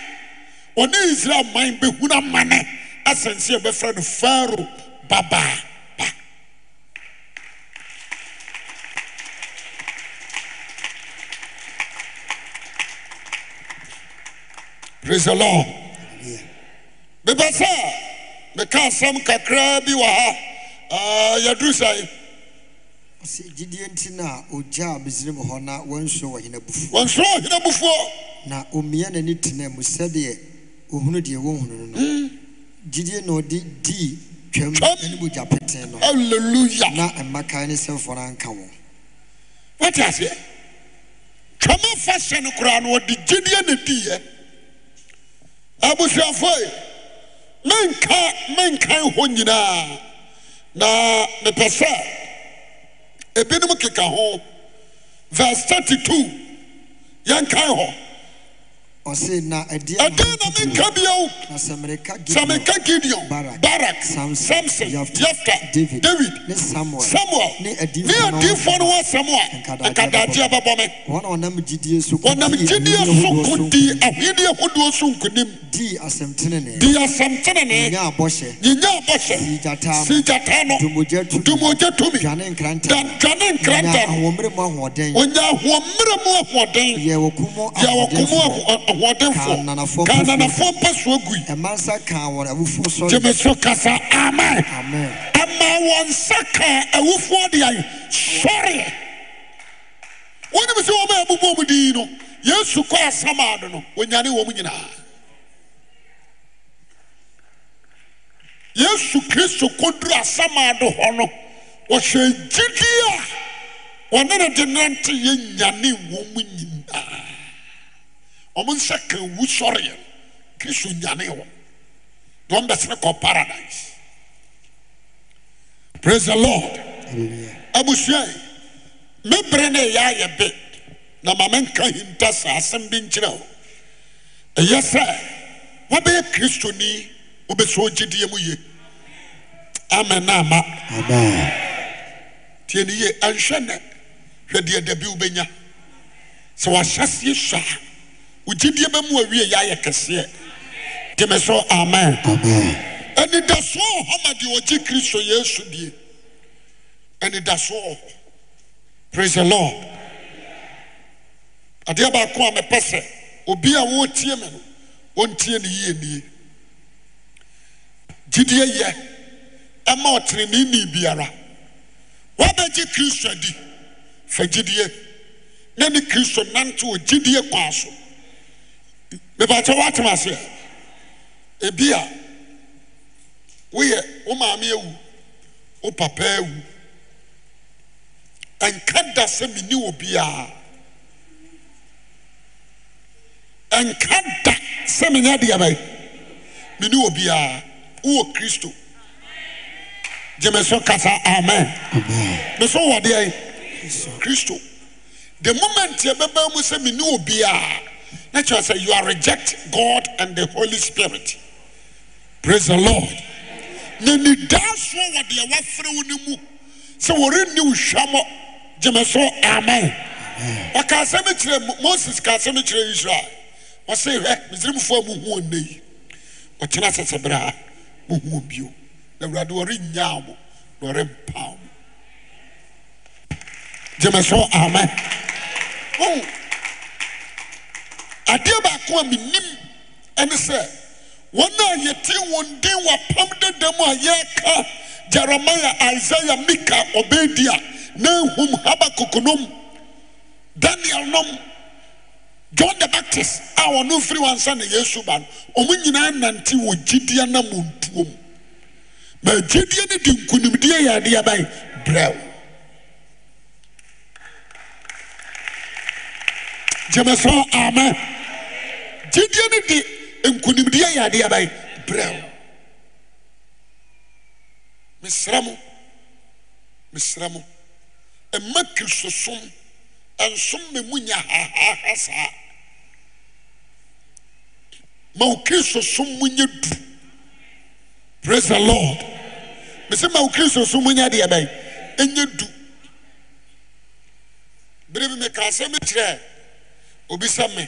ɔne israelman bɛhu no amane asɛnseɛ bɛfrɛ no faaro babaa ba bebɛ sɛ ne ka asɛm kakraa bi wɔ hɔ yɛduru sɛe sgyidie nti n a ɔgyaa biseri mu hɔ na wɔansuro wɔ hena bufuonshena bufu na ɔmia nani tena mu sɛdeɛ ɔhunu deɛ wɔhunu no no hmm. gyidie na ɔde dii twa animugya petee noa na ɛmmaka ne sɛmfɔro anka wɔn wtiaseɛ twɛmefa syɛ no koraa no wɔde gyidie ne diiɛ abusɛfoe emenkan hɔ nyinaa na nepɛ sɛ ebinom keka ho vɛrs 32 yankanhɔ ɔse na adiɛda namenka biao sɛmirikasamerika gineonb baramsof david dai ne samesamene adifɔ no wo asɛmanaankadaeɛbbɔ me nmgyedi sɔnam yidiɛ soode ahweɛdeɛ ahodoɔ so nkonim ii asmtendi asmteneneaɔɛ yiaɔhɛsiiataa nmya tm dwane nkrantahommrɛm ahoɔ ɔnya ahoɔmmerɛmu ahoɔdenyɛɔmɛwmo ɔhoɔdenfoɔ kan nanafoɔ pɛ soɔ gui gyeme so kasa amen ama wɔn nsa kaa awufoɔ de ayɛ sɔreɛ wonim sɛ wɔma abubu mu din no yesu kɔ asamaa no no onyane wɔ mu nyinaa yesu kristo kɔduru asamaa do hɔ no wɔhyɛ gyidie a wɔne no de nante yɛnyane wɔ mu nyinaa ɔmonsɛ kra wu sɔreɛ no kristo nyane wɔ de ɔmbɛsere kɔ paradise pras he lord abusuai meberɛ ne ɛyɛayɛ bi na mamɛnka hinta sɛ asɛm bi nkyerɛ ho yɛ sɛ wobɛyɛ kristoni wobɛsɛɔgydeɛ mu ye amen na ama ntiene ye nhwɛ nɛ hwɛ deɛ dabi wobɛnya sɛ wasyase yɛ suaa wogyidie bɛmu awie yɛayɛ kɛseɛ di mɛ so amen anidasoɔ ɔ hɔ ma deɛ ɔgye kristo yesudiɛ anidasoɔɔ hɔ prais e lord adeɛ baako a mɛpɛ sɛ obi a wɔɔtie ma no ɔntie ne yiani gyidiɛ yɛ ɔma ɔtenene ni biara woabagye kristo adi fa gyidiɛ nani kristo nante wɔ gyidiɛ kwa so mɛbɛkyerɛ woatam ase ɛ ebia woyɛ wo maame awu wo papaa wu ɛnka da sɛ menni wɔ biara ɛnka da sɛ menyɛ deɛ bɛ menni wɔ biara wowɔ kristo gye me so kasa amen me so wowɔ deɛ kristo the moment abɛbaa mu sɛ menni wɔ biaa Let you say you are reject God and the Holy Spirit. Praise the Lord. Nini daso wa de wa fere wo amen. Wa Moses ka se Israel. Wa he Misraim fo mu hu onei. Wa tena sese mu hu bio. Na urade wo re nya mo, wo amen. Oh, adeɛ baako a mennim ɛne sɛ wɔn a yɛte wɔn den wɔapam dada m a yɛraka jeremiah isaia mika ɔbeadia na hum habakokonom daniel nom john de baptist a ɔno wmfiri wansa ne yesu ba no ɔmo nyinaa nante wɔ gyidia nammɔ ntuom magyidiɛ ne de nkonimdeɛ yɛ adeɛ bɛɛ brɛwo gyamasɛ ama igye ne de nkonimdeɛ ɛyɛ adeɛban brɛwo mesrɛ mo mesrɛ mo ɔma kirisosom nsom me mu nya hahahasaa mawo krisosom munyɛ du prese he lord me sɛ mawo krisosom munyɛ adeɛban ɛnyɛ du berɛ mi mekaa sɛ mɛkyirɛɛ obisɛ me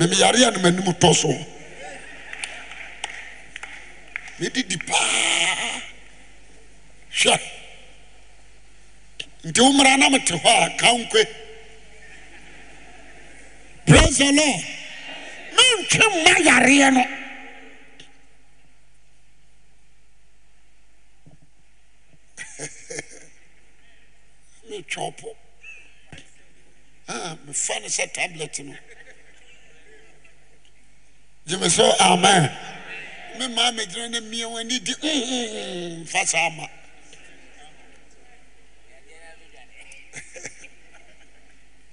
memeyarea no manim tɔ so medidi paa hwɛ nti wommara na mete hɔ a kaw nke blaselo mentwemma yareɛ no metwɔopo ah, mefɛ no sɛ tablɛt no gyeme sɛ ama memaa megyira ne mmiɛwa ani di fa sa ama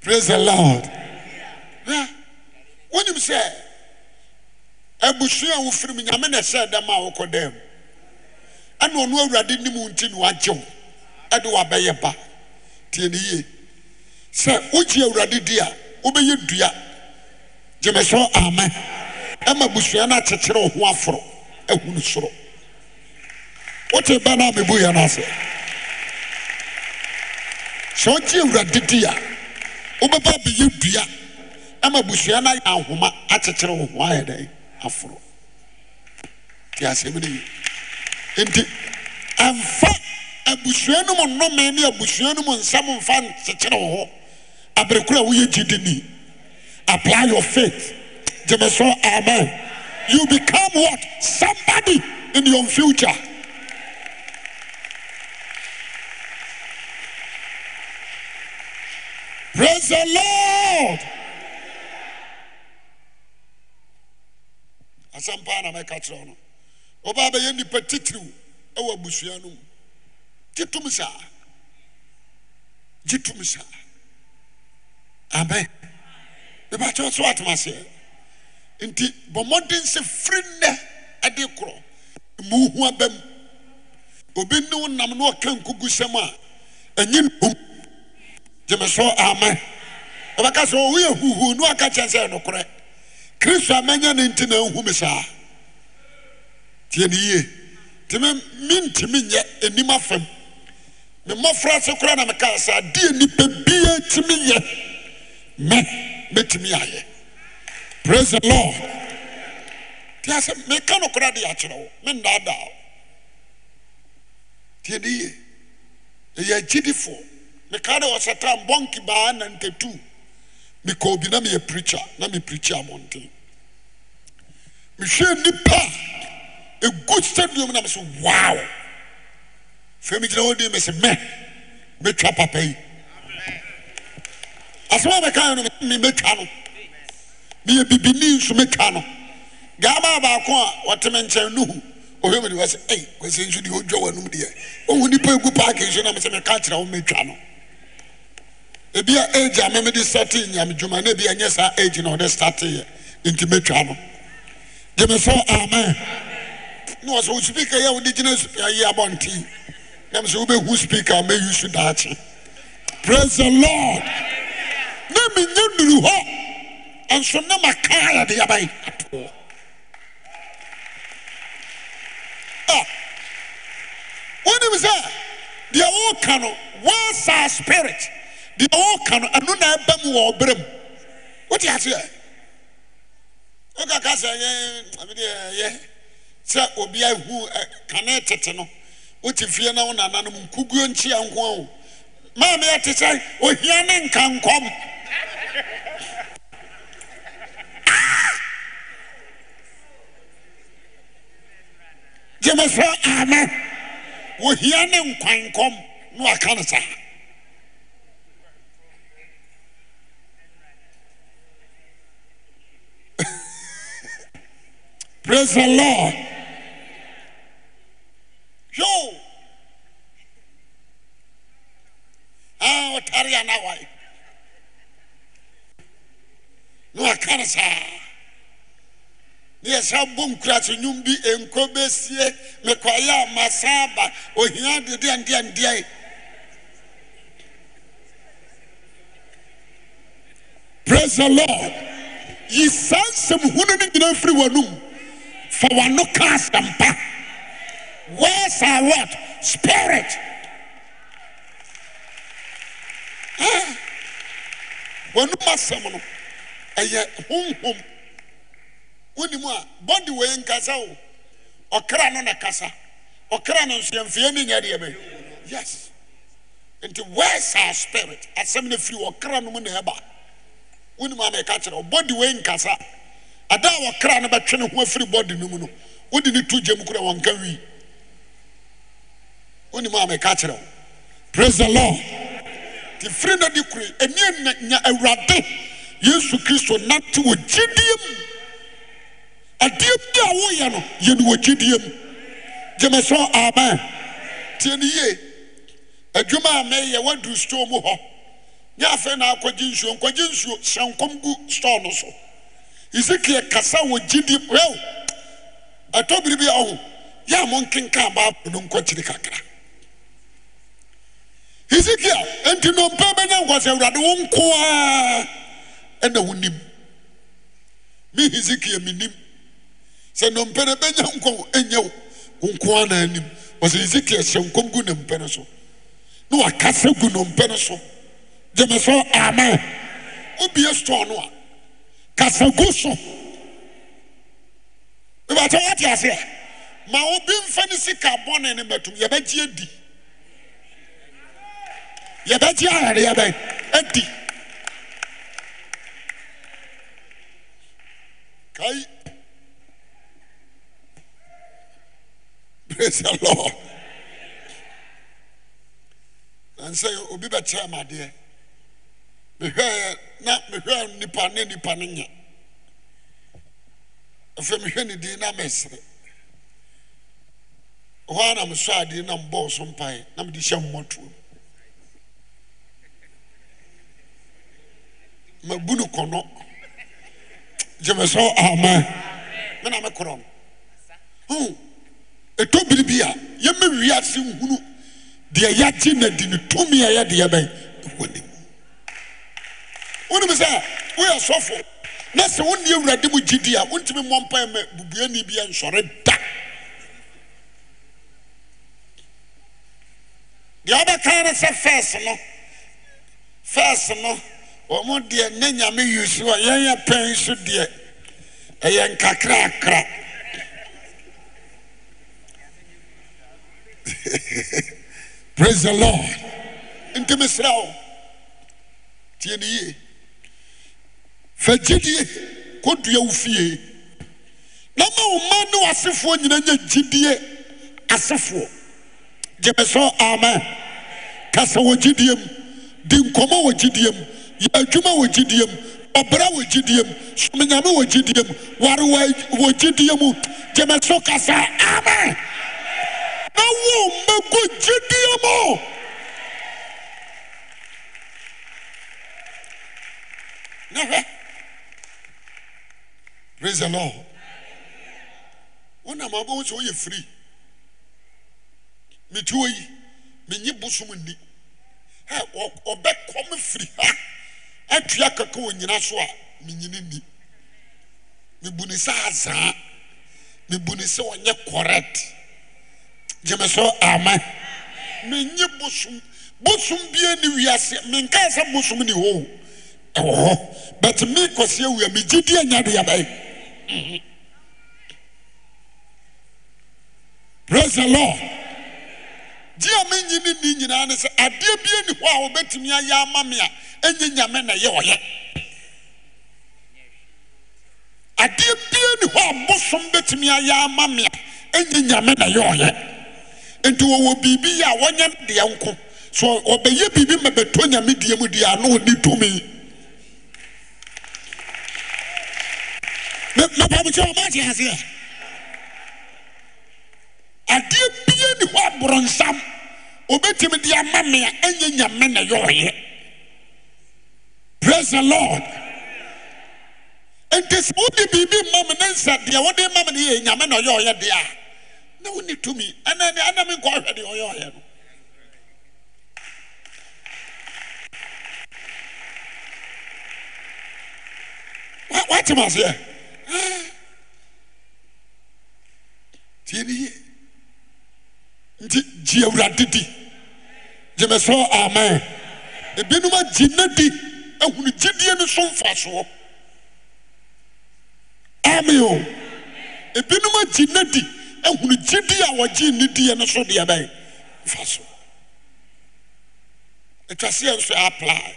prise e lord wonyim sɛ abusu a wofirim nyame ne ɛsɛ dɛma a wokɔdam ɛnoɔno awurade nim o nti nowagye wo ɛde woabɛyɛ ba tieneye sɛ wogye awurade di a wobɛyɛ dua gyemesɛ ama ɛma busua no akyekyere wo ho aforɔ ahunu soro wote ba no a mebu yɛ no ase sɛ wogye awurade di a wobɛba abɛyɛ dua ama busua no ayɛ ahoma akyekyere wo ho ayɛ dɛn aforɔ nti asɛm no yi nti ɛmfa abusua no mu nnome ne abusua no mu nsɛm mfa nkyekyere wo ho aberekoro a woyɛ gyidi ni apply your faith Jameson, Amen. You become what? Somebody in your future. Praise the Lord. asampa na mɛka kyerɛ no wɔbaa bɛyɛ nnipa titiriw ɛwɔ abusua amen mebakyɛw so atem nti bɔ mmɔden sɛ firinnɛ ade korɔ muwohu abam obi new nnam na ɔka nkɔgu sɛm a ɛnyi n gyeme so amɛ ɔbɛka sɛ ɔweyɛ huhuu no aka kyɛn sɛ ɛ nokorɛ kristo amɛnya ne nti nanhu me saa ntiɛneyie timi mentimi yɛ anim afam memmɔfra se kora na mekaa saa deɛ nnipa biar tumiyɛ mɛ mɛtumi ayɛ pras e low ntiasɛ meka nokorade akyerɛ wo mennaadaa ntiɛniye ɔyɛ agyidifo mekaa de ɔsɛtam bɔnki baa nanta2u mekɔɔbi na meyɛ preaha na me prehee mɔnten mehwɛ nni pas agu sadim na meso waao fei migyena hɔdi mɛ sɛ mɛ mɛtwa papa yi asɛm a mɛkanmɛtwa no meyɛ bibini nso mɛtwa no gamaabaako a ɔteme nkyɛn nhu dɛanunpg pak nmcalkrawa bia ag a me sat nawmannyɛ saa age noɔe satɛ ntimɛwa emesɛ am nsɛwo speaka yɛwode gyina supayiant namesɛ wobɛhu speaka a mɛs daakye pras e lord ne menye duru hɔ nso na ma kaa yɛde yaba yi atoɔ a wonim sɛ deɛ wɔreka no wɔasa our spirit deɛ wɔreka no ɛno na ɛba mu wɔ ɔbrɛ mu wote aseɛ wokaka sɛ yɛ amedeɛ yɛ sɛ obi ahu kane tete no wote fie na wo nananom nkuguo nkyia nko a wo maa meyɛte sɛ ohia ne nka nkɔm gyeme sɛ ama wɔhia ne nkwankɔm na waka no saa praise the lord yo a ah, ɔtare anawae na waka no saa yɛsa bɔ nkuratwonwom bi bɛsie mekɔyɛ a masa aba ohia praise the lord yi saa nsɛm hunu no nyinaa firi w'anom fa w'ano ka asɛmpa words are what spirit w'anom asɛm no ɛyɛ honhom wonim a body wei nkasa o ɔkra no na kasa ɔkra no nso yɛmfeɛ ne nyɛ deɛ bɛ yes nti where's our spirit asɛm no firi ɔkra no mu na ɛba wonim a na ɛka kyerɛ body wei nkasa ada a ɔkra no bɛtwe ne ho afiri body no mu no wode ne to gyam kora wɔnka wii wonim a na ɛka praise the lord nti firi no de kure ɛneɛ nya awurade yesu kristo nate wɔ gyidie adimya woeyɛ no yɛne wɔ gyediɛm gyemɛsɛ amaa ntiɛneye adwumaa mɛyɛ w'aduru stoɔ mu hɔ yɛafɛi naakgye nsuokwgyensuo sɛnkm gu stɔ no so hezekie kasa wɔ gyedim ɔtɔbiri bia ɔ ho yɛa monkenka baɔ nonkɔkyiri kakra hezekiel ntinɔmpɛ ɛyanksɛ wurade wonkɔ aa ɛna honim me hezekiel mennim sɛ nnɔmpɛne bɛnya nkɔw nyɛ w nko anaa nim bɔ sɛ yɛsi tiɛ hyɛ nkɔm gu nɔmpɛne so ne wakasa gu nompɛne so gyemɛsɛ ama obie sɔɔ no a kasagu so obatɛ waatease a ma obimfa no sikabɔne ne matom yɛbɛgye adi yɛbɛgye aareɛ bɛn adi kai Praise the Lord. And say, Obi betra my dear. Mehwɛ na mehwɛ nipa ne nipa ne nyɛ. Afei mehwɛ ne din na mesere. Hɔ a na mesɔ adeɛ na mbɔɔ so mpae na mede hyɛ mmɔtoɔ mu. mabu no kɔnɔ gye me sɛ amen me na mekorɔ no hmm. ɛtɔbiri bi a yɛmɛ wiease nhunu deɛ yɛgye na di ne tomi a yɛdeɛ bɛ ɔnem wonem sɛ woyɛ sɔfo ne sɛ wone awurade mu gyidi a wontimi mɔmpama bubua ni bi a nhwɔre da deɛ wobɛka re sɛ feɛs no feɛs no ɔmo deɛ nnɛ nyame usi ɔ yɛyɛ pɛn so deɛ ɔyɛ kakraakra prais he lord ntimisra o tiei neyie fa gyidie kɔdua wo fie na mawoma ne wasefoɔ nyina nya gyidiɛ asefoɔ gyɛmɛsɛ ama kasa wɔ gyidiɛm di nkɔmɔ wɔ gyidiɛm yɛadwuma wɔ gyidiɛm ɔbra wɔ gyidiɛm somenyame wɔ gyidiɛm ware wɔ gyidiɛ mu gyɛmɛsɛ kasa ama awɔ mmagu gyidie mu praise the lord wonam abɛwo sɛ woyɛ firi metu wɔ yi menye bosom nni ɔbɛkɔ me firi ha atua kaka wɔ nyina so a menyini ni mebu ne sɛ azaa mebu ne sɛ ɔnyɛ correct gyeme so ama menye o bosom biar ne wiaaseɛ menkaa sɛ bosom ne hɔho ɛwɔ hɔ but meekɔseɛwie mhm. a megye du nya doyabae prese law gyea menye ne ni nyinaa ne sɛ adeɛ biani hɔ a ɔbɛtumi ayɛ mame a ɛyɛ namenyɛ ɔyɛ adeɛ biani hɔ abosom bɛtumi ayɛama me a ɛyɛ nyame nyɛ ɔyɛ nti wɔwɔ biribi a wɔnyame deɛ nko sɛɔbɛyɛ biribi ma bɛtɔ nyame deɛ mudeɛ a na ɔni domi ɔbamkyɛ ɔmaakyease a adeɛ bia ne hɔ aborɔnsam ɔbɛtim deɛ ma me a ɛyɛ nyame na yɛ ɔyɛ prese lord nti sɛ wode biribi mɔ menansa deɛ wode ma me neyɛ nyame na yɛɔyɛ deɛa nawonitom namenkɔ ahwɛde ɔyɛɔyɛ no watemseɛ tiny nti gyeawuradedi gyemɛsɛ ame ebinom agyi na di ahunugyediɛ no so mfasoɔ ame o ebinom agyinna di hunu gyidi a wɔgyee nni diɛ no sodeɛ daɛ mfa so atwaseɛ nso ɛapla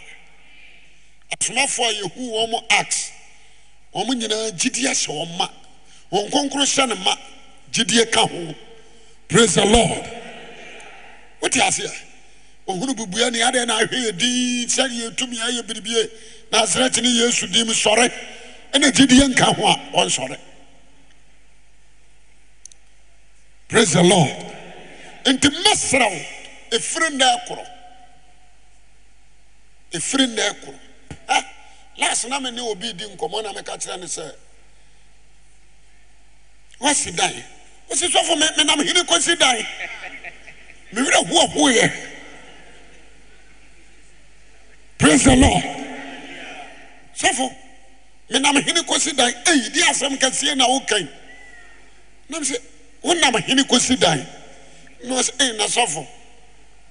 asomafoɔ a yɛhuu wɔmo as ɔmo nyinaa gyidiɛ hɛ ɔma ɔn kronkro hyɛ ne ma gyidie ka ho pras e lord wotiase ɛ ɔhunu bubua ne ade ne ahwɛɛ di sɛre yɛtumɛayɛ biribie nasaret ne yesu dim sɔre ne gyidie nka ho a ɔsɔre prase e law enti mɛserɛ wo ɛfirendɛɛ korɔ ɛfiren dɛɛ korɔ ɛ ah, lase na menne wɔbi di nkɔma ana meka kyerɛ ne sɛ wasi dan wsi sɛfo menam hene kɔsi dan mewerɛ ho ahoeɛ pras e law sɛfo menam hene kosi dan ei di asɛm kasee na wokan nam sɛ wonam hene kosidan nasɔfo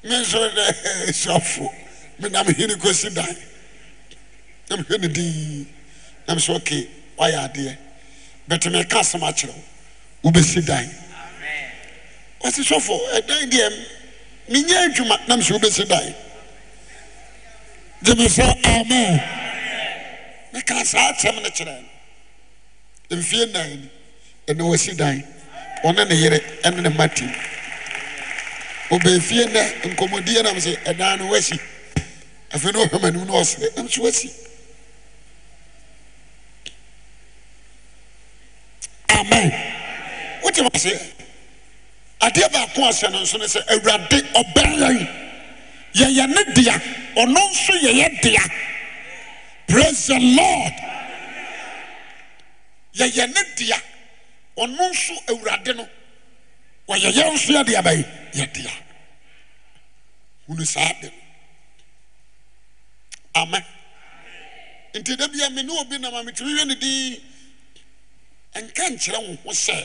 mensodɛsfo menam hene ksidan namewɛ ne di namsɛ ɔk ɔyɛ adeɛ bet meka asɛm akyerɛ wo wobɛsidan sisɔfɛɛndeɛ menyɛ adwuma namsɛ wobɛsidan ti me sɛ meka sa tɛm no kyerɛ n mfee nan ɛne wasidan ɔne ne yere ɛne ne matim obeafie nɛ nkɔmɔdi nam sɛ ɛdaa ne woasi afei ne ɔhwɛm anom no ɔsɛ ɛnso asi amen wots adeɛbaako asɛno nso no sɛ awurade ɔbɛrɛa yi yɛyɛ ne dea ɔno nso yɛyɛ dea prase the lord yɛyɛ ne dea ɔno nso awurade no wɔyɛ yɛwo nso yɛde abayɛ yɛdia hu no saa be amɛ nti da bia me ne wɔ bi nama mekyermi wie ne dii nka nkyerɛ wo ho sɛ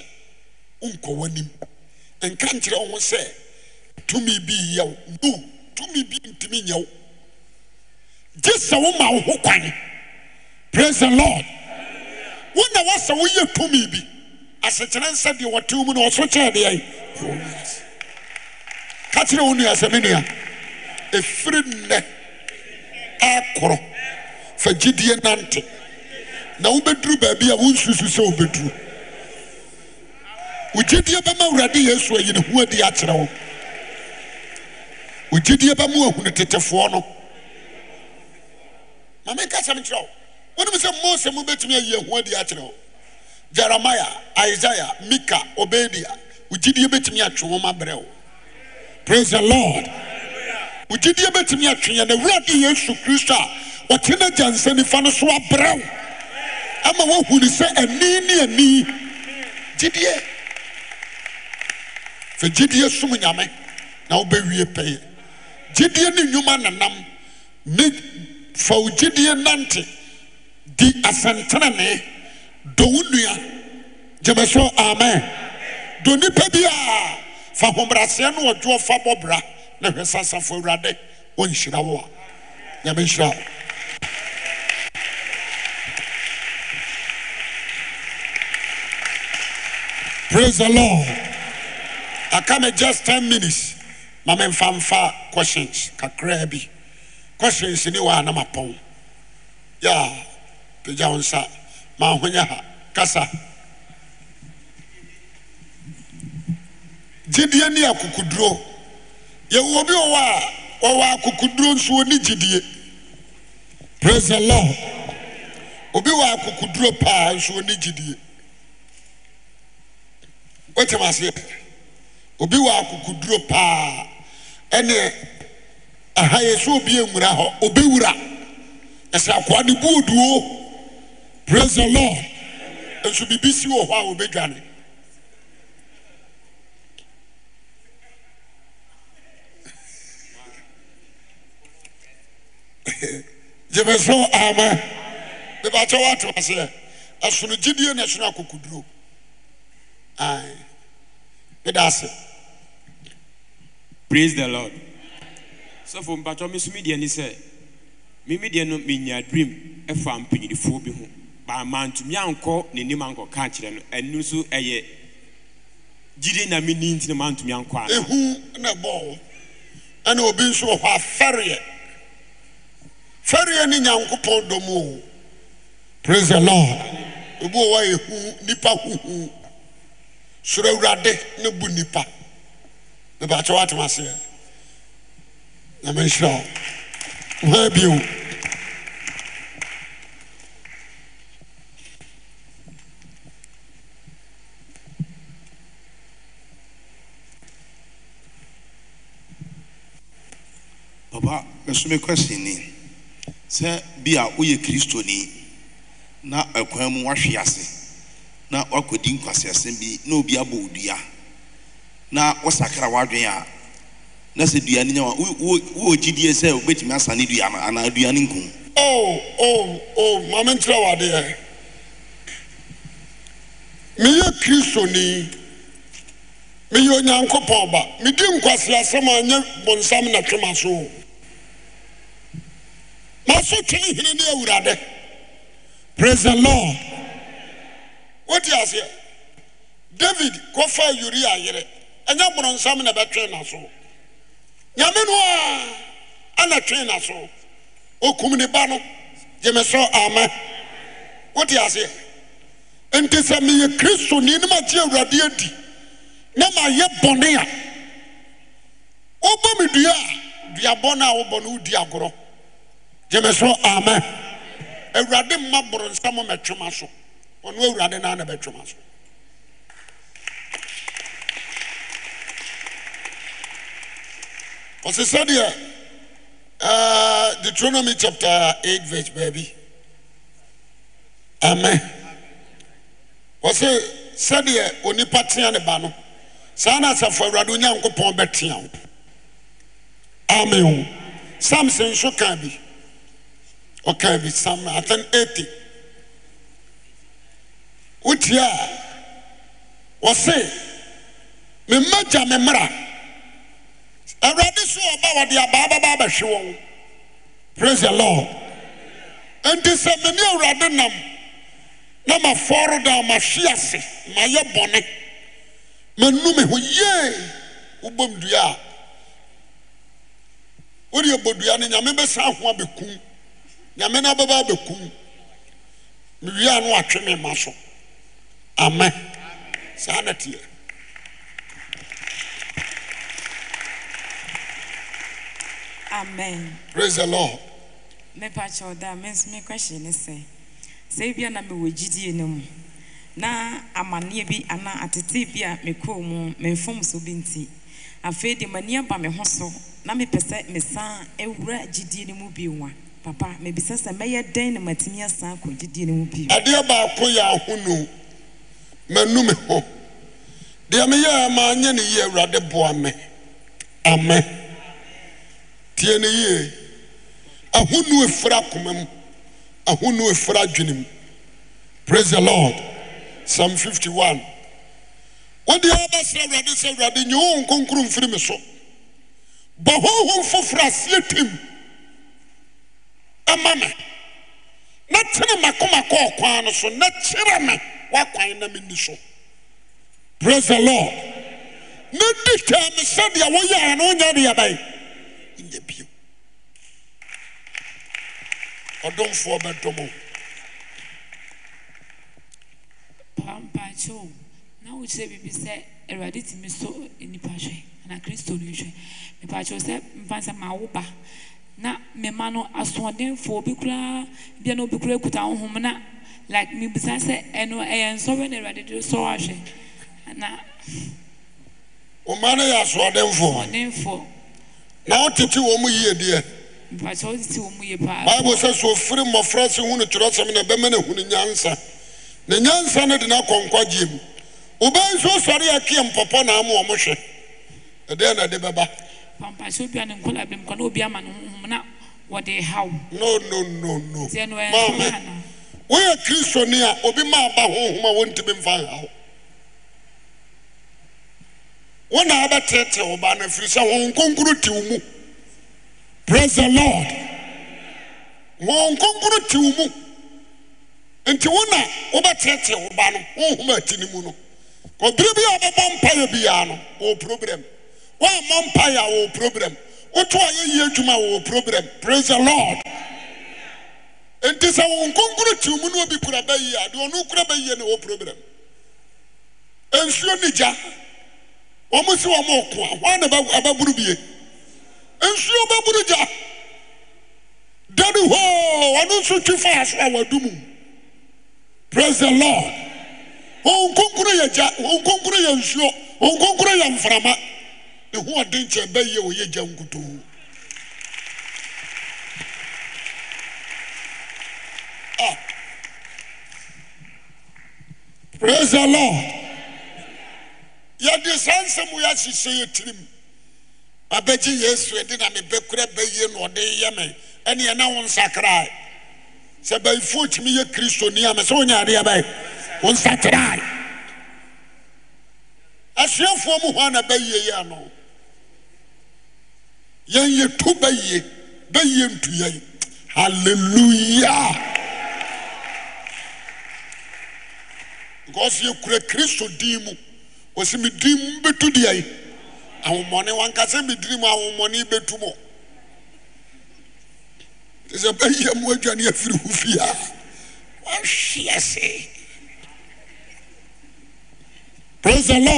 wonkɔ w' nim nka nkyerɛ wo ho sɛ tumi bi yɛwo tumibi ntimi nyɛwo gye sɛ wo ma wo ho kwane pras he lord wona woasɛ woyɛ tomi bi asekyerɛ nsa deɛ wɔtew mu na ɔso kyerɛ deɛ ka kyerɛ wo nua sɛ me nua ɛfiri nnɛ akorɔ fa gyidie nante na wobɛduru baabi a wonsusu sɛ wobɛduru wogyidie bɛma awurade yesu ayi ne ho adi akyerɛ wo wogyidie bɛma ahunu tetefoɔ no ma menka sɛm kyerɛ wo wonim sɛ mose mobɛtumi ayi ahu adi akyerɛ wo yeremiah isaiah mika obedia wo gyidie bɛtumi ɛatwe woma berɛwo prase he lord wogyidie bɛtumi atweɛna werade yesu kristo a ɔtena gya nsanifa no so waberɛwo ma woahu ni sɛ ani ne ani gyidie fɛ gyidie som nyame na wobɛwie pɛi gyidie ne nnwuma nenam ne fa wo gyidie nante di asɛnterane wo gyeme so amen bi a fa no ɔdwoɔ fa bɔbra na hwɛ sasafo awurade wɔnhyira wo a nyame nhyira praise the lord aka me just 10 minutes ma memfa mfa questions kakraa bi questions ni wɔ a na mapɔn pagya wo nsa ahoyɛ ha kasa gyidie ne ɛkokoduro yɛwobi wɔwɔ a wɔwɔ akokoduro nsoɔne gyidie presela obi wɔ akokoduro paa nsoɔne gyidie wɛtamaseɛ obi wɔ akokoduro paa ɛne ahayɛ sɛ obiamwura hɔ ɔbɛwura ɛsɛ koa ne boɔduo praise the lord nso biribi si wɔ hɔ a wɔbɛdwane gyemɛso ama mebakyɛ woatem aseɛ ɛsono gyidie na ɛsono akokoduro meda ase praise the lord sɛfo mpakyɛ me so me deɛ ne sɛ me me no menya dream ɛfa mpanyinifoɔ bi ho amantumi ankɔ ne nnim ankɔ ka akyerɛ no ɛni nso ɛyɛ gyidi nnameni ntina mantumi ankɔ aɛhu ne ɛbɔɔo ɛne obi nso wɔhɔ a fɛreɛ fɛreɛ ne nyankopɔn dɔmɔo prs e la ɛbu wɔ wɔa ɛhu nnipa huhuu soro awurade ne bu nnipa ne bɛakyɛ woatom aseɛ na mehyirɛ ha bimo nso mi question ni sɛ bi a woyɛ kristoni na ɛkwan mu wahwe ase na wakɔdi nkwasiasɛm bi na obi abɔ odua na wɔsakra wadwen a na sɛ dua no nya wa wowɔ gyidie sɛ wobɛtumi asane dua ana dua no nkum o oh, o oh, o oh, maame nkyerɛ wɔ adeɛ meyɛ kristoni meyɛ onyankopɔn ba medi nkwasiasɛm a nyɛ bɔnsam na twema so wɔso twe hene ne awurade praise the lord wote aseɛ david kɔfaa uria yere ɛnyɛ borɔnsam na ɛbɛtwe n'aso nyame no a ana twe so. okum ne ba no gyeme sɛ ama wote aseɛ nti sɛ meyɛ kristoni ne magye awurade adi na mayɛ bɔne a wobɔ me dua a dua no a wobɔ no wodi agorɔ geme so amɛ awurade mmaboronsɛ mo mɛtwoma so ɔno awurade na a na bɛtwoma so ɔ se sɛdeɛ eh, detronomy chapter 8it vers baabi amɛ ɔ se sɛdeɛ ɔnipa tea ne ba no saa na asafo awurade onyankopɔn bɛtea ho ame ho samsn so ka bi ɔka bisam no aten 80 wotia a wɔ se memmagya me mmara awurade so ɔba wɔde abaababaabɛhwe wɔw pras e lord enti sɛ mani awurade nam na mafɔɔroda a mahwiase mayɛ bɔne manume ho yee wobomdua a wodeɛ bɔdua no nyame bɛsa ahoa bɛkum nyame no bɛbɛ abɛkum mewiea no atwe me ma so amɛ saa na teɛ amen praise the lord mepa kyɛw da me nso mekɔhye ne sɛ sɛ bia na mewɔ gyidie no mu na amanneɛ bi ana atetee bi a mekɔɔ mu memfom so bi nti afei de m'ani aba me ho so na mepɛ sɛ mesan awura gyidie no mu bio a ɛadeɛ baako yɛ ahono manome hɔ deɛ meyɛa maanyɛ ne yie awurade boa mɛ amɛ tiɛi ne yie ahonu ɛfura komem ahono fra dwenem pras the lord sam 51 wodeɛ abɛ sɛ awurade sɛ awurade nyɛwɔwɔ nkonkro mfiri me so ba hɔhom foforɔ asiɛ tem ama me na tene makomako ɔkwan no so na kyerɛ me woakwan na menni so praise the lord na di twaa na sɛdeɛ woyɛɛ no wonyɛ deɛ bɛe nyɛ bio ɔdomfoɔ bɛdom o pampakyɛ o na wokyerɛ biribi sɛ awurade tumi so nnipa hwɛ anaa kristo no hwɛ mepakyɛw sɛ mfa sɛ ma ba na mmarima no asoɔdenfoɔ bi koraa bia na obi koraa kuta ahom na like mibisa sɛ ɛno ɛyɛ nsɔre na awurade de sɔrɔ ahwɛ na. mmaa no yɛ asoɔdenfoɔ. asoɔdenfoɔ. na wɔtete wɔn mu yie deɛ. mpatsɛ wɔtete wɔn mu yie paa. baibu sɛ so ofiri mmɔfra si hu no twerɛsɛm na bɛma no hu no nyansa na nyansa no de na akɔnkɔgyeɛ mu obi nso sɔre akie mpɔpɔ na ama wɔn hwɛ ɛdeɛ na ɛde bɛba. pampasi obi a ne nkɔla no no no no maame woyɛ kristoni a obi ma ba honhom We are mfa haw wọn na abɛtɛɛtɛɛ ɔbaa no afiri sɛ wɔn nkonkoro te praise the lord wɔn nkonkoro te wo mu nti wọn na wɔbɛtɛɛtɛɛ ɔbaa no honhom a ti ne mu no obiri bi a ɔbɛbɔ mpaeɛ biara no wɔ problem. ɔmampaɛ awɔwɔ probram wotoayɛyi adwuma a wɔwɔ probram pras lod ni sɛ ɔn kon tim no bi urabɛyieadɔnoɛyeneɔ probram nsuo ne gya ɔmos mɔa ɔorinuorgya da h ɔn otfaa soawɔd m pras lordɔnyɛ mframa ɔkɛɛɛ pras lo yɛde sɛa ne sɛmoɛasesɛ yɛtirim abɛgye yɛsɛ de na mebɛkrɛ bɛye no ɔdenyɛmɛ neɛ na wonsakrae sɛ bayifoɔ timi yɛ kriston am sɛ onyaea asuɛfoɔ m hɔ ana bɛyeyɛano yɛnyɛ to bɛyɛ bɛyɛ ntuyɛe haleluya nka ɔ so yɛkura kristo din mu wɔ sɛ medirim bɛtu deɛe ahomɔne wankasɛ medirimu ahommɔne bɛtu mɔ tɛ sɛ bɛyɛmadwane afiriho fiea whweɛse prɛsɛlo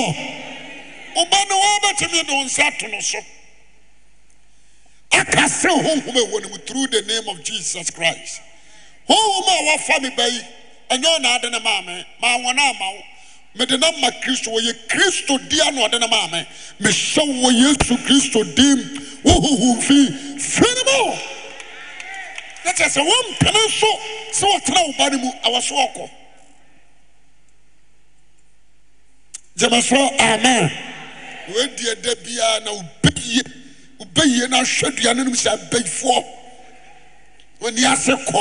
ɔbɔ ne ɔbɛtumi doɔ nsɛ to no so akasɛ honhom ɛwɔ ne through the name of jesus christ honhom a wafa me ba yi ɛnyɛ ɔnaade ne maa me maa ma wo mede na ma kristo wɔyɛ kristo di a na ɔde me mehyɛ wɔ yesu kristo dim wo honhom fi firi mu ne kyerɛ sɛ wɔmpene nso sɛ wɔtena wo ba no mu ɛwɔ so ɔkɔ gyeme so amen wɔadi ɛda biara na wobɛyie bɛye no hwɛ aneno sɛ baifoɔ onise kɔ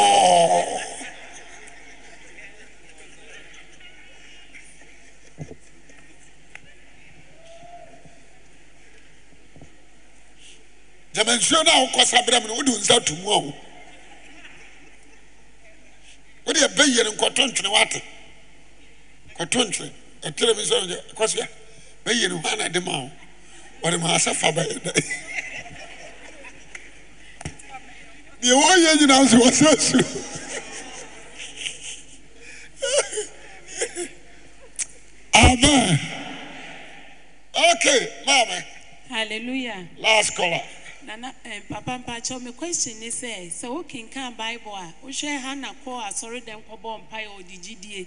amanuo no a wokɔa rɛ n wodensa tomuaho wode bɛ ye no nkɔtontweewoat wɛ bɛenhɔane eao ɔesɛ fab deɛ wɔyɛ nyinaa nso wɔsɛ su amen okay maame hallelujah last caller nana eh, papa mpakyɛw question ne sɛ sɛ wokenkan bible a wohwɛ ha na kɔ asɔredɛm kɔbɔ mpaeɛ ɔde gyidie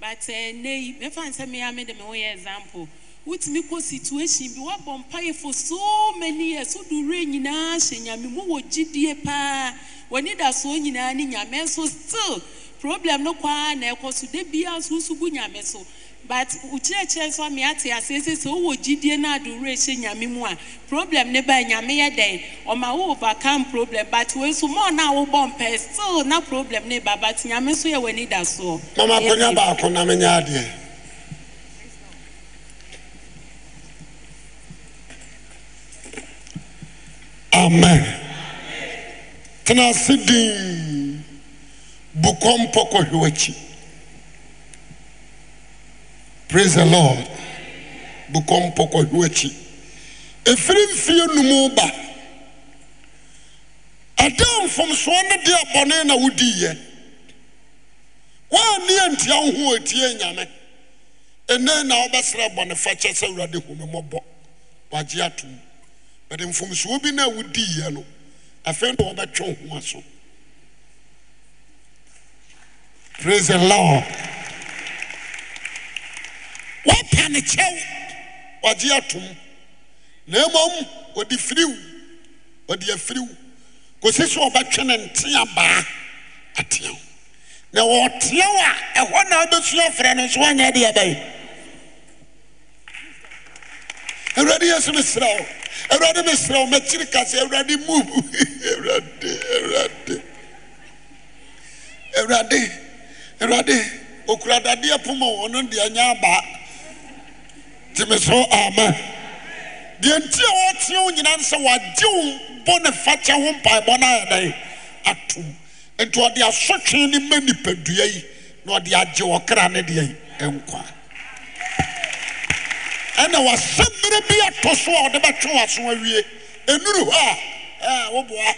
but ɛnɛ eh, yi ya nsɛ mea mede me eh, oh, example wotumi kɔ situation bi wabɔ mpaeɛfo so many years wodurɛ nyinaa hyɛ nyame mu wɔ gyidie paa w'ani da soɔ nyinaa ne nyame so still problem no kwaa na ɛkɔ so da biara so nso gu nyame so but wokyerɛkyerɛ nso ame ate aseɛ sɛ wowɔ gyidie no adorɛ hyɛ nyame mu a problem ne ba nyame yɛ dɛn ɔma wo overcome problem but wei so mɔɔ no a wobɔ mpɛ still na problem ne ba but nyame so yɛ w'ani da soɔ mama kɔnya baako na menyɛ adeɛ amen tena ase dinn bukɔ mpɔ kɔhwɛ akyi praise the lord bukɔ mpɔ kɔhwɛ akyi ɛfiri mfie num ba ɛda mfomsoɔ no deɛ bɔne na wodiiɛ woanni antia wo ho atie nyame ene na wobɛsrɛ bɔne fakyɛ sɛ awurade homemmɔbɔ wagye atom demfomso obi no a wodiɛ no afei na wɔbɛtwɛ hoa so pras l wata ne kyɛw wagye tom na mmam ɔde firiw ɔde afiriw kosi sɛ ɔbɛtwe ne ntea baa atea ho ne wɔɔteɛ wo a ɛhɔ ne ɔbɛsuo frɛ no nso waanɛ deɛbɛɛ awurade yɛ so ne serɛ awurade mesrɛ wo makyiri kase awurade mu wurade wurade awurade awurade ɔkura dadeɛpo ma wɔ no deɛnyɛabaa ti me sɛo aama deɛ ntia wɔɔteɛ wo nyina n sɛ wagye wo bo ne fakya ho mpae bɔno ayɛnɛe atom nti ɔde asotwee ne ma nnipadua yi na ɔde agye wɔ kra ne deɛ ɔnkɔa ɛna wasɛmmerɛ bi atɔ so a ɔde bɛtwe waso awie ɛnuru hɔ a woboa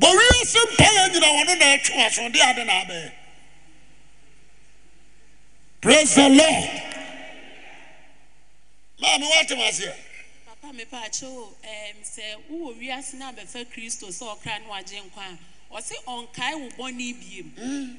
bɔwie se mpaeɛ nyina wɔno na ɛtwe waso de ade na abɛɛ praise the lord maame woatem aseɛ papa mepaakyɛ o sɛ wowɔ wiase no abɛfa kristo sɛ ɔkra ne wagye nkwa a ɔse ɔnkae wo bɔne biem mm.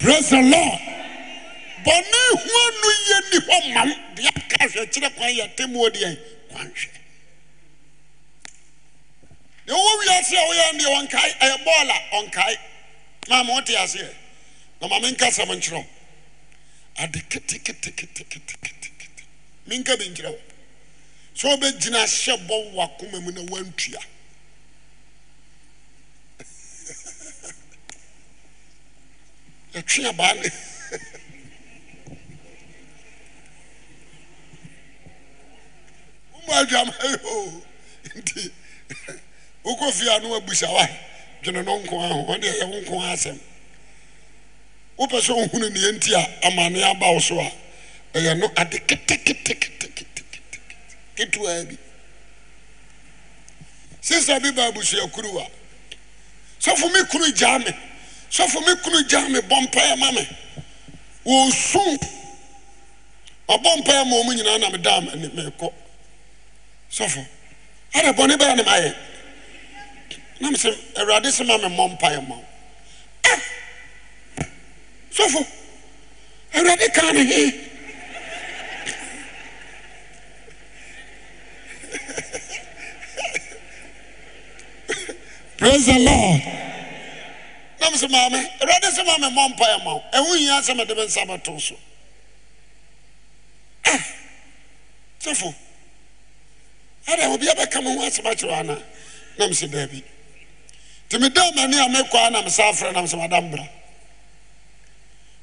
praise the lord bɔne ho ano yɛ ni hɔ ma m deɛ ka hwɛ kyerɛ kwan yɛ atemmuo deɛ kwanhwɛ deɛ wowɔ wiase a woyɛ deɛ ɔnkae ɛyɛ bɔɔla ɔnkae maa ma wote aseɛ na ma menka sɛm nkyerɛ bi nkyerɛ wo sɛ wobɛgyina hyɛ bɔ akoma mu na ɛaaawoaadwaman wokɔ fiano abusawo dwene no nko a ho de ɔyɛ wo nkoa asɛm wopɛ sɛ wohunu nneanti a amannea abawo so a ɔyɛ no ade kete keteaa bi siisa bi baabu so akurow a sɛfo mekuru gyaa me sɔfo mi kunu gya mi bɔ mpaeɛ ma mi wosu ɔbɔ mpaeɛ ma wɔn nyinaa nam daa ma ah! ne mi kɔ sɔfo ɛna bɔ ne bɛyɛ ne ma yɛ nam sɛ awurade sɛ ma mi mɔ mpaeɛ ma ɛ sɔfo awurade kan ne hee. Praise the Lord. s sɛaama asɛmede me nsɛ btosoɛfaaɛka eh, mho ayeɛn namsɛ dai nti meda maniamɛka anamesɛfɛ namsɛdabra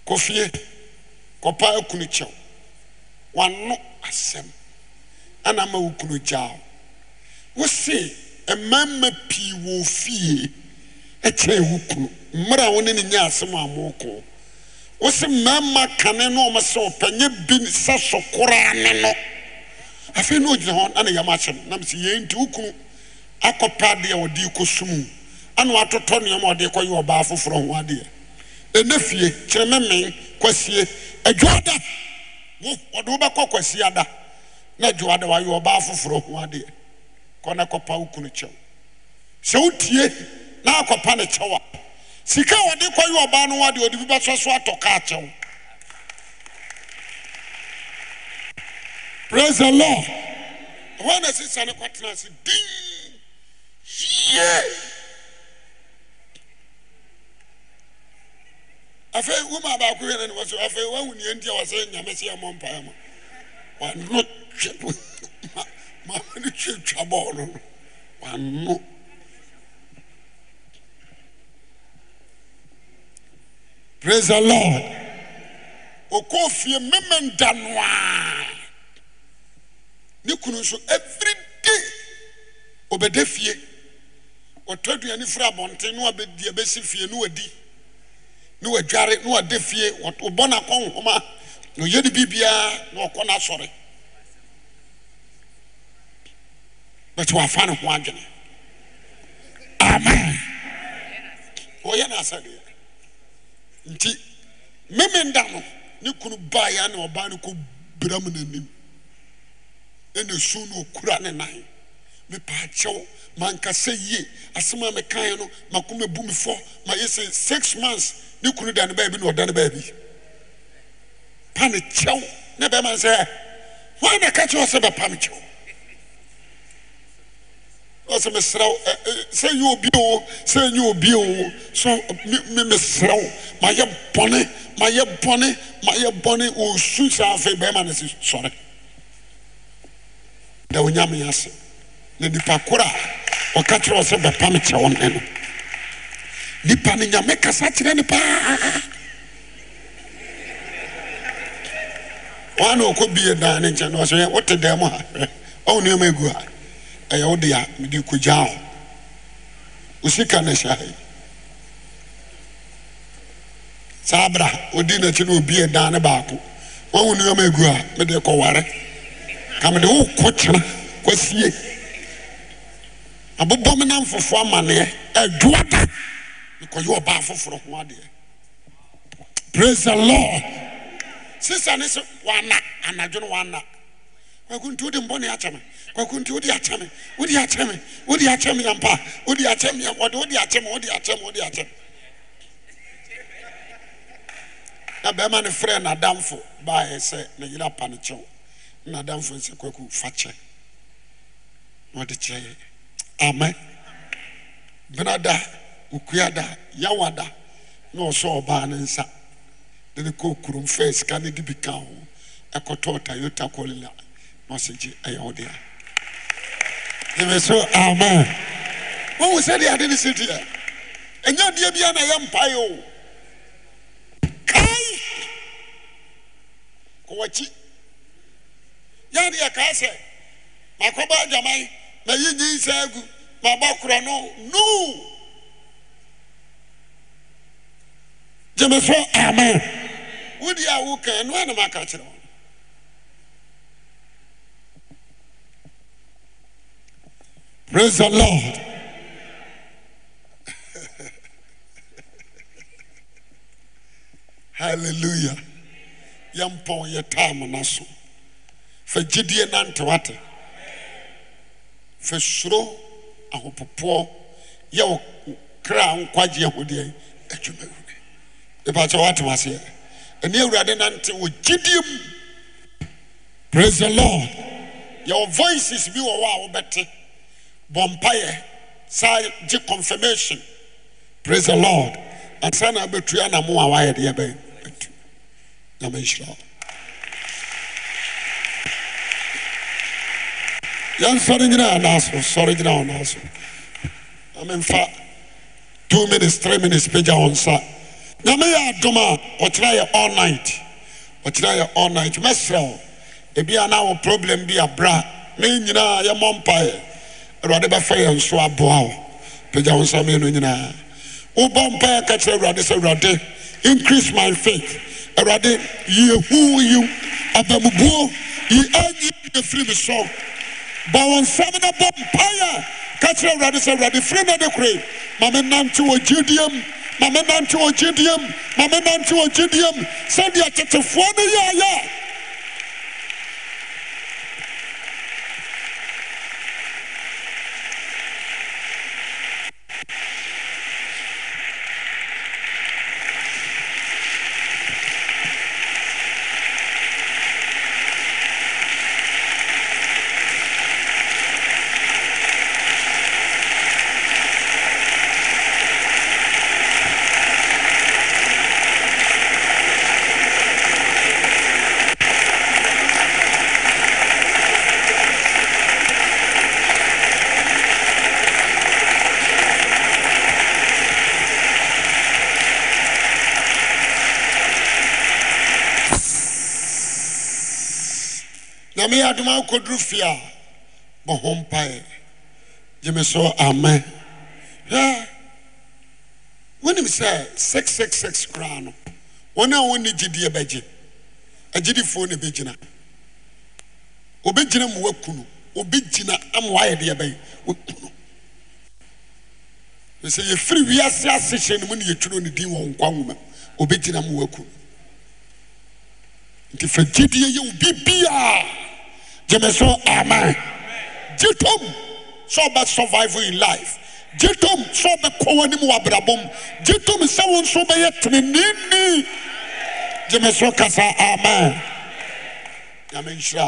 kɔfie kɔpa akunu kyɛwo wano asɛm anama wokuno gya wose mama pii wɔ fie akɛ wo kunu mmerɛ a wo ne ne nyɛ asɛm a mɔɔkɔ wo se mmarima kane no ɔmo sɛ ɔpɛnyɛ bi sɛ so koraa ne no afei ne ogyina hɔ ana yam ahyɛ no nam sɛ yɛn nti wo kunu akɔpɛ adeɛ a ɔde kɔsum ana watotɔ nneɛma a ɔde kɔyɛ ɔbaa foforɔ ho adeɛ ɛnɛ fie kyerɛmɛmɛn kwasie adwoada wo ɔde wo kwasie ada na adwoada wayɛ ɔbaa foforɔ ho adeɛ kɔ na kɔpa wo kunu kyɛw sɛ wotie na akɔpa ne kyɛw a sika wɔde kɔyi ɔbaa no wa deɛ ɔde bi bɛsɔ so atɔ kaakyɛw praise the lord ɛhɔ na sisa ne kɔtena ase dii yie afei woma baako yɛ ne ne afei wɔn ahuni ɛnti a wɔsɛ nyame si ɛmɔ mpaeɛ mu wɔn twɛ ma ne twɛ twa bɔɔlo wɔn ano. pras he lord ɔkɔɔ fie memenda no aaa ne kunu nso everida ɔbɛda fie ɔtɔ aduani firi abɔnte na wabɛdiabɛsi fie ne wadi ne wadware na wada fie wɔbɔ ne kɔnhoma na ɔyɛ ne bibiaa na ɔkɔ noasɔre but wɔafa ne ho adwene aman wɔyɛ ne asɛdeɛ nti me menda no ne kunu baeɛ a ne ɔbaa no kɔbra mu noanim ɛnnɛ sum no ɔkura ne nan mepɛakyɛw maankasɛ ye asɛm a mekaeɛ no makomɛbu me fɔ mayɛse six month ne kunu da ne baa bi na ɔda ne baabi pame kyɛw na bɛmane sɛ hɔ a na ɛka kye hɔ sɛ bɛpa me kyɛw smesrɛw sɛ yɛobioo sɛ nyɛ obioo mesrɛw yɛ bɔne ɔsu saafe bɛma ne sɔre dɛwonyamease na nipa korɛa ɔka terɛ sɛ bɛpae kyɛw nyame kasa kyerɛ nepa ɔane ɔkɔ biedaɛ wote dɛmɔwnɔmaga ɛyɛwo dea mede kogya hɔ o sika ne hyɛai saa bra odii nakyi ne obiɛ dane baako wowu nuama agu a medeɛ kɔwarɛ kamede woreko kyena kwasie abobɔmu namfofoɔ amaneɛ adwoada ne kɔyɛ ɔbaa foforɔ ho adeɛ prase e law sisa ne sɛ woana anadwene woana aku ntio de mbɔne akyɛ ma kɔkɔ nti o di mi wodi mi wodi akyɛ mi yɛn pa wodi mi ya wɔde o di mi wodi akyɛ mi wodi akyɛ mi na bɛrima no frɛ n'adamfo baayɛ sɛ ne yere apa ne kyɛw n'adamfo nsɛ kwaku fa kyɛ na amen, kyerɛ da, amɛ da, yawa da na ɔsɔ ɔbaa ne nsa de ne kɔ kurom fɛ sika ne ka ho ɛkɔtɔɔ ọ kɔlila na ɔsɛ gye ɛyɛ yemsoɔ ama wowu sɛde ade ne sɛdi a ɔnya dia biana yɛ mpae o kai kɔwakyi yɛdeɛkaa sɛ makɔ baa adwamae mayɛ nnyɛsaa gu maba korɔ no no dyemɛ so ama wodi aho ka no anemaaka kyerɛ o Praise the Lord. Hallelujah. Yampon ye time naso. Fa gidie nante wate. Fa suro ahopopo ye wo kra nkwaje ahodie atwuma hu. E ba cha wate Ani awurade wo mu. Praise the Lord. Your voices is wo wa bɔmpa yɛ sɛ gye confirmation prais he lord nsanebɛtuɛnamoyɛeɛia 2 minutes t minuts a s nyameyɛ adma ɔkyera yɛ llniht ɔkyera yɛ llnight mɛsrɛw biana wɔ problem bi abrɛa nenyinaa yɛmɔ mpayɛ awurade bɛfa yɛn nso aboa wo pagya wo nsa mmienu nyinaa wobɔ mpaeɛ ka kyerɛ awurade sɛ awurade increase my faith awurade yehu yiw abamubuo yi anyi efiri mi so bɔ wɔn nsam na bɔ mpaeɛ ka kyerɛ awurade sɛ awurade firi na de kure maame nante wɔ gyidie mu maame nante wɔ gyidie mu maame nante wɔ gyidie mu sɛdeɛ tetefoɔ no yɛ ayɛ. kɔduru fie a bɔ ho mpaeɛ gyeme so amɛ hwɛ wonim sɛ Sex sex sex koraa no wɔn a wɔn ni gyidie bɛgye agyidifoɔ na bɛgyina obɛgyina mu wakunu obɛgyina ama wayɛ deɛ bɛyɛ wakunu sɛ yɛfiri wiase ase hyɛ no mu ne yɛtwuro ne din wɔ nkwa nwoma obɛgyina mu wakunu nti fa gyidie yɛ obi biara. gyeme so amaa gyi tom sɛ obɛ survival in life gyitom sɛ obɛkɔw'anim wabrabɔm gyitom sɛ wo nso w bɛyɛ time nini gyeme so kasa amaa nyame nsa